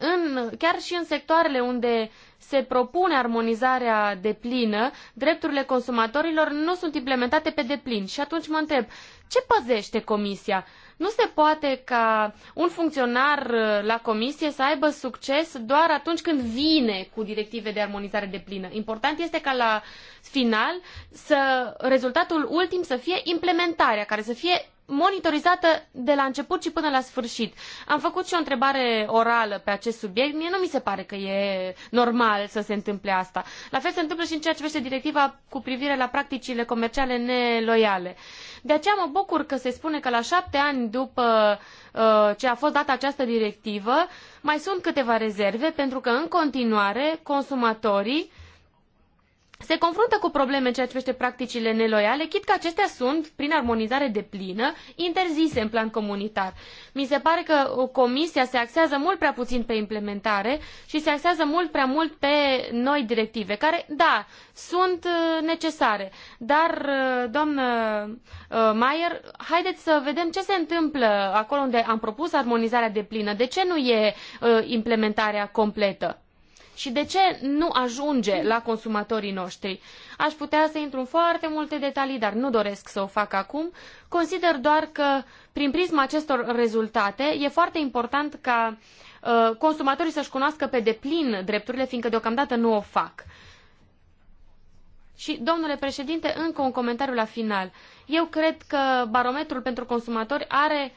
în, chiar și în sectoarele unde se propune armonizarea deplină, drepturile consumatorilor nu sunt implementate pe deplin. Și atunci mă întreb, ce păzește Comisia? Nu se poate ca un funcționar uh, la comisie să aibă succes doar atunci când vine cu directive de armonizare de plină. Important este ca la final să rezultatul ultim să fie implementarea, care să fie monitorizată de la început și până la sfârșit. Am făcut și o întrebare orală pe acest subiect. Mie nu mi se pare că e normal să se întâmple asta. La fel se întâmplă și în ceea ce privește directiva cu privire la practicile comerciale neloiale. De aceea mă bucur că se spune că la șapte ani după uh, ce a fost dată această directivă, mai sunt câteva rezerve pentru că în continuare consumatorii uh, se confruntă cu probleme în ceea ce privește practicile neloiale, chit că acestea sunt, prin armonizare de plină, interzise în plan comunitar. Mi se pare că Comisia se axează mult prea puțin pe implementare și se axează mult prea mult pe noi directive, care, da, sunt uh, necesare. Dar, uh, doamnă uh, Mayer, haideți să vedem ce se întâmplă acolo unde am propus armonizarea de plină. De ce nu e implementarea completă? Și de ce nu ajunge la consumatorii noștri? Aș putea să intru în foarte multe detalii, dar nu doresc să o fac acum. Consider doar că, prin prisma acestor rezultate, e foarte important ca uh, consumatorii să-și cunoască pe deplin drepturile, fiindcă deocamdată nu o fac. Și, domnule președinte, încă un comentariu la final. Eu cred că barometrul pentru consumatori are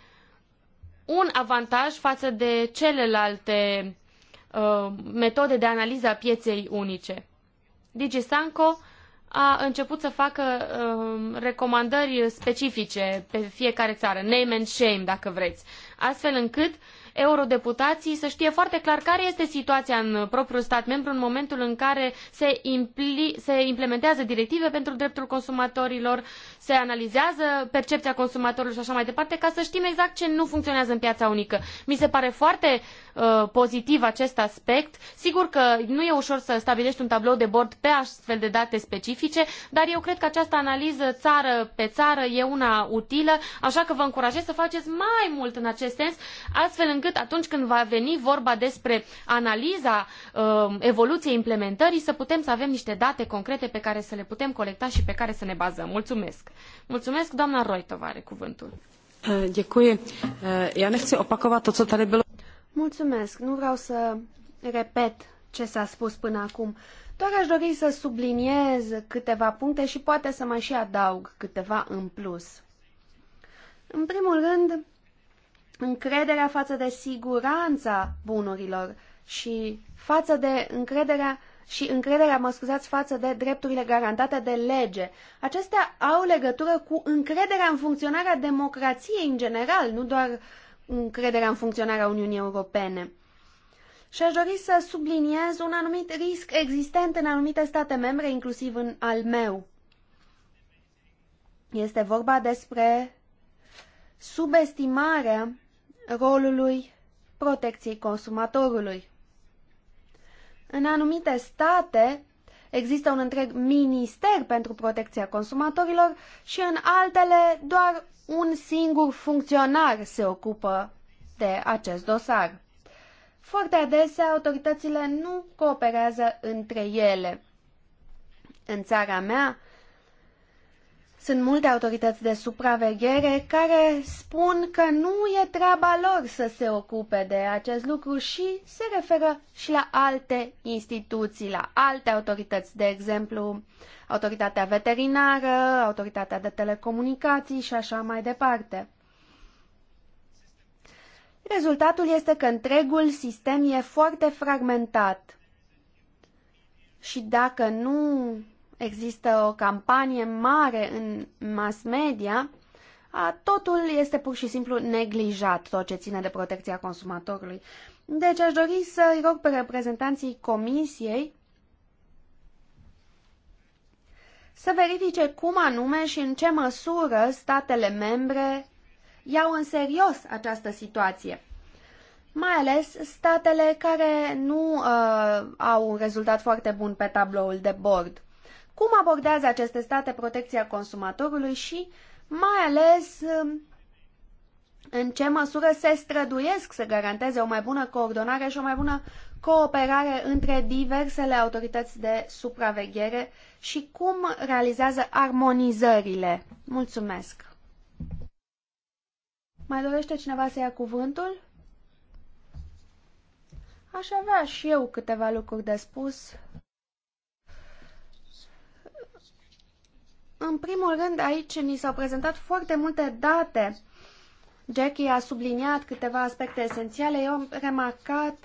un avantaj față de celelalte Uh, metode de analiză a pieței unice. DigiSanco a început să facă uh, recomandări specifice pe fiecare țară, name and shame, dacă vreți, astfel încât uh, eurodeputații să știe foarte clar care este situația în propriul stat membru în momentul în care se, impli- se implementează directive pentru dreptul consumatorilor, se analizează percepția consumatorilor și așa mai departe, ca să știm exact ce nu funcționează în piața unică. Mi se pare foarte uh, pozitiv acest aspect. Sigur că nu e ușor să stabilești un tablou de bord pe astfel de date specifice, dar eu cred că această analiză țară pe țară e una utilă, așa că vă încurajez să faceți mai mult în acest sens, astfel încât încât atunci când va veni vorba despre analiza uh, evoluției implementării să putem să avem niște date concrete pe care să le putem colecta și pe care să ne bazăm. Mulțumesc. Mulțumesc, doamna Roitova are cuvântul. Eh, eh, Mulțumesc. Nu vreau să repet ce s-a spus până acum. Doar aș dori să subliniez câteva puncte și poate să mai și adaug câteva în plus. În primul rând, încrederea față de siguranța bunurilor și față de încrederea și încrederea, mă scuzați, față de drepturile garantate de lege. Acestea au legătură cu încrederea în funcționarea democrației în general, nu doar încrederea în funcționarea Uniunii Europene. Și aș dori să subliniez un anumit risc existent în anumite state membre, inclusiv în al meu. Este vorba despre subestimarea rolului protecției consumatorului. În anumite state există un întreg minister pentru protecția consumatorilor și în altele doar un singur funcționar se ocupă de acest dosar. Foarte adesea autoritățile nu cooperează între ele. În țara mea, sunt multe autorități de supraveghere care spun că nu e treaba lor să se ocupe de acest lucru și se referă și la alte instituții, la alte autorități, de exemplu, autoritatea veterinară, autoritatea de telecomunicații și așa mai departe. Rezultatul este că întregul sistem e foarte fragmentat. Și dacă nu există o campanie mare în mass media, totul este pur și simplu neglijat, tot ce ține de protecția consumatorului. Deci aș dori să îi rog pe reprezentanții comisiei să verifice cum anume și în ce măsură statele membre iau în serios această situație mai ales statele care nu uh, au un rezultat foarte bun pe tabloul de bord cum abordează aceste state protecția consumatorului și mai ales um, în ce măsură se străduiesc să garanteze o mai bună coordonare și o mai bună cooperare între diversele autorități de supraveghere și cum realizează armonizările. Mulțumesc! Mai dorește cineva să ia cuvântul? Aș avea și eu câteva lucruri de spus. În primul rând, aici ni s-au prezentat foarte multe date. Jackie a subliniat câteva aspecte esențiale. Eu am remarcat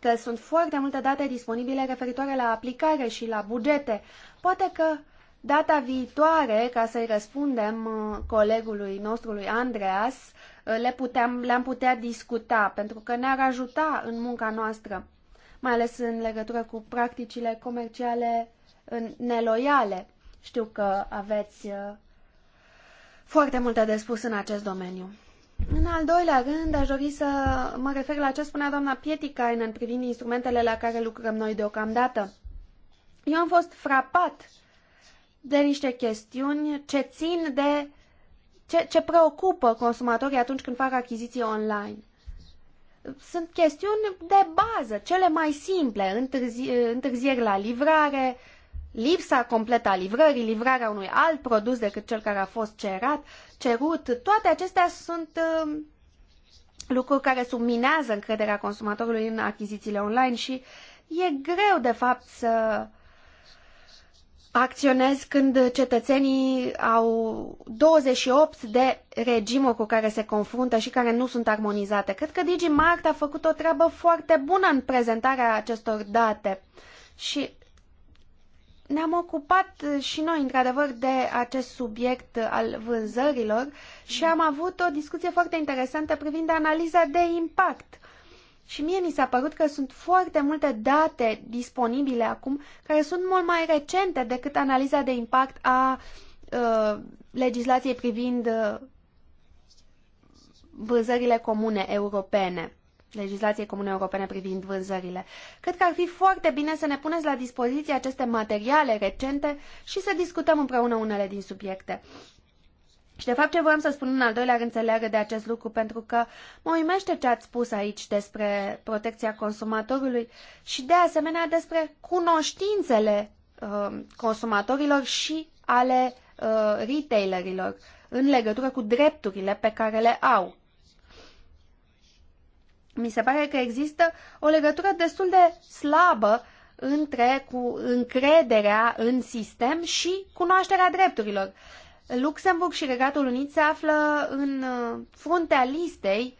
că sunt foarte multe date disponibile referitoare la aplicare și la bugete. Poate că data viitoare, ca să-i răspundem uh, colegului nostru, lui Andreas, uh, le puteam, le-am putea discuta, pentru că ne-ar ajuta în munca noastră, mai ales în legătură cu practicile comerciale neloiale. Știu că aveți uh, foarte multe de spus în acest domeniu. În al doilea rând, aș dori să mă refer la ce spunea doamna în privind instrumentele la care lucrăm noi deocamdată. Eu am fost frapat de niște chestiuni ce țin de ce, ce preocupă consumatorii atunci când fac achiziții online. Sunt chestiuni de bază, cele mai simple, întârzi, întârzieri la livrare, lipsa completă a livrării, livrarea unui alt produs decât cel care a fost cerat, cerut, toate acestea sunt uh, lucruri care subminează încrederea consumatorului în achizițiile online și e greu, de fapt, să acționez când cetățenii au 28 de regimuri cu care se confruntă și care nu sunt armonizate. Cred că DigiMart a făcut o treabă foarte bună în prezentarea acestor date și ne-am ocupat uh, și noi, într-adevăr, de acest subiect uh, al vânzărilor și am avut o discuție foarte interesantă privind analiza de impact. Și mie mi s-a părut că sunt foarte multe date disponibile acum care sunt mult mai recente decât analiza de impact a uh, legislației privind uh, vânzările comune europene legislației comune europene privind vânzările. Cred că ar fi foarte bine să ne puneți la dispoziție aceste materiale recente și să discutăm împreună unele din subiecte. Și de fapt ce vreau să spun în al doilea rând se leagă de acest lucru, pentru că mă uimește ce ați spus aici despre protecția consumatorului și de asemenea despre cunoștințele uh, consumatorilor și ale uh, retailerilor în legătură cu drepturile pe care le au mi se pare că există o legătură destul de slabă între cu încrederea în sistem și cunoașterea drepturilor. Luxemburg și Regatul Unit se află în uh, fruntea listei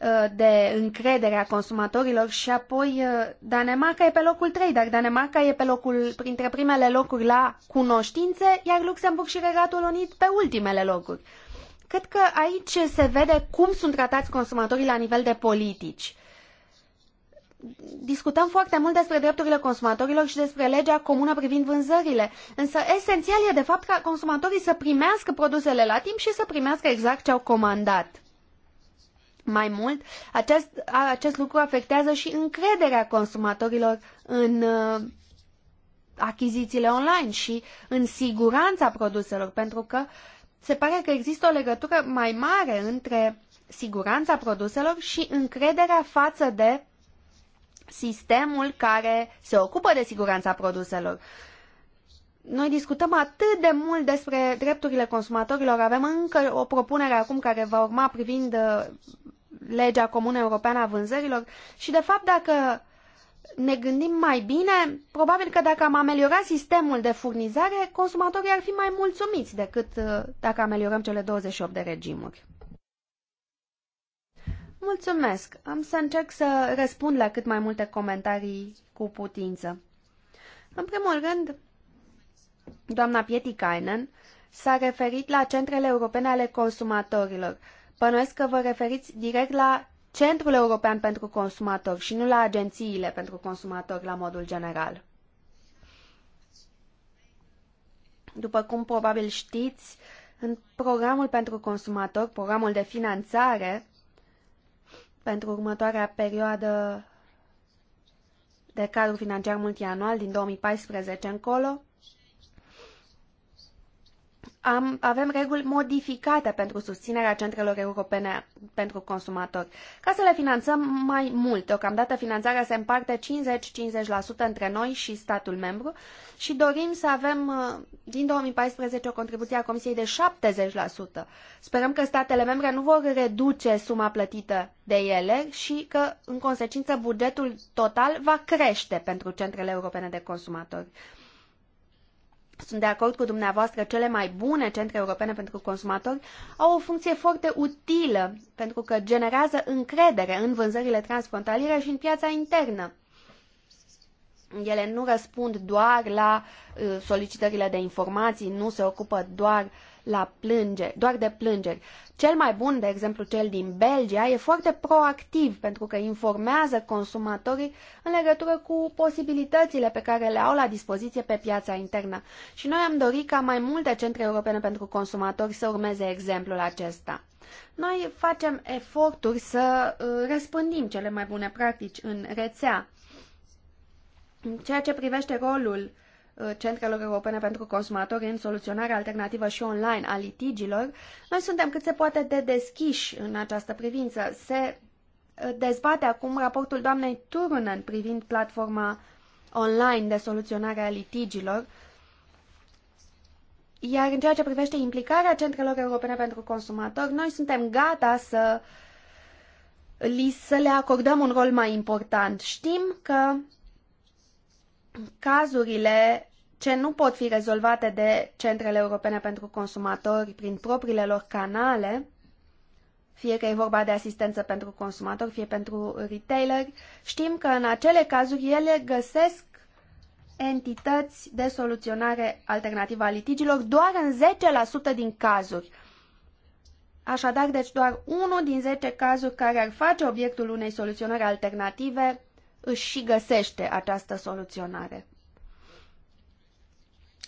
uh, de încredere a consumatorilor și apoi uh, Danemarca e pe locul 3, dar Danemarca e pe locul printre primele locuri la cunoștințe, iar Luxemburg și Regatul Unit pe ultimele locuri. Cred că aici se vede cum sunt tratați consumatorii la nivel de politici. Discutăm foarte mult despre drepturile consumatorilor și despre legea comună privind vânzările, însă esențial e de fapt ca consumatorii să primească produsele la timp și să primească exact ce au comandat. Mai mult, acest, acest lucru afectează și încrederea consumatorilor în uh, achizițiile online și în siguranța produselor, pentru că uh, se pare că există o legătură mai mare între siguranța produselor și încrederea față de sistemul care se ocupă de siguranța produselor. Noi discutăm atât de mult despre drepturile consumatorilor, avem încă o propunere acum care va urma privind uh, legea comună europeană a vânzărilor și, de fapt, dacă ne gândim mai bine, probabil că dacă am ameliorat sistemul de furnizare, consumatorii ar fi mai mulțumiți decât uh, dacă ameliorăm cele 28 de regimuri. Mulțumesc! Am să încerc să răspund la cât mai multe comentarii cu putință. În primul rând, doamna Pietikainen s-a referit la centrele europene ale consumatorilor. Pănuiesc că vă referiți direct la Centrul European pentru Consumatori și nu la agențiile pentru consumatori la modul general. După cum probabil știți, în programul pentru consumatori, programul de finanțare pentru următoarea perioadă de cadru financiar multianual din 2014 încolo, am, avem reguli modificate pentru susținerea centrelor europene pentru consumatori, ca să le finanțăm mai mult. Deocamdată finanțarea se împarte 50-50% între noi și statul membru și dorim să avem uh, din 2014 o contribuție a Comisiei de 70%. Sperăm că statele membre nu vor reduce suma plătită de ele și că, în consecință, bugetul total va crește pentru centrele europene de consumatori. Sunt de acord cu dumneavoastră, cele mai bune centre europene pentru consumatori au o funcție foarte utilă, pentru că generează încredere în vânzările transfrontaliere și în piața internă. Ele nu răspund doar la uh, solicitările de informații, nu se ocupă doar la plângeri, doar de plângeri. Cel mai bun, de exemplu cel din Belgia, e foarte proactiv pentru că informează consumatorii în legătură cu posibilitățile pe care le au la dispoziție pe piața internă. Și noi am dorit ca mai multe centre europene pentru consumatori să urmeze exemplul acesta. Noi facem eforturi să uh, răspândim cele mai bune practici în rețea. În ceea ce privește rolul uh, Uh, centrelor europene pentru consumatori în soluționarea alternativă și online a litigilor, noi suntem cât se poate de deschiși în această privință. Se uh, dezbate acum raportul doamnei Turunen privind platforma online de soluționare a litigilor, iar în ceea ce privește implicarea centrelor europene pentru consumatori, noi suntem gata să, li, să le acordăm un rol mai important. Știm că cazurile ce nu pot fi rezolvate de centrele europene pentru consumatori prin propriile lor canale, fie că e vorba de asistență pentru consumatori, fie pentru retaileri, știm că în acele cazuri ele găsesc entități de soluționare alternativă a litigilor doar în 10% din cazuri. Așadar, deci doar unul din 10 cazuri care ar face obiectul unei soluționări alternative își și găsește această soluționare.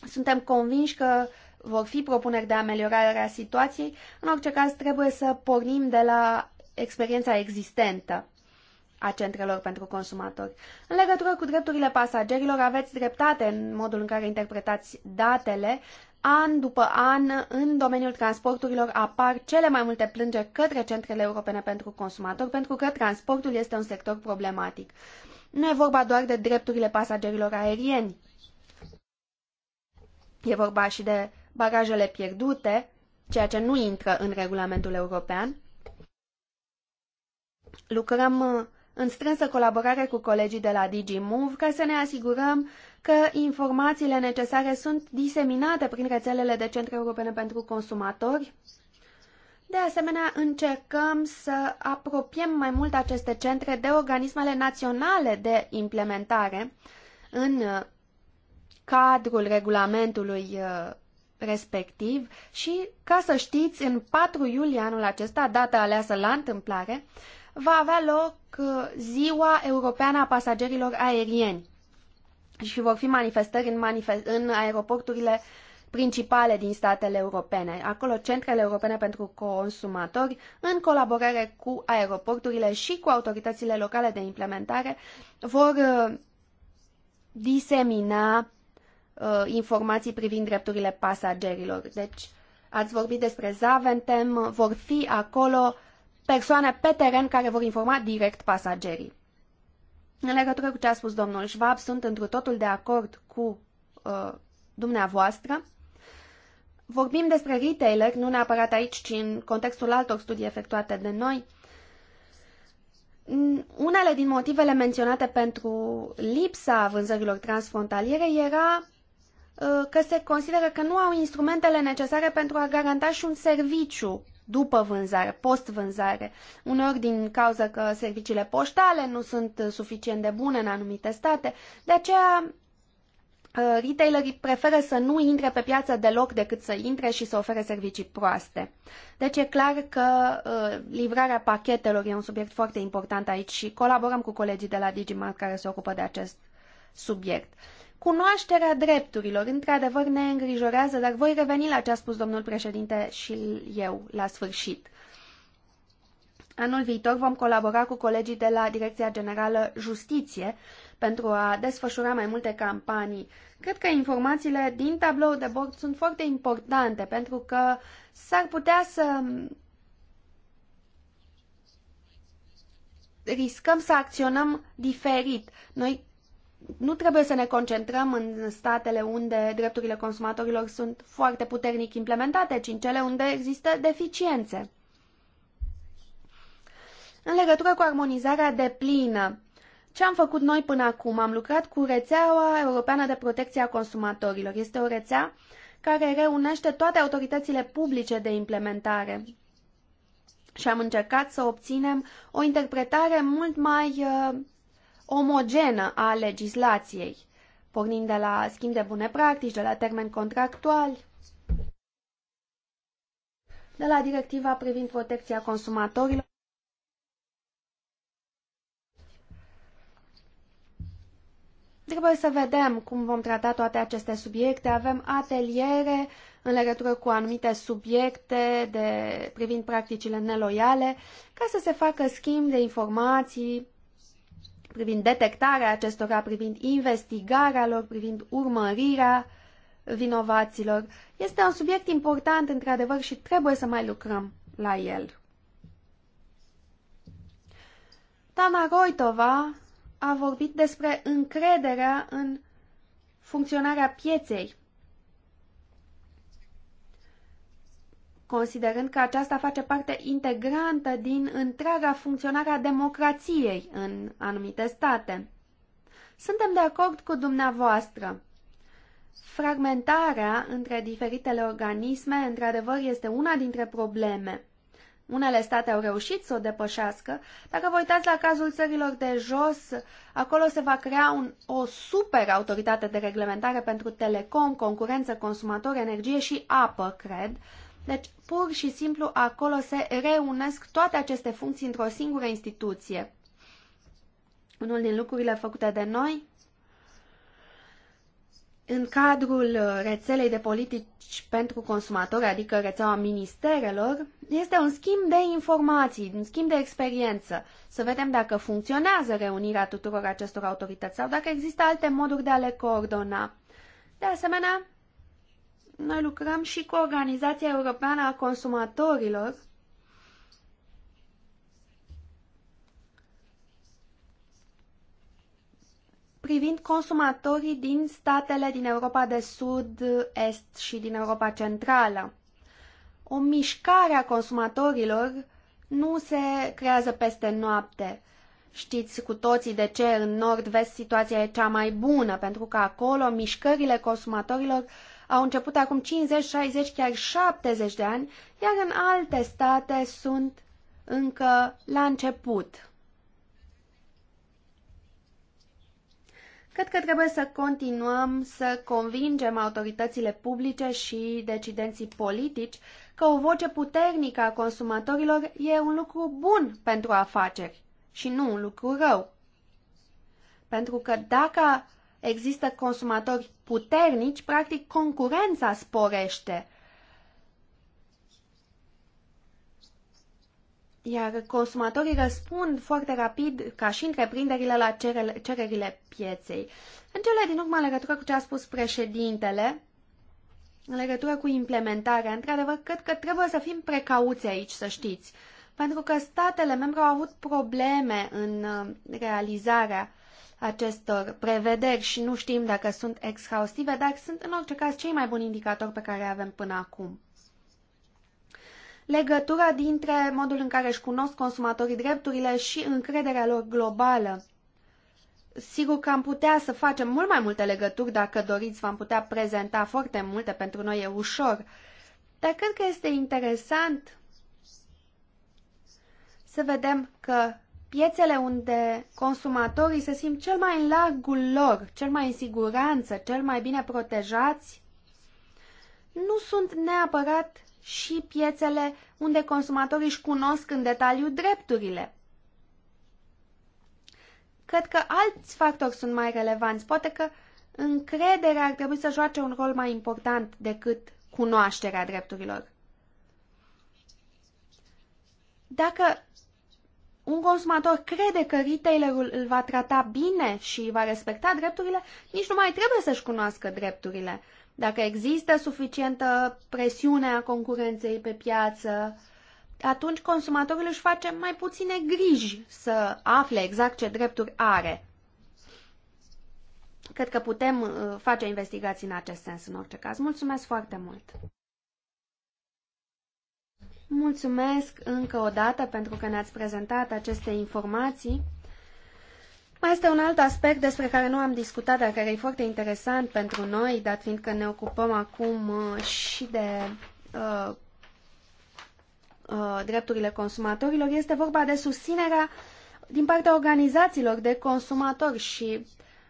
Suntem convinși că vor fi propuneri de ameliorare a situației. În orice caz, trebuie să pornim de la experiența existentă a centrelor pentru consumatori. În legătură cu drepturile pasagerilor, aveți dreptate în modul în care interpretați datele. An după an, în domeniul transporturilor apar cele mai multe plângeri către centrele europene pentru consumatori, pentru că transportul este un sector problematic. Nu e vorba doar de drepturile pasagerilor aerieni, E vorba și de bagajele pierdute, ceea ce nu intră în regulamentul european. Lucrăm uh, în strânsă colaborare cu colegii de la DigiMove ca să ne asigurăm că informațiile necesare sunt diseminate prin rețelele de centre europene pentru consumatori. De asemenea, încercăm să apropiem mai mult aceste centre de organismele naționale de implementare în uh, cadrul regulamentului uh, respectiv și, ca să știți, în 4 iulie anul acesta, data aleasă la întâmplare, va avea loc uh, Ziua Europeană a Pasagerilor Aerieni și vor fi manifestări în, manifest- în aeroporturile principale din statele europene, acolo centrele europene pentru consumatori, în colaborare cu aeroporturile și cu autoritățile locale de implementare, vor uh, disemina uh, informații privind drepturile pasagerilor. Deci, ați vorbit despre Zaventem, vor fi acolo persoane pe teren care vor informa direct pasagerii. În legătură cu ce a spus domnul Schwab, sunt întru totul de acord cu uh, dumneavoastră. Vorbim despre retailer, nu neapărat aici, ci în contextul altor studii efectuate de noi. Unele din motivele menționate pentru lipsa vânzărilor transfrontaliere era Uh, că se consideră că nu au instrumentele necesare pentru a garanta și un serviciu după vânzare, post-vânzare. Uneori din cauza că serviciile poștale nu sunt suficient de bune în anumite state, de aceea uh, retailerii preferă să nu intre pe piață deloc decât să intre și să ofere servicii proaste. Deci e clar că uh, livrarea pachetelor e un subiect foarte important aici și colaborăm cu colegii de la Digimart care se ocupă de acest subiect. Uh, Cunoașterea drepturilor, într-adevăr, ne îngrijorează, dar voi reveni la ce a spus domnul președinte și eu la sfârșit. Anul viitor vom colabora cu colegii de la Direcția Generală Justiție pentru a desfășura mai multe campanii. Cred că informațiile din tablou de bord sunt foarte importante pentru că s-ar putea să riscăm să acționăm diferit. Noi nu trebuie să ne concentrăm în statele unde drepturile consumatorilor sunt foarte puternic implementate, ci în cele unde există deficiențe. În legătură cu armonizarea de plină, ce am făcut noi până acum? Am lucrat cu rețeaua europeană de protecție a consumatorilor. Este o rețea care reunește toate autoritățile publice de implementare. Și am încercat să obținem o interpretare mult mai uh, omogenă a legislației, pornind de la schimb de bune practici, de la termeni contractuali, de la directiva privind protecția consumatorilor. Trebuie să vedem cum vom trata toate aceste subiecte. Avem ateliere în legătură cu anumite subiecte de, privind practicile neloiale, ca să se facă schimb de informații privind detectarea acestora, privind investigarea lor, privind urmărirea vinovaților. Este un subiect important, într-adevăr, și trebuie să mai lucrăm la el. Tana Roitova a vorbit despre încrederea în funcționarea pieței. considerând că aceasta face parte integrantă din întreaga funcționare a democrației în anumite state. Suntem de acord cu dumneavoastră. Fragmentarea între diferitele organisme, într-adevăr, este una dintre probleme. Unele state au reușit să o depășească. Dacă vă uitați la cazul țărilor de jos, acolo se va crea un, o super autoritate de reglementare pentru telecom, concurență, consumator, energie și apă, cred, uh, deci, pur și simplu, acolo se reunesc toate aceste funcții într-o singură instituție. Unul din lucrurile făcute de noi în cadrul rețelei de politici pentru consumatori, adică rețeaua ministerelor, este un schimb de informații, un schimb de experiență. Să vedem dacă funcționează reunirea tuturor acestor autorități sau dacă există alte moduri de a le coordona. De asemenea, noi lucrăm și cu Organizația Europeană a Consumatorilor, privind consumatorii din statele din Europa de Sud, Est și din Europa Centrală. O mișcare a consumatorilor nu se creează peste noapte. Știți cu toții de ce în nord-vest situația e cea mai bună, pentru că acolo mișcările consumatorilor au început acum 50, 60, chiar 70 de ani, iar în alte state sunt încă la început. Cred că trebuie să continuăm să convingem autoritățile publice și decidenții politici că o voce puternică a consumatorilor e un lucru bun pentru afaceri și nu un lucru rău. Pentru că dacă există consumatori puternici, practic concurența sporește. Iar consumatorii răspund foarte rapid, ca și întreprinderile, la cererile pieței. În cele din urmă, în legătură cu ce a spus președintele, în legătură cu implementarea, într-adevăr, cred că trebuie să fim precauți aici, să știți, pentru că statele membre au avut probleme în uh, realizarea acestor prevederi și nu știm dacă sunt exhaustive, dar sunt în orice caz cei mai buni indicatori pe care avem până acum. Legătura dintre modul în care își cunosc consumatorii drepturile și încrederea lor globală. Sigur că am putea să facem mult mai multe legături, dacă doriți, v-am putea prezenta foarte multe, pentru noi e ușor. Dar cred că este interesant să vedem că piețele unde consumatorii se simt cel mai în largul lor, cel mai în siguranță, cel mai bine protejați, nu sunt neapărat și piețele unde consumatorii își cunosc în detaliu drepturile. Cred că alți factori sunt mai relevanți. Poate că încrederea ar trebui să joace un rol mai important decât cunoașterea drepturilor. Dacă un consumator crede că retailerul îl va trata bine și va respecta drepturile, nici nu mai trebuie să-și cunoască drepturile. Dacă există suficientă presiune a concurenței pe piață, atunci consumatorul își face mai puține griji să afle exact ce drepturi are. Cred că putem uh, face investigații în acest sens în orice caz. Mulțumesc foarte mult! Mulțumesc încă o dată pentru că ne-ați prezentat aceste informații. Mai este un alt aspect despre care nu am discutat, dar care e foarte interesant pentru noi, dat fiindcă ne ocupăm acum uh, și de uh, uh, drepturile consumatorilor. Este vorba de susținerea din partea organizațiilor de consumatori și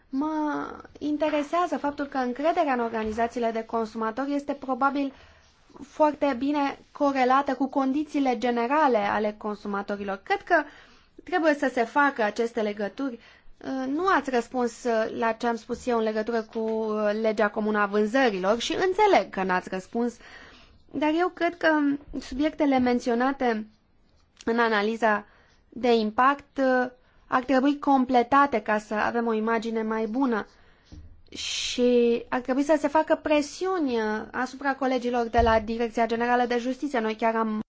mă interesează faptul că încrederea în organizațiile de consumatori este probabil uh, foarte bine corelată cu condițiile generale ale consumatorilor. Cred că trebuie să se facă aceste legături. Uh, nu ați răspuns uh, la ce am spus eu în legătură cu uh, legea comună a vânzărilor și înțeleg că n-ați răspuns, dar eu cred că subiectele menționate în analiza de impact ar trebui completate ca să avem o imagine mai bună și ar trebui să se facă presiuni uh, asupra colegilor de la Direcția Generală de Justiție. Noi chiar am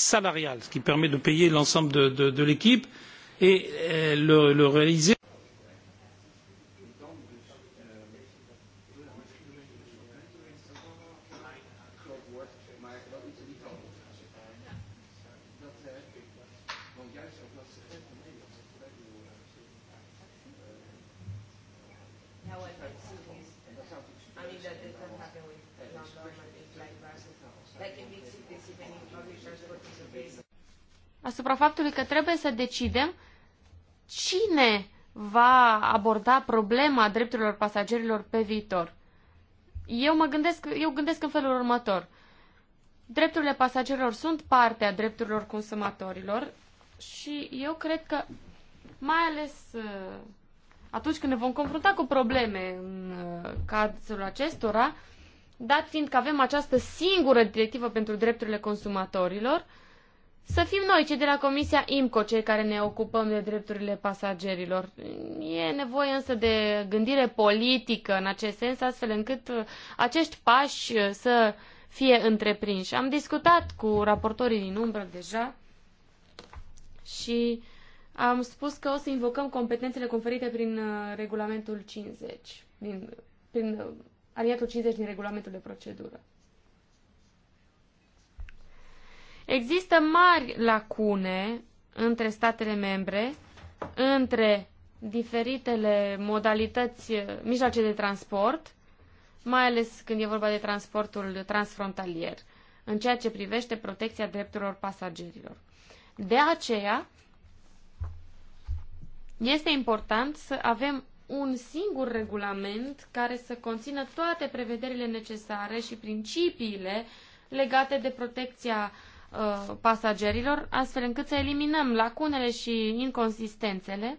salariale ce qui permet de payer l'ensemble de, l'équipe et de euh, le réaliser decidem cine va aborda problema drepturilor pasagerilor pe viitor. Eu mă gândesc, eu gândesc în felul următor. Drepturile pasagerilor sunt parte a drepturilor consumatorilor și eu cred că mai ales uh, atunci când ne vom confrunta cu probleme în uh, cazul acestora, dat fiind că avem această singură directivă pentru drepturile consumatorilor, uh, să fim noi, cei de la Comisia IMCO, cei care ne ocupăm de drepturile pasagerilor. E nevoie însă de gândire politică în acest sens, astfel încât uh, acești pași uh, să fie întreprinși. Am discutat cu raportorii din umbră deja și am spus că o să invocăm competențele conferite prin uh, regulamentul 50, din, prin aliatul 50 din regulamentul de procedură. Există mari lacune între statele membre, între diferitele modalități, eh, mijloace de transport, mai ales când e vorba de transportul transfrontalier, în ceea ce privește protecția drepturilor pasagerilor. De aceea, este important să avem un singur regulament care să conțină toate prevederile necesare și principiile legate de protecția uh, Uh, pasagerilor, astfel încât să eliminăm lacunele și inconsistențele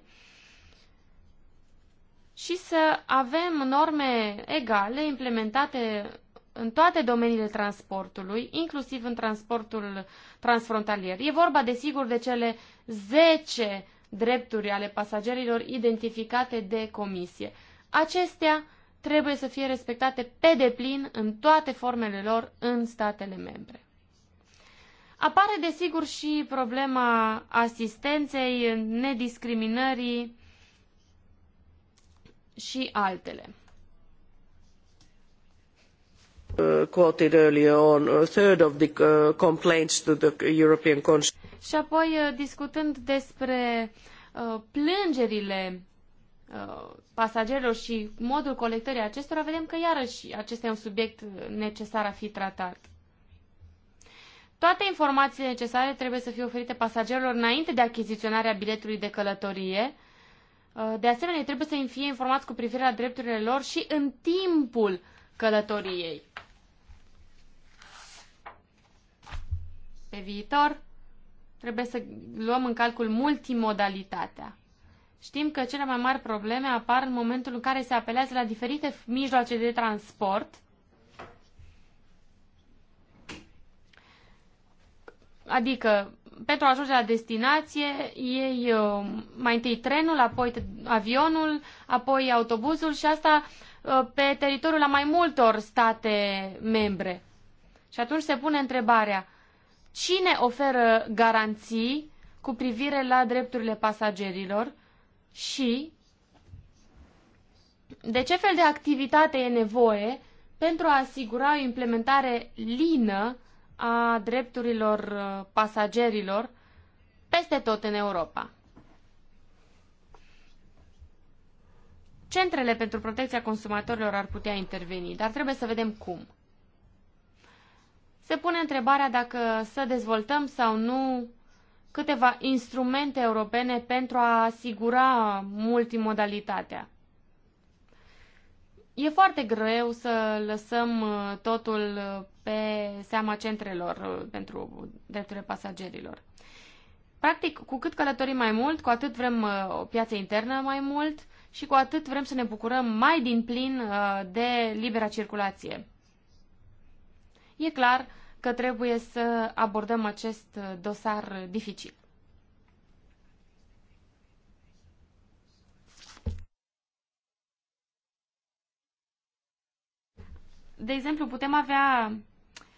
și să avem norme egale implementate în toate domeniile transportului, inclusiv în transportul transfrontalier. E vorba, desigur, de cele 10 drepturi ale pasagerilor identificate de comisie. Acestea trebuie să fie respectate pe deplin în toate formele lor în statele membre. Apare, desigur, și problema asistenței, nediscriminării și altele. Quoted earlier on, a third of the uh, complaints to the European Și apoi, uh, discutând despre uh, plângerile pasagerilor și modul colectării acestora, vedem că iarăși acesta e un subiect necesar a fi tratat. Toate informațiile necesare trebuie să fie oferite pasagerilor înainte de achiziționarea biletului de călătorie. Uh, de asemenea, trebuie să fie informați cu privire la drepturile lor și în timpul călătoriei. Pe viitor, trebuie să luăm în calcul multimodalitatea. Știm că cele mai mari probleme apar în momentul în care se apelează la diferite mijloace de transport – Adică, pentru a ajunge la destinație, ei uh, mai întâi trenul, apoi avionul, apoi autobuzul și asta uh, pe teritoriul a mai multor state membre. Și atunci se pune întrebarea, cine oferă garanții cu privire la drepturile pasagerilor și de ce fel de activitate e nevoie pentru a asigura o implementare lină a drepturilor uh, pasagerilor peste tot în Europa. Centrele pentru protecția consumatorilor ar putea interveni, dar trebuie să vedem cum. Se pune întrebarea dacă să dezvoltăm sau nu câteva instrumente europene pentru a asigura multimodalitatea. E foarte greu să lăsăm uh, totul uh, pe seama centrelor uh, pentru drepturile pasagerilor. Practic, cu cât călătorim mai mult, cu atât vrem o piață internă mai mult și cu atât vrem să ne bucurăm mai din plin de libera circulație. E clar că trebuie să abordăm acest dosar dificil. de exemplu, putem avea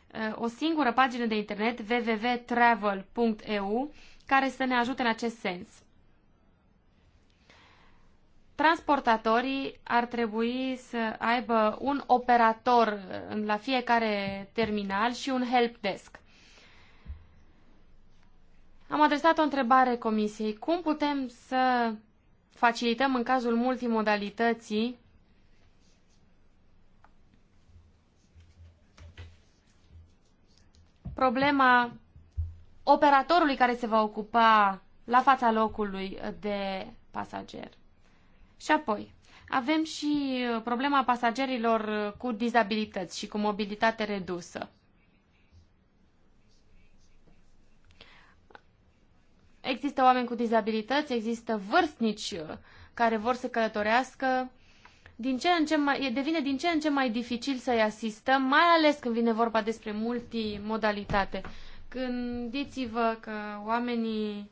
uh, o singură pagină de internet www.travel.eu care să ne ajute în acest sens. Transportatorii ar trebui să aibă un operator uh, la fiecare terminal și un help desk. Am adresat o întrebare comisiei. Cum putem să facilităm în cazul multimodalității problema operatorului care se va ocupa la fața locului de pasager. Și apoi, avem și problema pasagerilor cu dizabilități și cu mobilitate redusă. Există oameni cu dizabilități, există vârstnici care vor să călătorească din ce în ce mai, devine din ce în ce mai dificil să-i asistăm, mai ales când vine vorba despre multimodalitate. Gândiți-vă că oamenii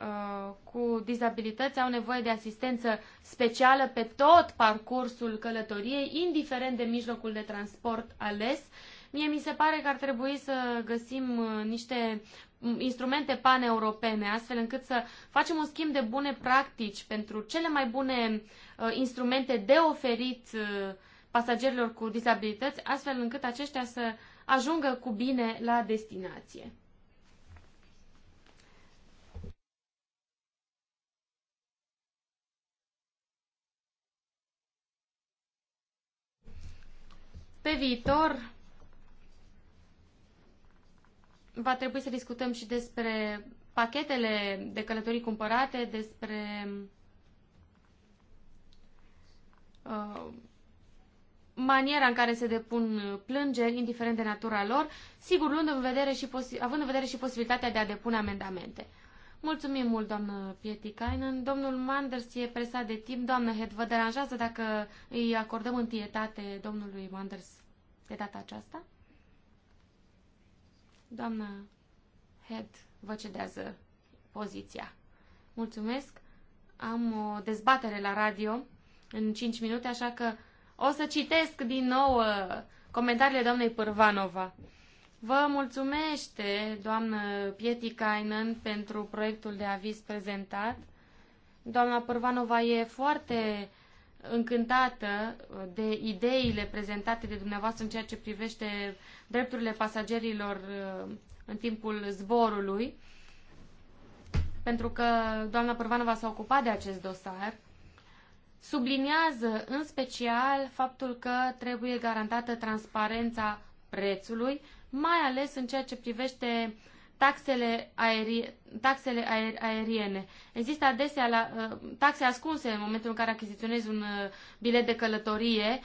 uh, cu dizabilități au nevoie de asistență specială pe tot parcursul călătoriei, indiferent de mijlocul de transport ales Mie mi se pare că ar trebui să găsim uh, niște mm, instrumente paneuropene, astfel încât să facem un schimb de bune practici pentru cele mai bune uh, instrumente de oferit uh, pasagerilor cu dizabilități, astfel încât aceștia să ajungă cu bine la destinație. Pe viitor, va trebui să discutăm și despre pachetele de călătorii cumpărate, despre uh, maniera în care se depun plângeri, indiferent de natura lor, sigur, luând în vedere și având în vedere și posibilitatea de a depune amendamente. Mulțumim mult, doamnă Pietikainen. Domnul Manders e presat de timp. Doamnă Head, vă deranjează dacă îi acordăm întietate domnului Manders de data aceasta? Doamna Head vă cedează poziția. Mulțumesc. Am o dezbatere la radio în 5 minute, așa că o să citesc din nou uh, comentariile doamnei Pârvanova. Vă mulțumește, doamnă Pietikainen, pentru proiectul de aviz prezentat. Doamna Pârvanova e foarte încântată uh, de ideile prezentate de dumneavoastră în ceea ce privește drepturile pasagerilor uh, în timpul zborului, pentru că doamna Părvanova s-a ocupat de acest dosar, subliniază în special faptul că trebuie garantată transparența prețului, mai ales în ceea ce privește taxele, aerie, taxele aer, aeriene. Există adesea la, uh, taxe ascunse în momentul în care achiziționezi un uh, bilet de călătorie.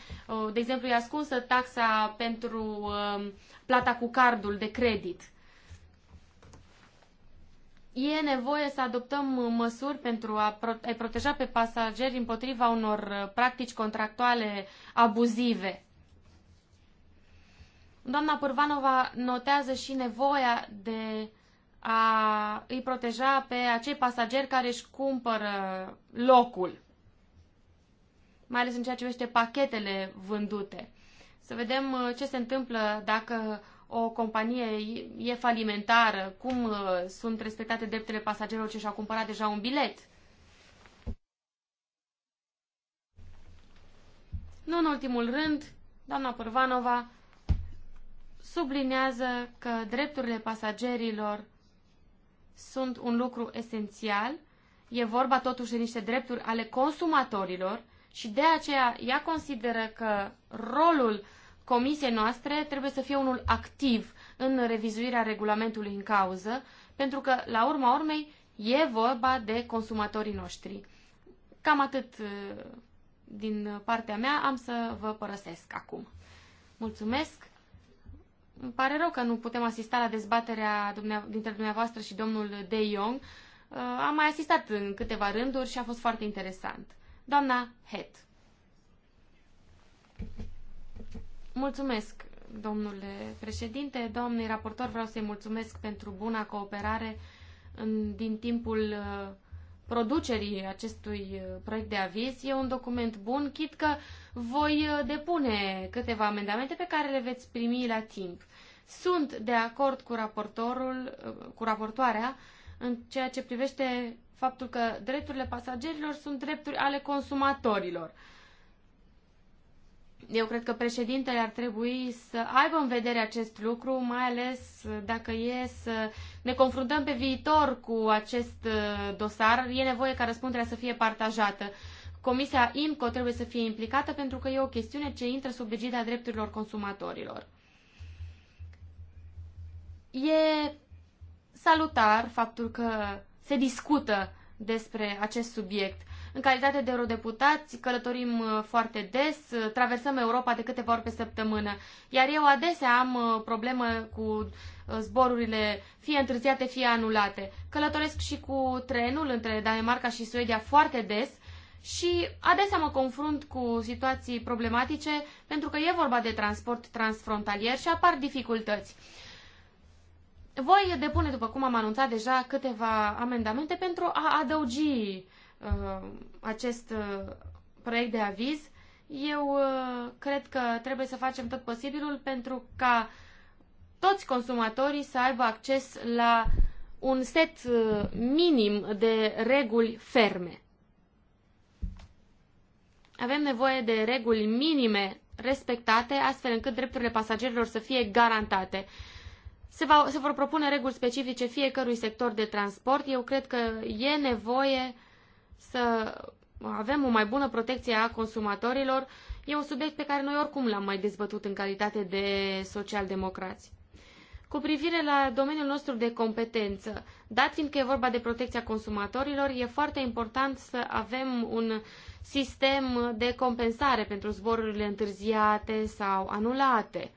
De exemplu, e ascunsă taxa pentru um, plata cu cardul de credit. E nevoie să adoptăm uh, măsuri pentru a proteja pe pasageri împotriva unor practici contractuale abuzive. Doamna Pârvanova notează și nevoia de a îi proteja pe acei pasageri care își cumpără locul, mai ales în ceea ce privește pachetele vândute. Să vedem uh, ce se întâmplă dacă o companie e falimentară, cum uh, sunt respectate dreptele pasagerilor ce și-au cumpărat deja un bilet. Nu în ultimul rând, doamna Pârvanova sublinează că drepturile pasagerilor sunt un lucru esențial. E vorba totuși de niște drepturi ale consumatorilor și de aceea ea consideră că rolul comisiei noastre trebuie să fie unul activ în revizuirea regulamentului în cauză, pentru că, la urma urmei, e vorba de consumatorii noștri. Cam atât uh, din partea mea, am să vă părăsesc acum. Mulțumesc! Îmi pare rău că nu putem asista la dezbaterea dintre dumneavoastră și domnul De Jong. Uh, am mai asistat în câteva rânduri și a fost foarte interesant. Doamna Het. Mulțumesc, domnule președinte. Doamnei raportor, vreau să-i mulțumesc pentru buna cooperare în, din timpul uh, producerii acestui uh, proiect de aviz. E un document bun, chit că voi depune câteva amendamente pe care le veți primi la timp. Sunt de acord cu raportorul, cu raportoarea în ceea ce privește faptul că drepturile pasagerilor sunt drepturi ale consumatorilor. Eu cred că președintele ar trebui să aibă în vedere acest lucru, mai ales dacă e să ne confruntăm pe viitor cu acest uh, dosar. E nevoie ca răspunderea să fie partajată. Comisia IMCO trebuie să fie implicată pentru că e o chestiune ce intră sub egida drepturilor consumatorilor. E salutar faptul că se discută despre acest subiect. În calitate de eurodeputați, călătorim uh, foarte des, uh, traversăm Europa de câteva ori pe săptămână, iar eu adesea am uh, problemă cu zborurile fie întârziate, fie anulate. Călătoresc și cu trenul între Danemarca și Suedia foarte des și adesea mă confrunt cu situații problematice pentru că e vorba de transport transfrontalier și apar dificultăți. Voi depune, după cum am anunțat deja, câteva amendamente pentru a adăugi uh, acest uh, proiect de aviz. Eu uh, cred că trebuie să facem tot posibilul pentru ca toți consumatorii să aibă acces la un set uh, minim de reguli ferme. Avem nevoie de reguli minime respectate, astfel încât drepturile pasagerilor să fie garantate. Uh, se, va, se vor propune reguli specifice fiecărui sector de transport. Eu cred că e nevoie să avem o mai bună protecție a consumatorilor. E un subiect pe care noi oricum l-am mai dezbătut în calitate de socialdemocrați. Cu privire la domeniul nostru de competență, dat că e vorba de protecția consumatorilor, e foarte important să avem un sistem de compensare pentru zborurile întârziate sau anulate.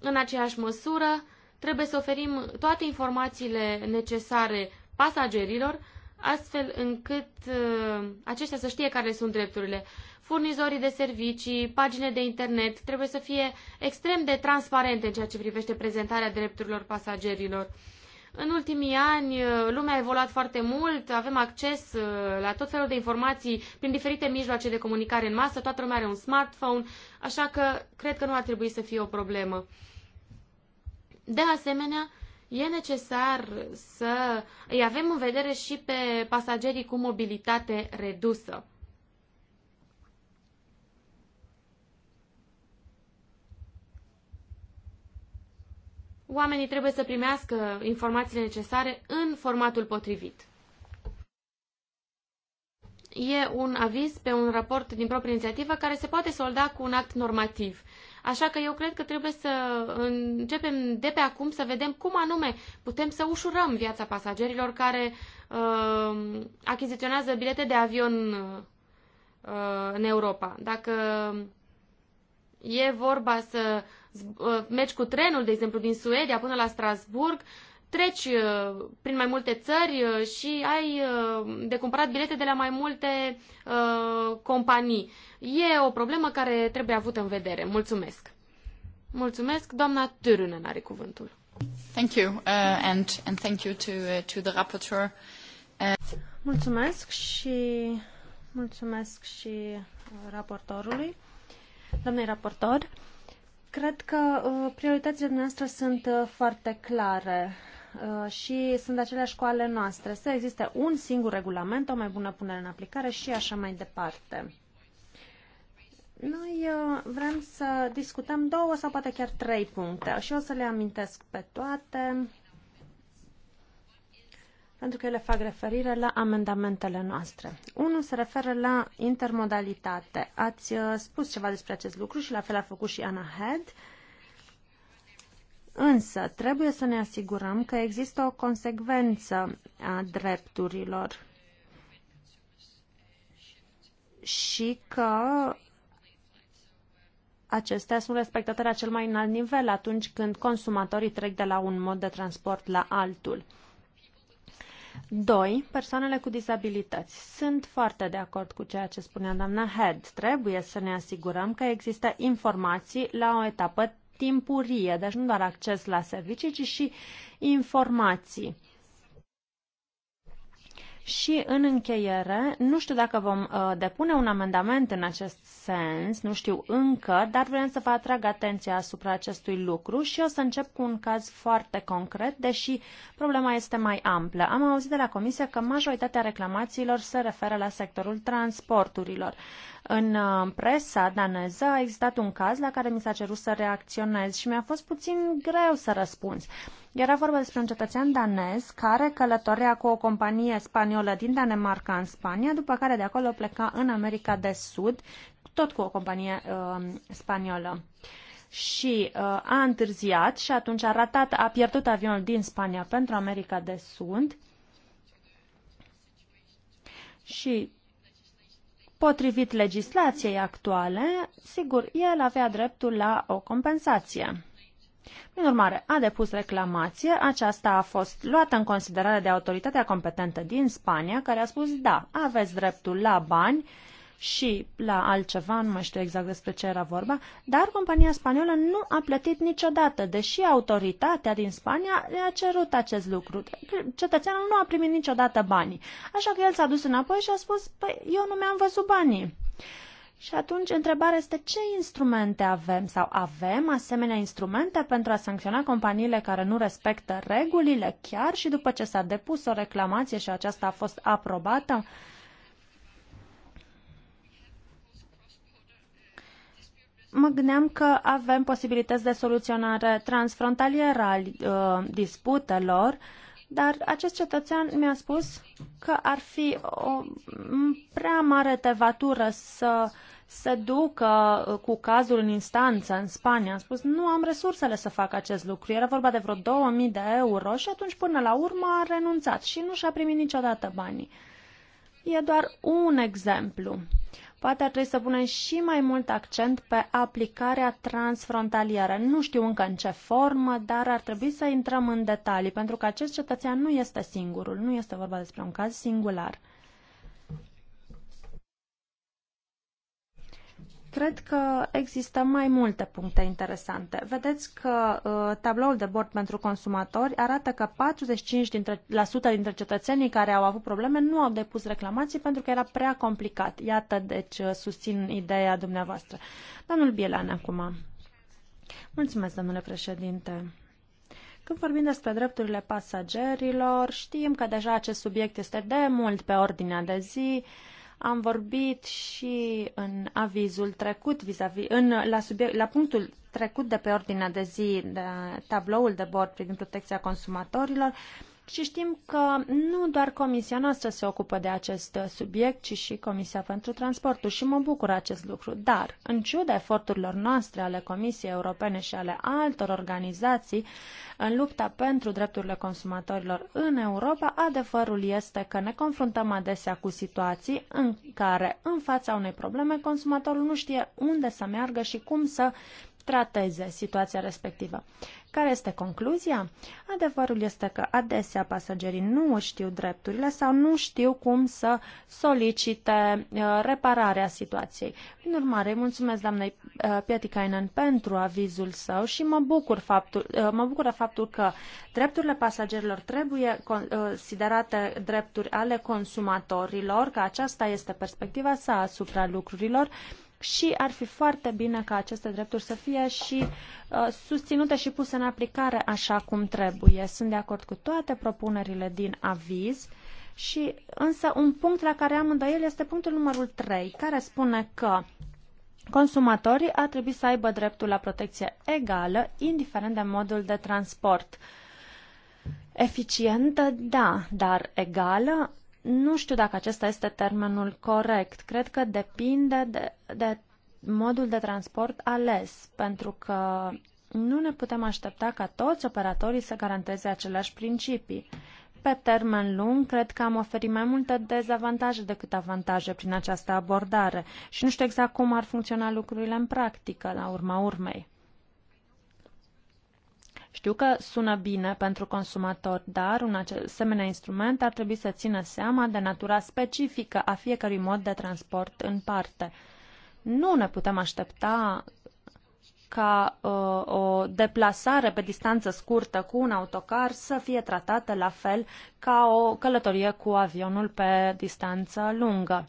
În aceeași măsură, trebuie să oferim toate informațiile necesare pasagerilor, astfel încât uh, aceștia să știe care sunt drepturile. Furnizorii de servicii, pagine de internet trebuie să fie extrem de transparente în ceea ce privește prezentarea drepturilor pasagerilor. Uh, în ultimii ani, uh, lumea a evoluat foarte mult, avem acces uh, la tot felul de informații prin diferite mijloace de comunicare în masă, toată lumea are un smartphone, așa că cred că nu ar trebui să fie o problemă. De asemenea, e necesar să îi avem în vedere și pe pasagerii cu mobilitate redusă. oamenii trebuie să primească informațiile necesare în formatul potrivit. E un aviz pe un raport din proprie inițiativă care se poate solda cu un act normativ. Așa că eu cred că trebuie să începem de pe acum să vedem cum anume putem să ușurăm viața pasagerilor care uh, achiziționează bilete de avion uh, în Europa. Dacă e vorba să Uh, mergi cu trenul, de exemplu, din Suedia până la Strasburg, treci uh, prin mai multe țări uh, și ai de cumpărat bilete de la mai multe companii. E o problemă care trebuie avută în vedere. Mulțumesc! Mulțumesc. Doamna Târână are cuvântul. Thank you, uh, and, and thank you to, uh, to the rapporteur. Uh... Mulțumesc și mulțumesc și raportorului, doamnei raportor. Uh, Cred că uh, prioritățile noastre sunt uh, foarte clare uh, și sunt aceleași cu ale noastre. Să existe un singur regulament, o mai bună punere în aplicare și așa mai departe. Noi vrem să discutăm două sau poate chiar trei puncte și o să le amintesc pe toate pentru că ele fac referire la amendamentele noastre. Unul se referă la intermodalitate. Ați uh, spus ceva despre acest lucru și la fel a făcut și Ana Head. Însă, trebuie să ne asigurăm că există o consecvență a drepturilor și că acestea sunt respectate la cel mai înalt nivel atunci când consumatorii trec de la un mod de transport la altul. Doi, persoanele cu dizabilități. Sunt foarte de acord cu ceea ce spunea doamna Head. Trebuie să ne asigurăm că există informații la o etapă timpurie, deci nu doar acces la servicii, ci și informații. Și în încheiere, nu știu dacă vom uh, depune un amendament în acest sens, nu știu încă, dar vrem să vă atrag atenția asupra acestui lucru și o să încep cu un caz foarte concret, deși problema este mai amplă. Am auzit de la Comisie că majoritatea reclamațiilor se referă la sectorul transporturilor. În uh, presa daneză a existat un caz la care mi s-a cerut să reacționez și mi-a fost puțin greu să răspund. Era vorba despre un cetățean danez care călătorea cu o companie spaniolă din Danemarca în Spania, după care de acolo pleca în America de Sud, tot cu o companie uh, spaniolă. Și uh, a întârziat și atunci a ratat, a pierdut avionul din Spania pentru America de Sud. Și potrivit legislației actuale, sigur, el avea dreptul la o compensație. Prin urmare, a depus reclamație, aceasta a fost luată în considerare de autoritatea competentă din Spania, care a spus, da, aveți dreptul la bani, și la altceva, nu mai știu exact despre ce era vorba, dar compania spaniolă nu a plătit niciodată, deși autoritatea din Spania le-a cerut acest lucru. Cetățeanul nu a primit niciodată banii. Așa că el s-a dus înapoi și a spus, păi eu nu mi-am văzut banii. Și atunci întrebarea este ce instrumente avem sau avem asemenea instrumente pentru a sancționa companiile care nu respectă regulile chiar și după ce s-a depus o reclamație și aceasta a fost aprobată? mă gândeam că avem posibilități de soluționare transfrontalieră al uh, disputelor dar acest cetățean mi-a spus că ar fi o prea mare tevatură să se ducă uh, cu cazul în instanță în Spania. Am spus, nu am resursele să fac acest lucru. Era vorba de vreo 2000 de euro și atunci până la urmă a renunțat și nu și-a primit niciodată banii. E doar un exemplu. Poate ar trebui să punem și mai mult accent pe aplicarea transfrontalieră. Nu știu încă în ce formă, dar ar trebui să intrăm în detalii, pentru că acest cetățean nu este singurul, nu este vorba despre un caz singular. cred că există mai multe puncte interesante. Vedeți că uh, tabloul de bord pentru consumatori arată că 45% dintre, la sută dintre cetățenii care au avut probleme nu au depus reclamații pentru că era prea complicat. Iată, deci, uh, susțin ideea dumneavoastră. Domnul Bielan, acum. Mulțumesc, domnule președinte. Când vorbim despre drepturile pasagerilor, știm că deja acest subiect este de mult pe ordinea de zi. Uh, am vorbit și în avizul trecut, vis-a-vis, -vis, în, la, subiect, la punctul trecut de pe ordinea de zi, de tabloul de bord privind protecția consumatorilor, și știm că nu doar comisia noastră se ocupă de acest subiect, ci și Comisia pentru Transportul și mă bucur acest lucru. Dar, în ciuda eforturilor noastre ale Comisiei Europene și ale altor organizații în lupta pentru drepturile consumatorilor în Europa, adevărul este că ne confruntăm adesea cu situații în care, în fața unei probleme, consumatorul nu știe unde să meargă și cum să trateze situația respectivă. Care este concluzia? Adevărul este că adesea pasagerii nu știu drepturile sau nu știu cum să solicite uh, repararea situației. În urmare, mulțumesc doamnei uh, Pietikainen pentru avizul său și mă, bucur faptul, uh, mă bucură faptul că drepturile pasagerilor trebuie considerate drepturi ale consumatorilor, că aceasta este perspectiva sa asupra lucrurilor și ar fi foarte bine ca aceste drepturi să fie și uh, susținute și puse în aplicare așa cum trebuie. Sunt de acord cu toate propunerile din aviz. Și însă un punct la care am îndoiel este punctul numărul 3, care spune că consumatorii ar trebui să aibă dreptul la protecție egală, indiferent de modul de transport. Eficientă, da, dar egală, nu știu dacă acesta este termenul corect. Cred că depinde de, de modul de transport ales, pentru că nu ne putem aștepta ca toți operatorii să garanteze aceleași principii. Pe termen lung, cred că am oferit mai multe dezavantaje decât avantaje prin această abordare și nu știu exact cum ar funcționa lucrurile în practică, la urma urmei. Știu că sună bine pentru consumator, dar un asemenea instrument ar trebui să țină seama de natura specifică a fiecărui mod de transport în parte. Nu ne putem aștepta ca uh, o deplasare pe distanță scurtă cu un autocar să fie tratată la fel ca o călătorie cu avionul pe distanță lungă.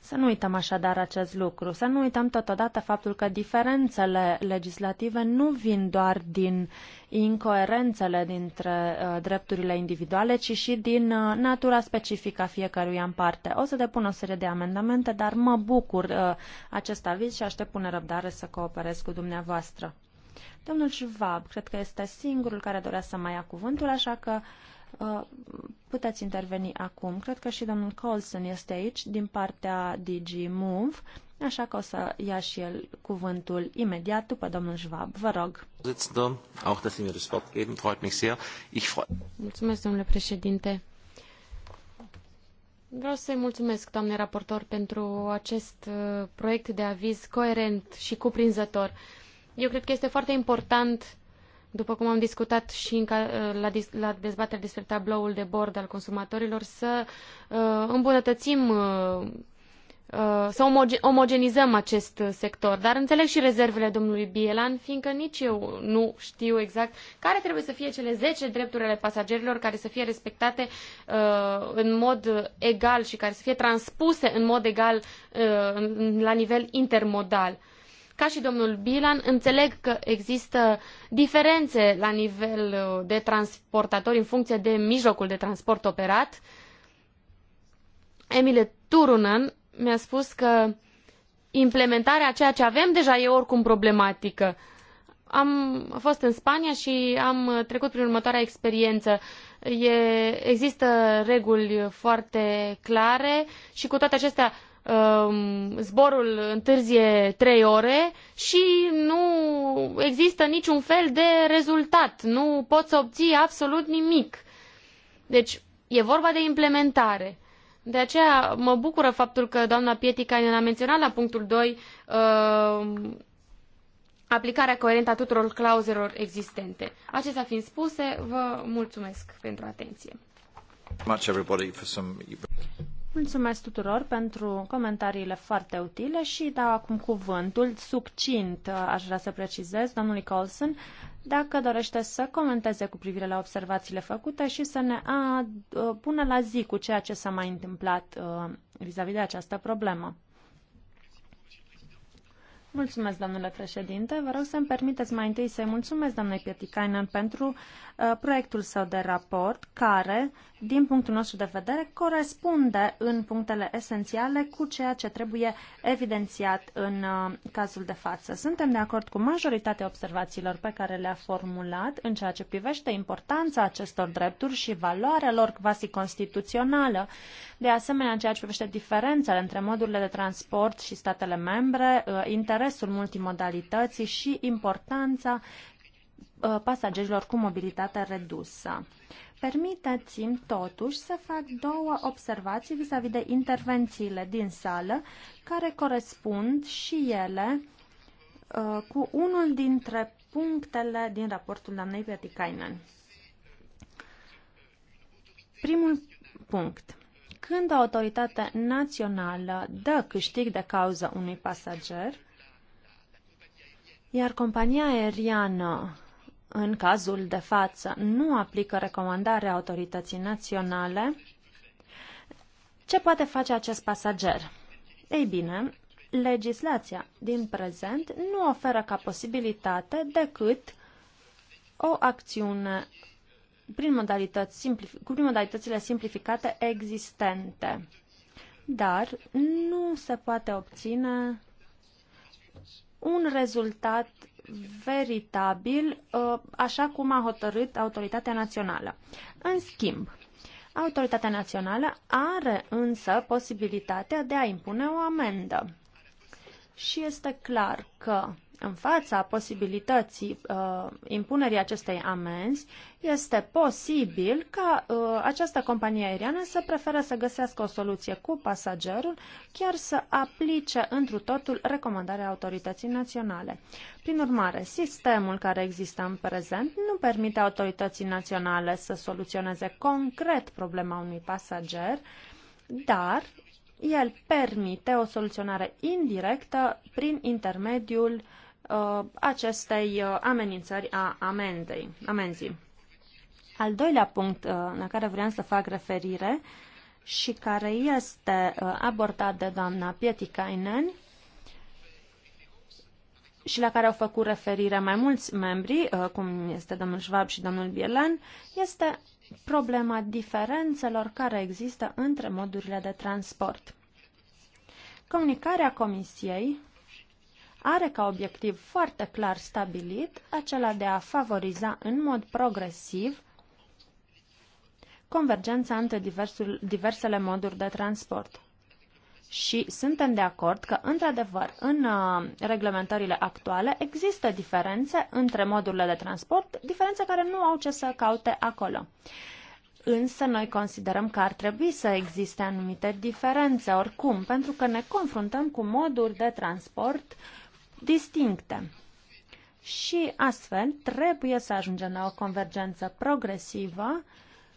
Să nu uităm așadar acest lucru, să nu uităm totodată faptul că diferențele legislative nu vin doar din incoerențele dintre uh, drepturile individuale, ci și din uh, natura specifică a fiecăruia în parte. O să depun o serie de amendamente, dar mă bucur uh, acest aviz și aștept cu nerăbdare să cooperez cu dumneavoastră. Domnul Schwab, cred că este singurul care dorea să mai ia cuvântul, așa că uh, Uh, puteți interveni acum. Cred că și domnul Colson este aici din partea DG Move, așa că o să ia și el cuvântul imediat după domnul Schwab. Vă rog. Mulțumesc, domnule președinte. Vreau să-i mulțumesc, doamne raportor, pentru acest uh, proiect de aviz coerent și cuprinzător. Eu cred că este foarte important după cum am discutat și în, la, la dezbaterea despre tabloul de bord al consumatorilor, să uh, îmbunătățim, uh, uh, să omoge, omogenizăm acest sector. Dar înțeleg și rezervele domnului Bielan, fiindcă nici eu nu știu exact care trebuie să fie cele 10 drepturi ale pasagerilor care să fie respectate uh, în mod egal și care să fie transpuse în mod egal uh, la nivel intermodal. Uh, ca și domnul Bilan, înțeleg că există diferențe la nivel uh, de transportatori în funcție de mijlocul de transport operat. Emile Turunen mi-a spus că implementarea a ceea ce avem deja e oricum problematică. Am fost în Spania și am trecut prin următoarea experiență. E, există reguli foarte clare și cu toate acestea Um, zborul întârzie trei ore și nu există niciun fel de rezultat, nu poți să obții absolut nimic. Deci e vorba de implementare. De aceea mă bucură faptul că doamna Pietikainen a menționat la punctul 2 uh, um, aplicarea coerentă a tuturor clauzelor existente. Acestea fiind spuse, vă mulțumesc pentru atenție. Mulțumesc tuturor pentru comentariile foarte utile și dau acum cuvântul succint, aș vrea să precizez, domnului Colson, dacă dorește să comenteze cu privire la observațiile făcute și să ne a, la zi cu ceea ce s-a mai întâmplat uh, vis-a-vis -vis de această problemă. Mulțumesc, domnule președinte. Vă rog să-mi permiteți mai întâi să-i mulțumesc doamnei Pietikainen pentru uh, proiectul său de raport, care, din punctul nostru de vedere, corespunde în punctele esențiale cu ceea ce trebuie evidențiat în uh, cazul de față. Suntem de acord cu majoritatea observațiilor pe care le-a formulat în ceea ce privește importanța acestor drepturi și valoarea lor quasi constituțională. De asemenea, în ceea ce privește diferențele între modurile de transport și statele membre, uh, inter interesul multimodalității și importanța uh, pasagerilor cu mobilitate redusă. Permiteți-mi totuși să fac două observații vis-a-vis -vis de intervențiile din sală, care corespund și ele uh, cu unul dintre punctele din raportul doamnei Petikainen. Primul punct. Când o autoritate națională dă câștig de cauză unui pasager, iar compania aeriană, în cazul de față, nu aplică recomandarea autorității naționale, ce poate face acest pasager? Ei bine, legislația din prezent nu oferă ca posibilitate decât o acțiune prin modalități simplific- prin modalitățile simplificate existente. Dar nu se poate obține un rezultat veritabil, uh, așa cum a hotărât autoritatea națională. În schimb, autoritatea națională are însă posibilitatea de a impune o amendă. Și este clar că în fața posibilității uh, impunerii acestei amenzi, este posibil ca uh, această companie aeriană să preferă să găsească o soluție cu pasagerul, chiar să aplice întru totul recomandarea autorității naționale. Prin urmare, sistemul care există în prezent nu permite autorității naționale să soluționeze concret problema unui pasager, dar el permite o soluționare indirectă prin intermediul uh, acestei uh, amenințări a amendei, amenzii. Al doilea punct uh, la care vreau să fac referire și care este uh, abordat de doamna Pietikainen și la care au făcut referire mai mulți membri, uh, cum este domnul Schwab și domnul Bielan, este problema diferențelor care există între modurile de transport. Comunicarea Comisiei are ca obiectiv foarte clar stabilit acela de a favoriza în mod progresiv convergența între diversul, diversele moduri de transport. Și suntem de acord că, într-adevăr, în uh, reglementările actuale există diferențe între modurile de transport, diferențe care nu au ce să caute acolo. Însă noi considerăm că ar trebui să existe anumite diferențe oricum, pentru că ne confruntăm cu moduri de transport uh, distincte. Și astfel trebuie să ajungem la o convergență progresivă,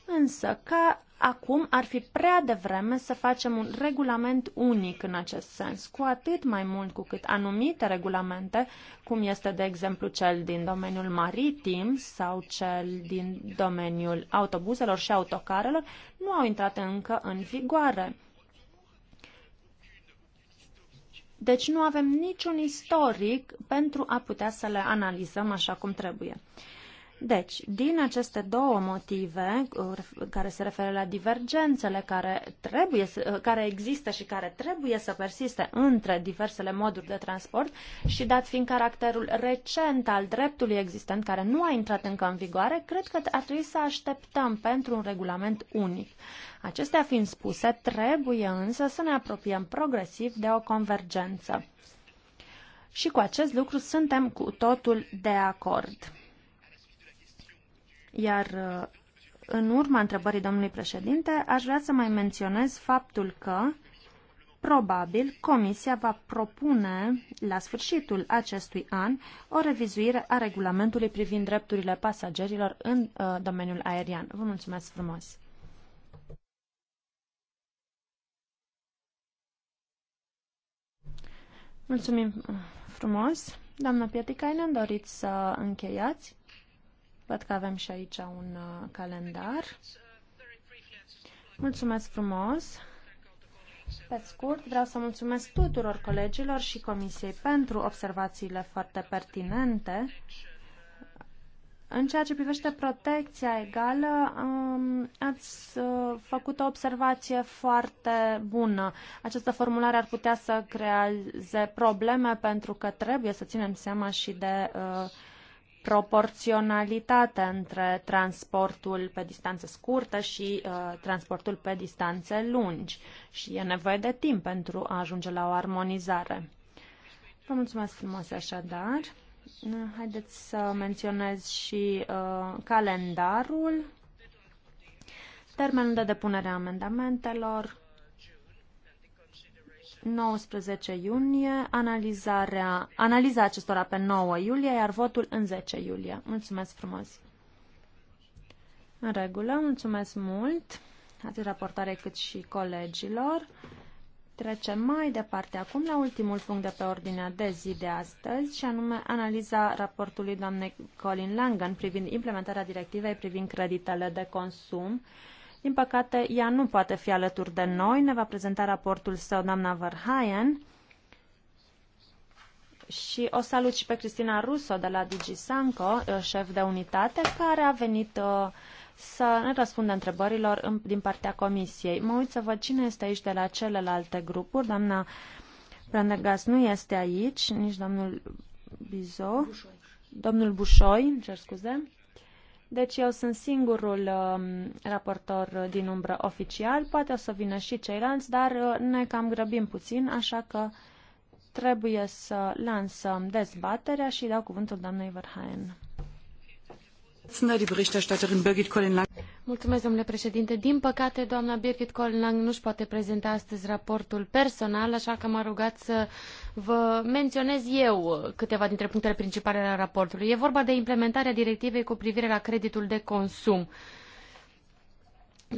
însă ca acum ar fi prea devreme să facem un regulament unic în acest sens, cu atât mai mult cu cât anumite regulamente, cum este de exemplu cel din domeniul maritim sau cel din domeniul autobuzelor și autocarelor, nu au intrat încă în vigoare. Deci nu avem niciun istoric pentru a putea să le analizăm așa cum trebuie. Deci, din aceste două motive uh, care se referă la divergențele care, trebuie, uh, care există și care trebuie să persiste între diversele moduri de transport și dat fiind caracterul recent al dreptului existent care nu a intrat încă în vigoare, cred că ar trebui să așteptăm pentru un regulament unic. Acestea fiind spuse, trebuie însă să ne apropiem progresiv de o convergență. Și cu acest lucru suntem cu totul de acord. Iar uh, în urma întrebării domnului președinte, aș vrea să mai menționez faptul că probabil Comisia va propune la sfârșitul acestui an o revizuire a regulamentului privind drepturile pasagerilor în uh, domeniul aerian. Vă mulțumesc frumos! Mulțumim frumos. Doamna Pieticainen, doriți să încheiați? Văd că avem și aici un uh, calendar. Mulțumesc frumos. Pe scurt, vreau să mulțumesc tuturor colegilor și Comisiei pentru observațiile foarte pertinente în ceea ce privește protecția egală, ați uh, făcut o observație foarte bună. Această formulare ar putea să creeze probleme pentru că trebuie să ținem seama și de uh, proporționalitate între transportul pe distanțe scurte și uh, transportul pe distanțe lungi și e nevoie de timp pentru a ajunge la o armonizare. Vă mulțumesc frumos așadar. Haideți să menționez și uh, calendarul, termenul de depunere a amendamentelor, 19 iunie, analizarea, analiza acestora pe 9 iulie, iar votul în 10 iulie. Mulțumesc frumos! În regulă, mulțumesc mult, atât raportare cât și colegilor. Trecem mai departe acum la ultimul punct de pe ordinea de zi de astăzi, și anume analiza raportului doamnei Colin Langan privind implementarea directivei privind creditele de consum. Din păcate, ea nu poate fi alături de noi. Ne va prezenta raportul său doamna Verhaien. Și o salut și pe Cristina Russo de la DigiSanco, șef de unitate, care a venit uh, să ne răspundă întrebărilor din partea Comisiei. Mă uit să văd cine este aici de la celelalte grupuri. Doamna Prendergast nu este aici, nici domnul Bizo, Bușoi. domnul Bușoi, cer scuze. Deci eu sunt singurul uh, raportor din umbră oficial, poate o să vină și ceilalți, dar uh, ne cam grăbim puțin, așa că trebuie să lansăm dezbaterea și dau cuvântul doamnei Verhaen. Mulțumesc, domnule președinte. Din păcate, doamna Birgit Colin nu-și poate prezenta astăzi raportul personal, așa că m-a rugat să vă menționez eu câteva dintre punctele principale ale raportului. E vorba de implementarea directivei cu privire la creditul de consum. Uh,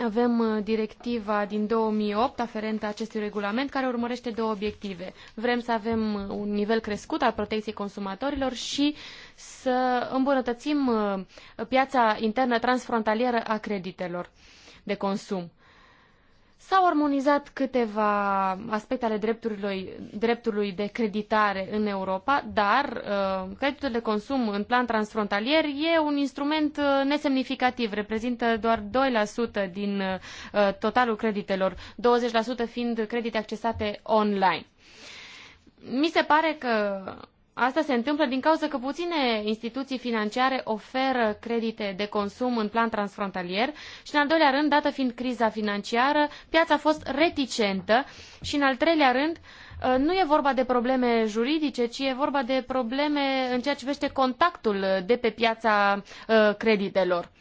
avem uh, directiva din 2008 aferentă acestui regulament care urmărește două obiective. Vrem să avem uh, un nivel crescut al protecției consumatorilor și să îmbunătățim uh, piața internă transfrontalieră a creditelor de consum. S-au armonizat câteva aspecte ale drepturilor, dreptului de creditare în Europa, dar uh, creditul de consum în plan transfrontalier e un instrument uh, nesemnificativ, reprezintă doar 2% din uh, totalul creditelor, 20% fiind credite accesate online. Mi se pare că Asta se întâmplă din cauza că puține instituții financiare oferă credite de consum în plan transfrontalier și, în al doilea rând, dată fiind criza financiară, piața a fost reticentă și, în al treilea rând, ă, nu e vorba de probleme juridice, ci e vorba de probleme în ceea ce vește contactul de pe piața ă, creditelor.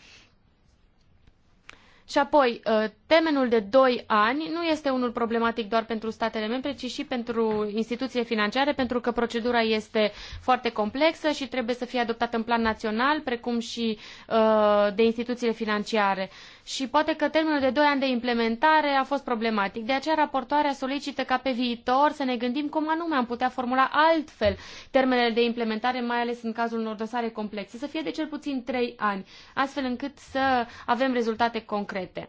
Și apoi, ă, Termenul de 2 ani nu este unul problematic doar pentru statele membre, ci și pentru instituțiile financiare, pentru că procedura este foarte complexă și trebuie să fie adoptată în plan național, precum și uh, de instituțiile financiare. Și poate că termenul de 2 ani de implementare a fost problematic. De aceea raportoarea solicită ca pe viitor să ne gândim cum anume am putea formula altfel termenele de implementare, mai ales în cazul unor dosare complexe, să fie de cel puțin 3 ani, astfel încât să avem rezultate concrete.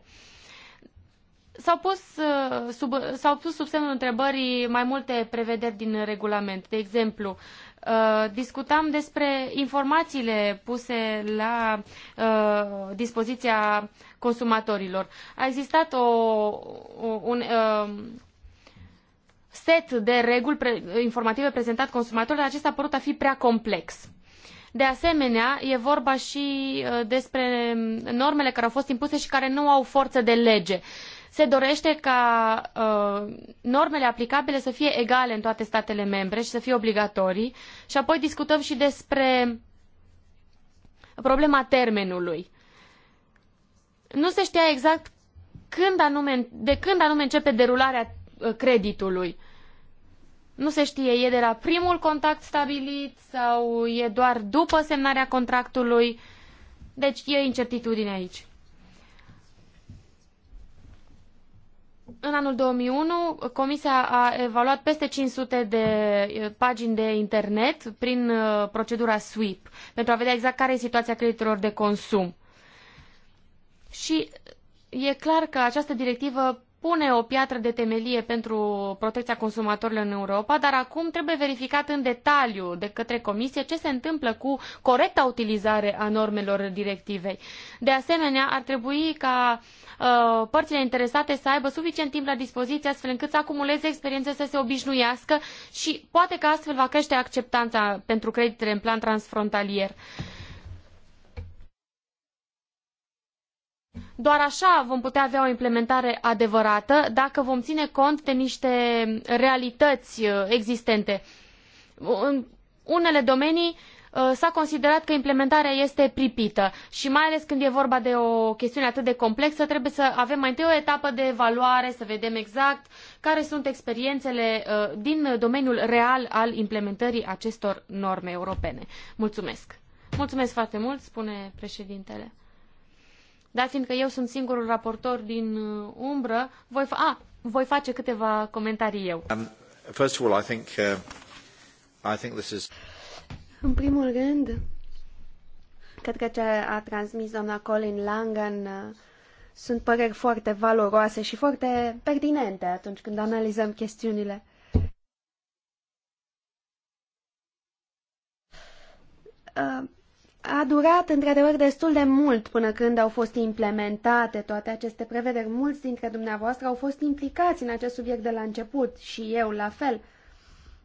S-au pus, uh, sub, s-au pus sub semnul întrebării mai multe prevederi din regulament. De exemplu, uh, discutam despre informațiile puse la uh, dispoziția consumatorilor. A existat o, un set de reguli informative prezentat consumatorilor, acesta a părut a fi prea complex. De asemenea, e vorba și despre normele care au fost impuse și care nu au forță de lege. Uh, se dorește ca uh, normele aplicabile să fie egale în toate statele membre și să fie obligatorii. Și apoi discutăm și despre problema termenului. Nu se știa exact când anume, de când anume începe derularea uh, creditului. Nu se știe, e de la primul contact stabilit sau e doar după semnarea contractului. Deci e incertitudine aici. În anul 2001, Comisia a evaluat peste 500 de eh, pagini de internet prin eh, procedura SWIP, pentru a vedea exact care e situația creditelor de consum. Și eh, e clar că această directivă pune o piatră de temelie pentru protecția consumatorilor în Europa, dar acum trebuie verificat în detaliu de către Comisie ce se întâmplă cu corecta utilizare a normelor directivei. De asemenea, ar trebui ca uh, părțile interesate să aibă suficient timp la dispoziție astfel încât să acumuleze experiențe, să se obișnuiască și poate că astfel va crește acceptanța pentru creditele în plan transfrontalier. Uh, Doar așa vom putea avea o implementare adevărată dacă vom ține cont de niște realități uh, existente. În unele domenii uh, s-a considerat că implementarea este pripită și mai ales când e vorba de o chestiune atât de complexă, trebuie să avem mai întâi o etapă de evaluare, să vedem exact care sunt experiențele uh, din domeniul real al implementării acestor norme europene. Mulțumesc! Mulțumesc foarte mult, spune președintele. Dar fiindcă eu sunt singurul raportor din uh, umbră, voi, fa- a, voi face câteva comentarii eu. Um, uh, În primul rând, cred că ce a transmis doamna Colin Langan uh, sunt păreri foarte valoroase și foarte pertinente atunci când analizăm chestiunile. Uh, a durat într-adevăr destul de mult până când au fost implementate toate aceste prevederi. Mulți dintre dumneavoastră au fost implicați în acest subiect de la început și eu la fel.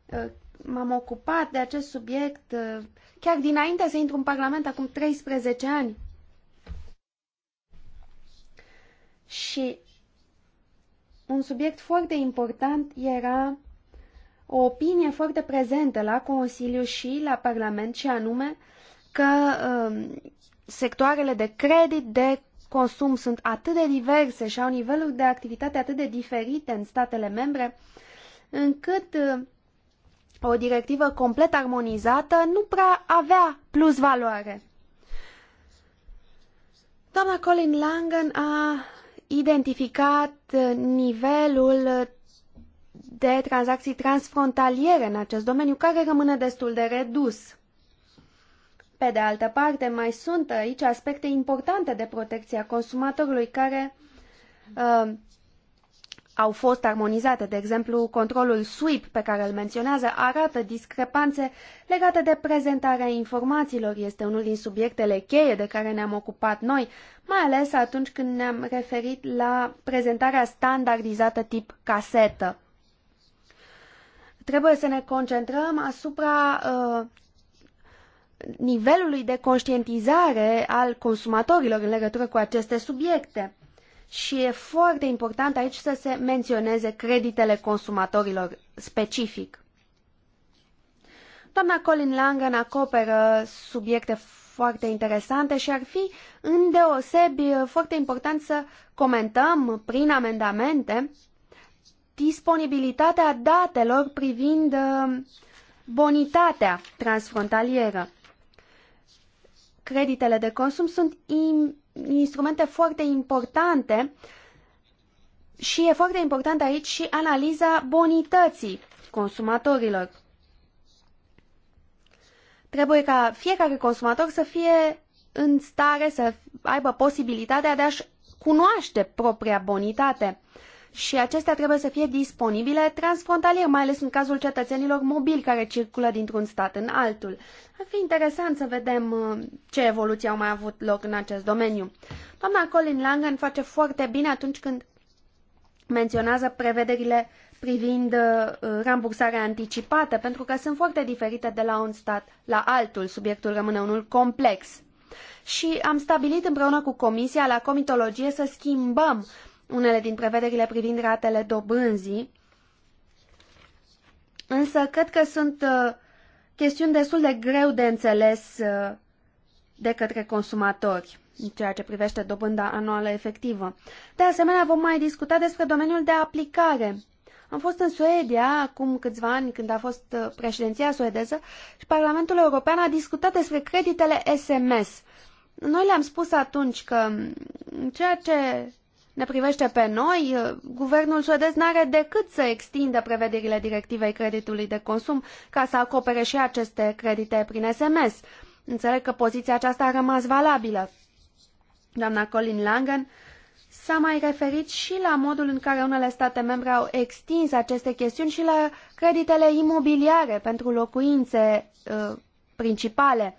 Uh, m-am ocupat de acest subiect uh, chiar dinainte să intru în Parlament, acum 13 ani. Și un subiect foarte important era o opinie foarte prezentă la Consiliu și la Parlament și anume că um, sectoarele de credit, de consum sunt atât de diverse și au niveluri de activitate atât de diferite în statele membre, încât uh, o directivă complet armonizată nu prea avea plus valoare. Doamna Colin Langen a identificat uh, nivelul de tranzacții transfrontaliere în acest domeniu, care rămâne destul de redus. Pe de altă parte, mai sunt aici aspecte importante de protecție a consumatorului care uh, au fost armonizate. De exemplu, controlul SWIP pe care îl menționează arată discrepanțe legate de prezentarea informațiilor. Este unul din subiectele cheie de care ne-am ocupat noi, mai ales atunci când ne-am referit la prezentarea standardizată tip casetă. Trebuie să ne concentrăm asupra uh, nivelului de conștientizare al consumatorilor în legătură cu aceste subiecte. Și e foarte important aici să se menționeze creditele consumatorilor specific. Doamna Colin Langen acoperă subiecte foarte interesante și ar fi îndeosebi foarte important să comentăm prin amendamente disponibilitatea datelor privind uh, bonitatea transfrontalieră. Creditele de consum sunt instrumente foarte importante și e foarte important aici și analiza bonității consumatorilor. Trebuie ca fiecare consumator să fie în stare să aibă posibilitatea de a-și cunoaște propria bonitate și acestea trebuie să fie disponibile transfrontalier, mai ales în cazul cetățenilor mobili care circulă dintr-un stat în altul. Ar fi interesant să vedem uh, ce evoluții au mai avut loc în acest domeniu. Doamna Colin Langen face foarte bine atunci când menționează prevederile privind uh, rambursarea anticipată, pentru că sunt foarte diferite de la un stat la altul. Subiectul rămâne unul complex. Și am stabilit împreună cu Comisia la comitologie să schimbăm unele din prevederile privind ratele dobânzii, însă cred că sunt uh, chestiuni destul de greu de înțeles uh, de către consumatori în ceea ce privește dobânda anuală efectivă. De asemenea, vom mai discuta despre domeniul de aplicare. Am fost în Suedia acum câțiva ani, când a fost uh, președinția suedeză, și Parlamentul European a discutat despre creditele SMS. Noi le-am spus atunci că mm, ceea ce ne privește pe noi, uh, guvernul suedez nu are decât să extindă prevederile directivei creditului de consum ca să acopere și aceste credite prin SMS. Înțeleg că poziția aceasta a rămas valabilă. Doamna Colin Langen s-a mai referit și la modul în care unele state membre au extins aceste chestiuni și la creditele imobiliare pentru locuințe uh, principale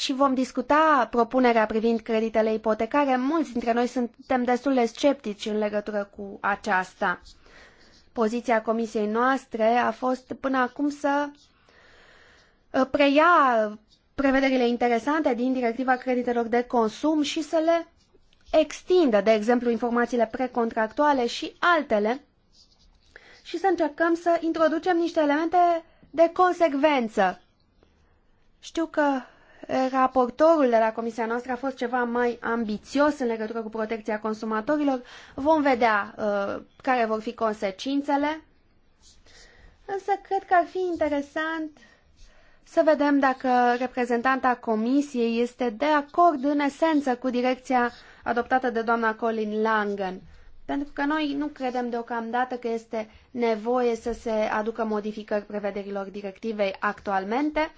și vom discuta propunerea privind creditele ipotecare. Mulți dintre noi suntem destul de sceptici în legătură cu aceasta. Poziția comisiei noastre a fost până acum să uh, preia prevederile interesante din directiva creditelor de consum și să le extindă, de exemplu, informațiile precontractuale și altele și să încercăm să introducem niște elemente de consecvență. Știu că Raportorul de la comisia noastră a fost ceva mai ambițios în legătură cu protecția consumatorilor. Vom vedea uh, care vor fi consecințele, însă cred că ar fi interesant să vedem dacă reprezentanta comisiei este de acord în esență cu direcția adoptată de doamna Colin Langen. Pentru că noi nu credem deocamdată că este nevoie să se aducă modificări prevederilor directivei actualmente,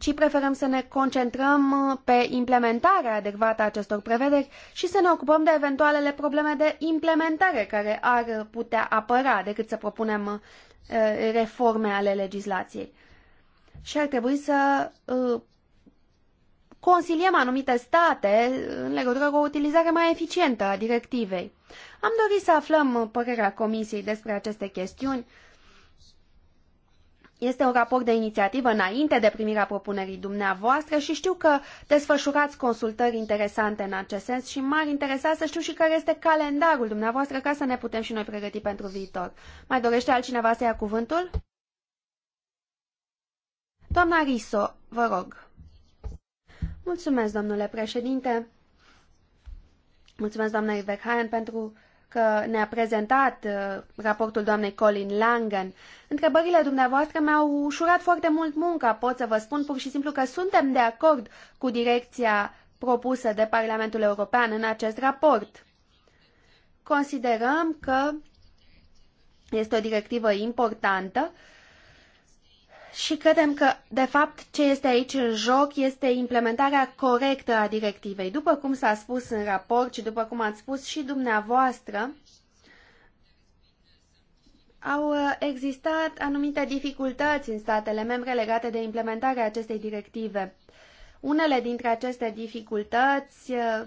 ci preferăm să ne concentrăm uh, pe implementarea adecvată a acestor prevederi și să ne ocupăm de eventualele probleme de implementare care ar putea apăra decât să propunem uh, reforme ale legislației. Și ar trebui să uh, consiliem anumite state în legătură cu o utilizare mai eficientă a directivei. Am dorit să aflăm părerea Comisiei despre aceste chestiuni este un raport de inițiativă înainte de primirea propunerii dumneavoastră și știu că desfășurați consultări interesante în acest sens și m-ar interesa să știu și care este calendarul dumneavoastră ca să ne putem și noi pregăti pentru viitor. Mai dorește altcineva să ia cuvântul? Doamna Riso, vă rog. Mulțumesc, domnule președinte. Mulțumesc, doamna Iverhaen, pentru că ne-a prezentat uh, raportul doamnei Colin Langen. Întrebările dumneavoastră mi-au ușurat foarte mult munca. Pot să vă spun pur și simplu că suntem de acord cu direcția propusă de Parlamentul European în acest raport. Considerăm că este o directivă importantă și credem că, de fapt, ce este aici în joc este implementarea corectă a directivei. După cum s-a spus în raport și după cum ați spus și dumneavoastră, au uh, existat anumite dificultăți în statele membre legate de implementarea acestei directive. Unele dintre aceste dificultăți uh,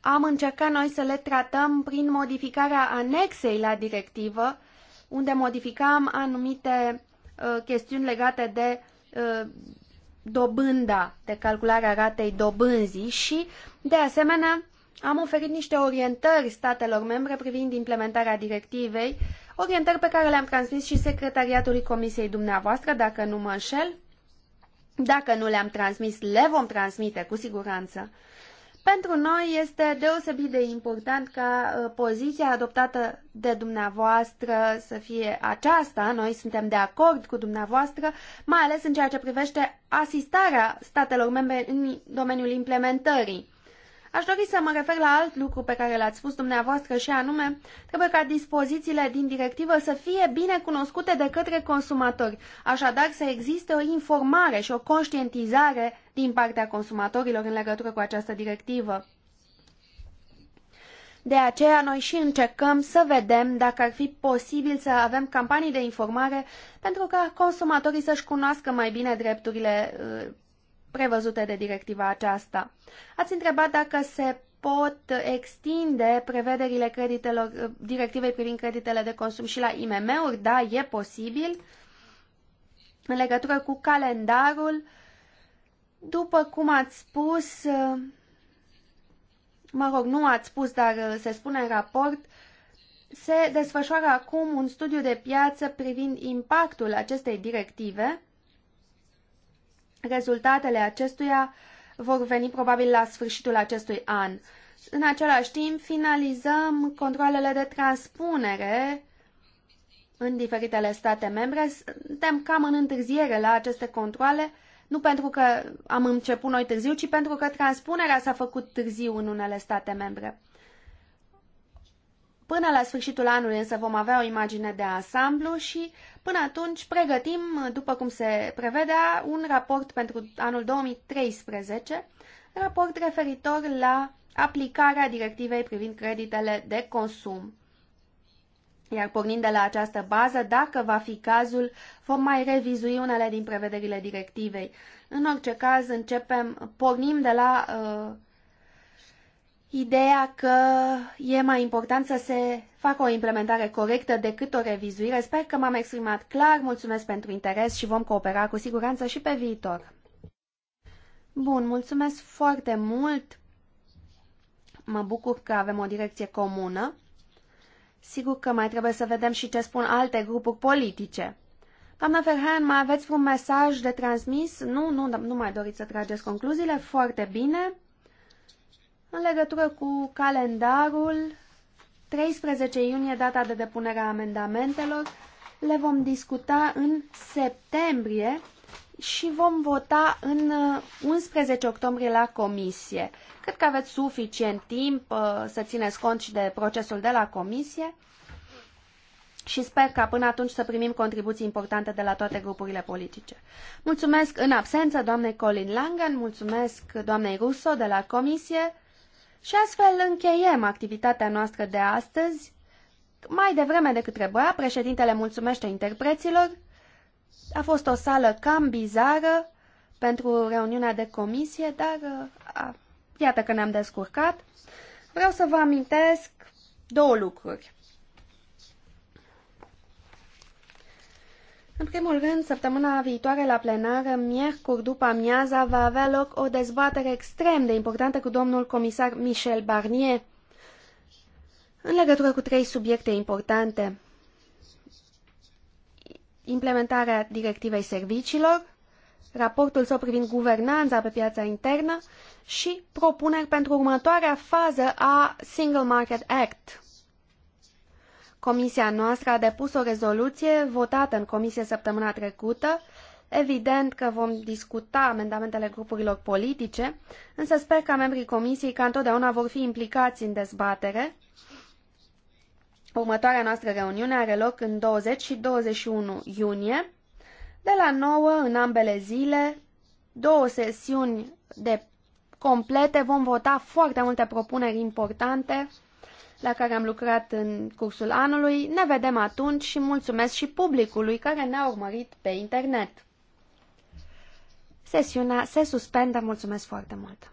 am încercat noi să le tratăm prin modificarea anexei la directivă, unde modificam anumite Uh, chestiuni legate de uh, dobânda, de calcularea ratei dobânzii și, de asemenea, am oferit niște orientări statelor membre privind implementarea directivei, orientări pe care le-am transmis și secretariatului Comisiei dumneavoastră, dacă nu mă înșel. Dacă nu le-am transmis, le vom transmite cu siguranță. Pentru noi este deosebit de important ca uh, poziția adoptată de dumneavoastră să fie aceasta. Noi suntem de acord cu dumneavoastră, mai ales în ceea ce privește asistarea statelor membre în domeniul implementării. Aș dori să mă refer la alt lucru pe care l-ați spus dumneavoastră și anume, trebuie ca dispozițiile din directivă să fie bine cunoscute de către consumatori, așadar să existe o informare și o conștientizare din partea consumatorilor în legătură cu această directivă. De aceea noi și încercăm să vedem dacă ar fi posibil să avem campanii de informare pentru ca consumatorii să-și cunoască mai bine drepturile uh, prevăzute de directiva aceasta. Ați întrebat dacă se pot extinde prevederile creditelor, directivei privind creditele de consum și la IMM-uri? Da, e posibil. În legătură cu calendarul, după cum ați spus, mă rog, nu ați spus, dar se spune în raport, se desfășoară acum un studiu de piață privind impactul acestei directive Rezultatele acestuia vor veni probabil la sfârșitul acestui an. În același timp, finalizăm controlele de transpunere în diferitele state membre. Suntem cam în întârziere la aceste controle, nu pentru că am început noi târziu, ci pentru că transpunerea s-a făcut târziu în unele state membre. Până la sfârșitul anului însă vom avea o imagine de ansamblu și Până atunci, pregătim, după cum se prevedea, un raport pentru anul 2013, raport referitor la aplicarea directivei privind creditele de consum. Iar pornind de la această bază, dacă va fi cazul, vom mai revizui unele din prevederile directivei. În orice caz, începem, pornim de la uh, Ideea că e mai important să se facă o implementare corectă decât o revizuire. Sper că m-am exprimat clar, mulțumesc pentru interes și vom coopera cu siguranță și pe viitor. Bun, mulțumesc foarte mult. Mă bucur că avem o direcție comună. Sigur că mai trebuie să vedem și ce spun alte grupuri politice. Doamna Ferhan, mai aveți un mesaj de transmis? Nu, nu, nu mai doriți să trageți concluziile. Foarte bine. În legătură cu calendarul, 13 iunie, data de depunere a amendamentelor, le vom discuta în septembrie și vom vota în 11 uh, octombrie la comisie. Cred că aveți suficient timp uh, să țineți cont și de procesul de la comisie și sper ca până atunci să primim contribuții importante de la toate grupurile politice. Mulțumesc în absență doamnei Colin Langen, mulțumesc doamnei Russo de la comisie, și astfel încheiem activitatea noastră de astăzi. Mai devreme decât trebuia, președintele mulțumește interpreților. A fost o sală cam bizară pentru reuniunea de comisie, dar a, iată că ne-am descurcat. Vreau să vă amintesc două lucruri. În primul rând, săptămâna viitoare la plenară, miercuri după amiaza, va avea loc o dezbatere extrem de importantă cu domnul comisar Michel Barnier în legătură cu trei subiecte importante. Implementarea directivei serviciilor, raportul său privind guvernanța pe piața internă și propuneri pentru următoarea fază a Single Market Act. Comisia noastră a depus o rezoluție votată în comisie săptămâna trecută. Evident că vom discuta amendamentele grupurilor politice, însă sper ca membrii comisiei ca întotdeauna vor fi implicați în dezbatere. Următoarea noastră reuniune are loc în 20 și 21 iunie, de la 9 în ambele zile, două sesiuni de complete, vom vota foarte multe propuneri importante la care am lucrat în cursul anului. Ne vedem atunci și mulțumesc și publicului care ne-a urmărit pe internet. Sesiunea se suspendă. Mulțumesc foarte mult!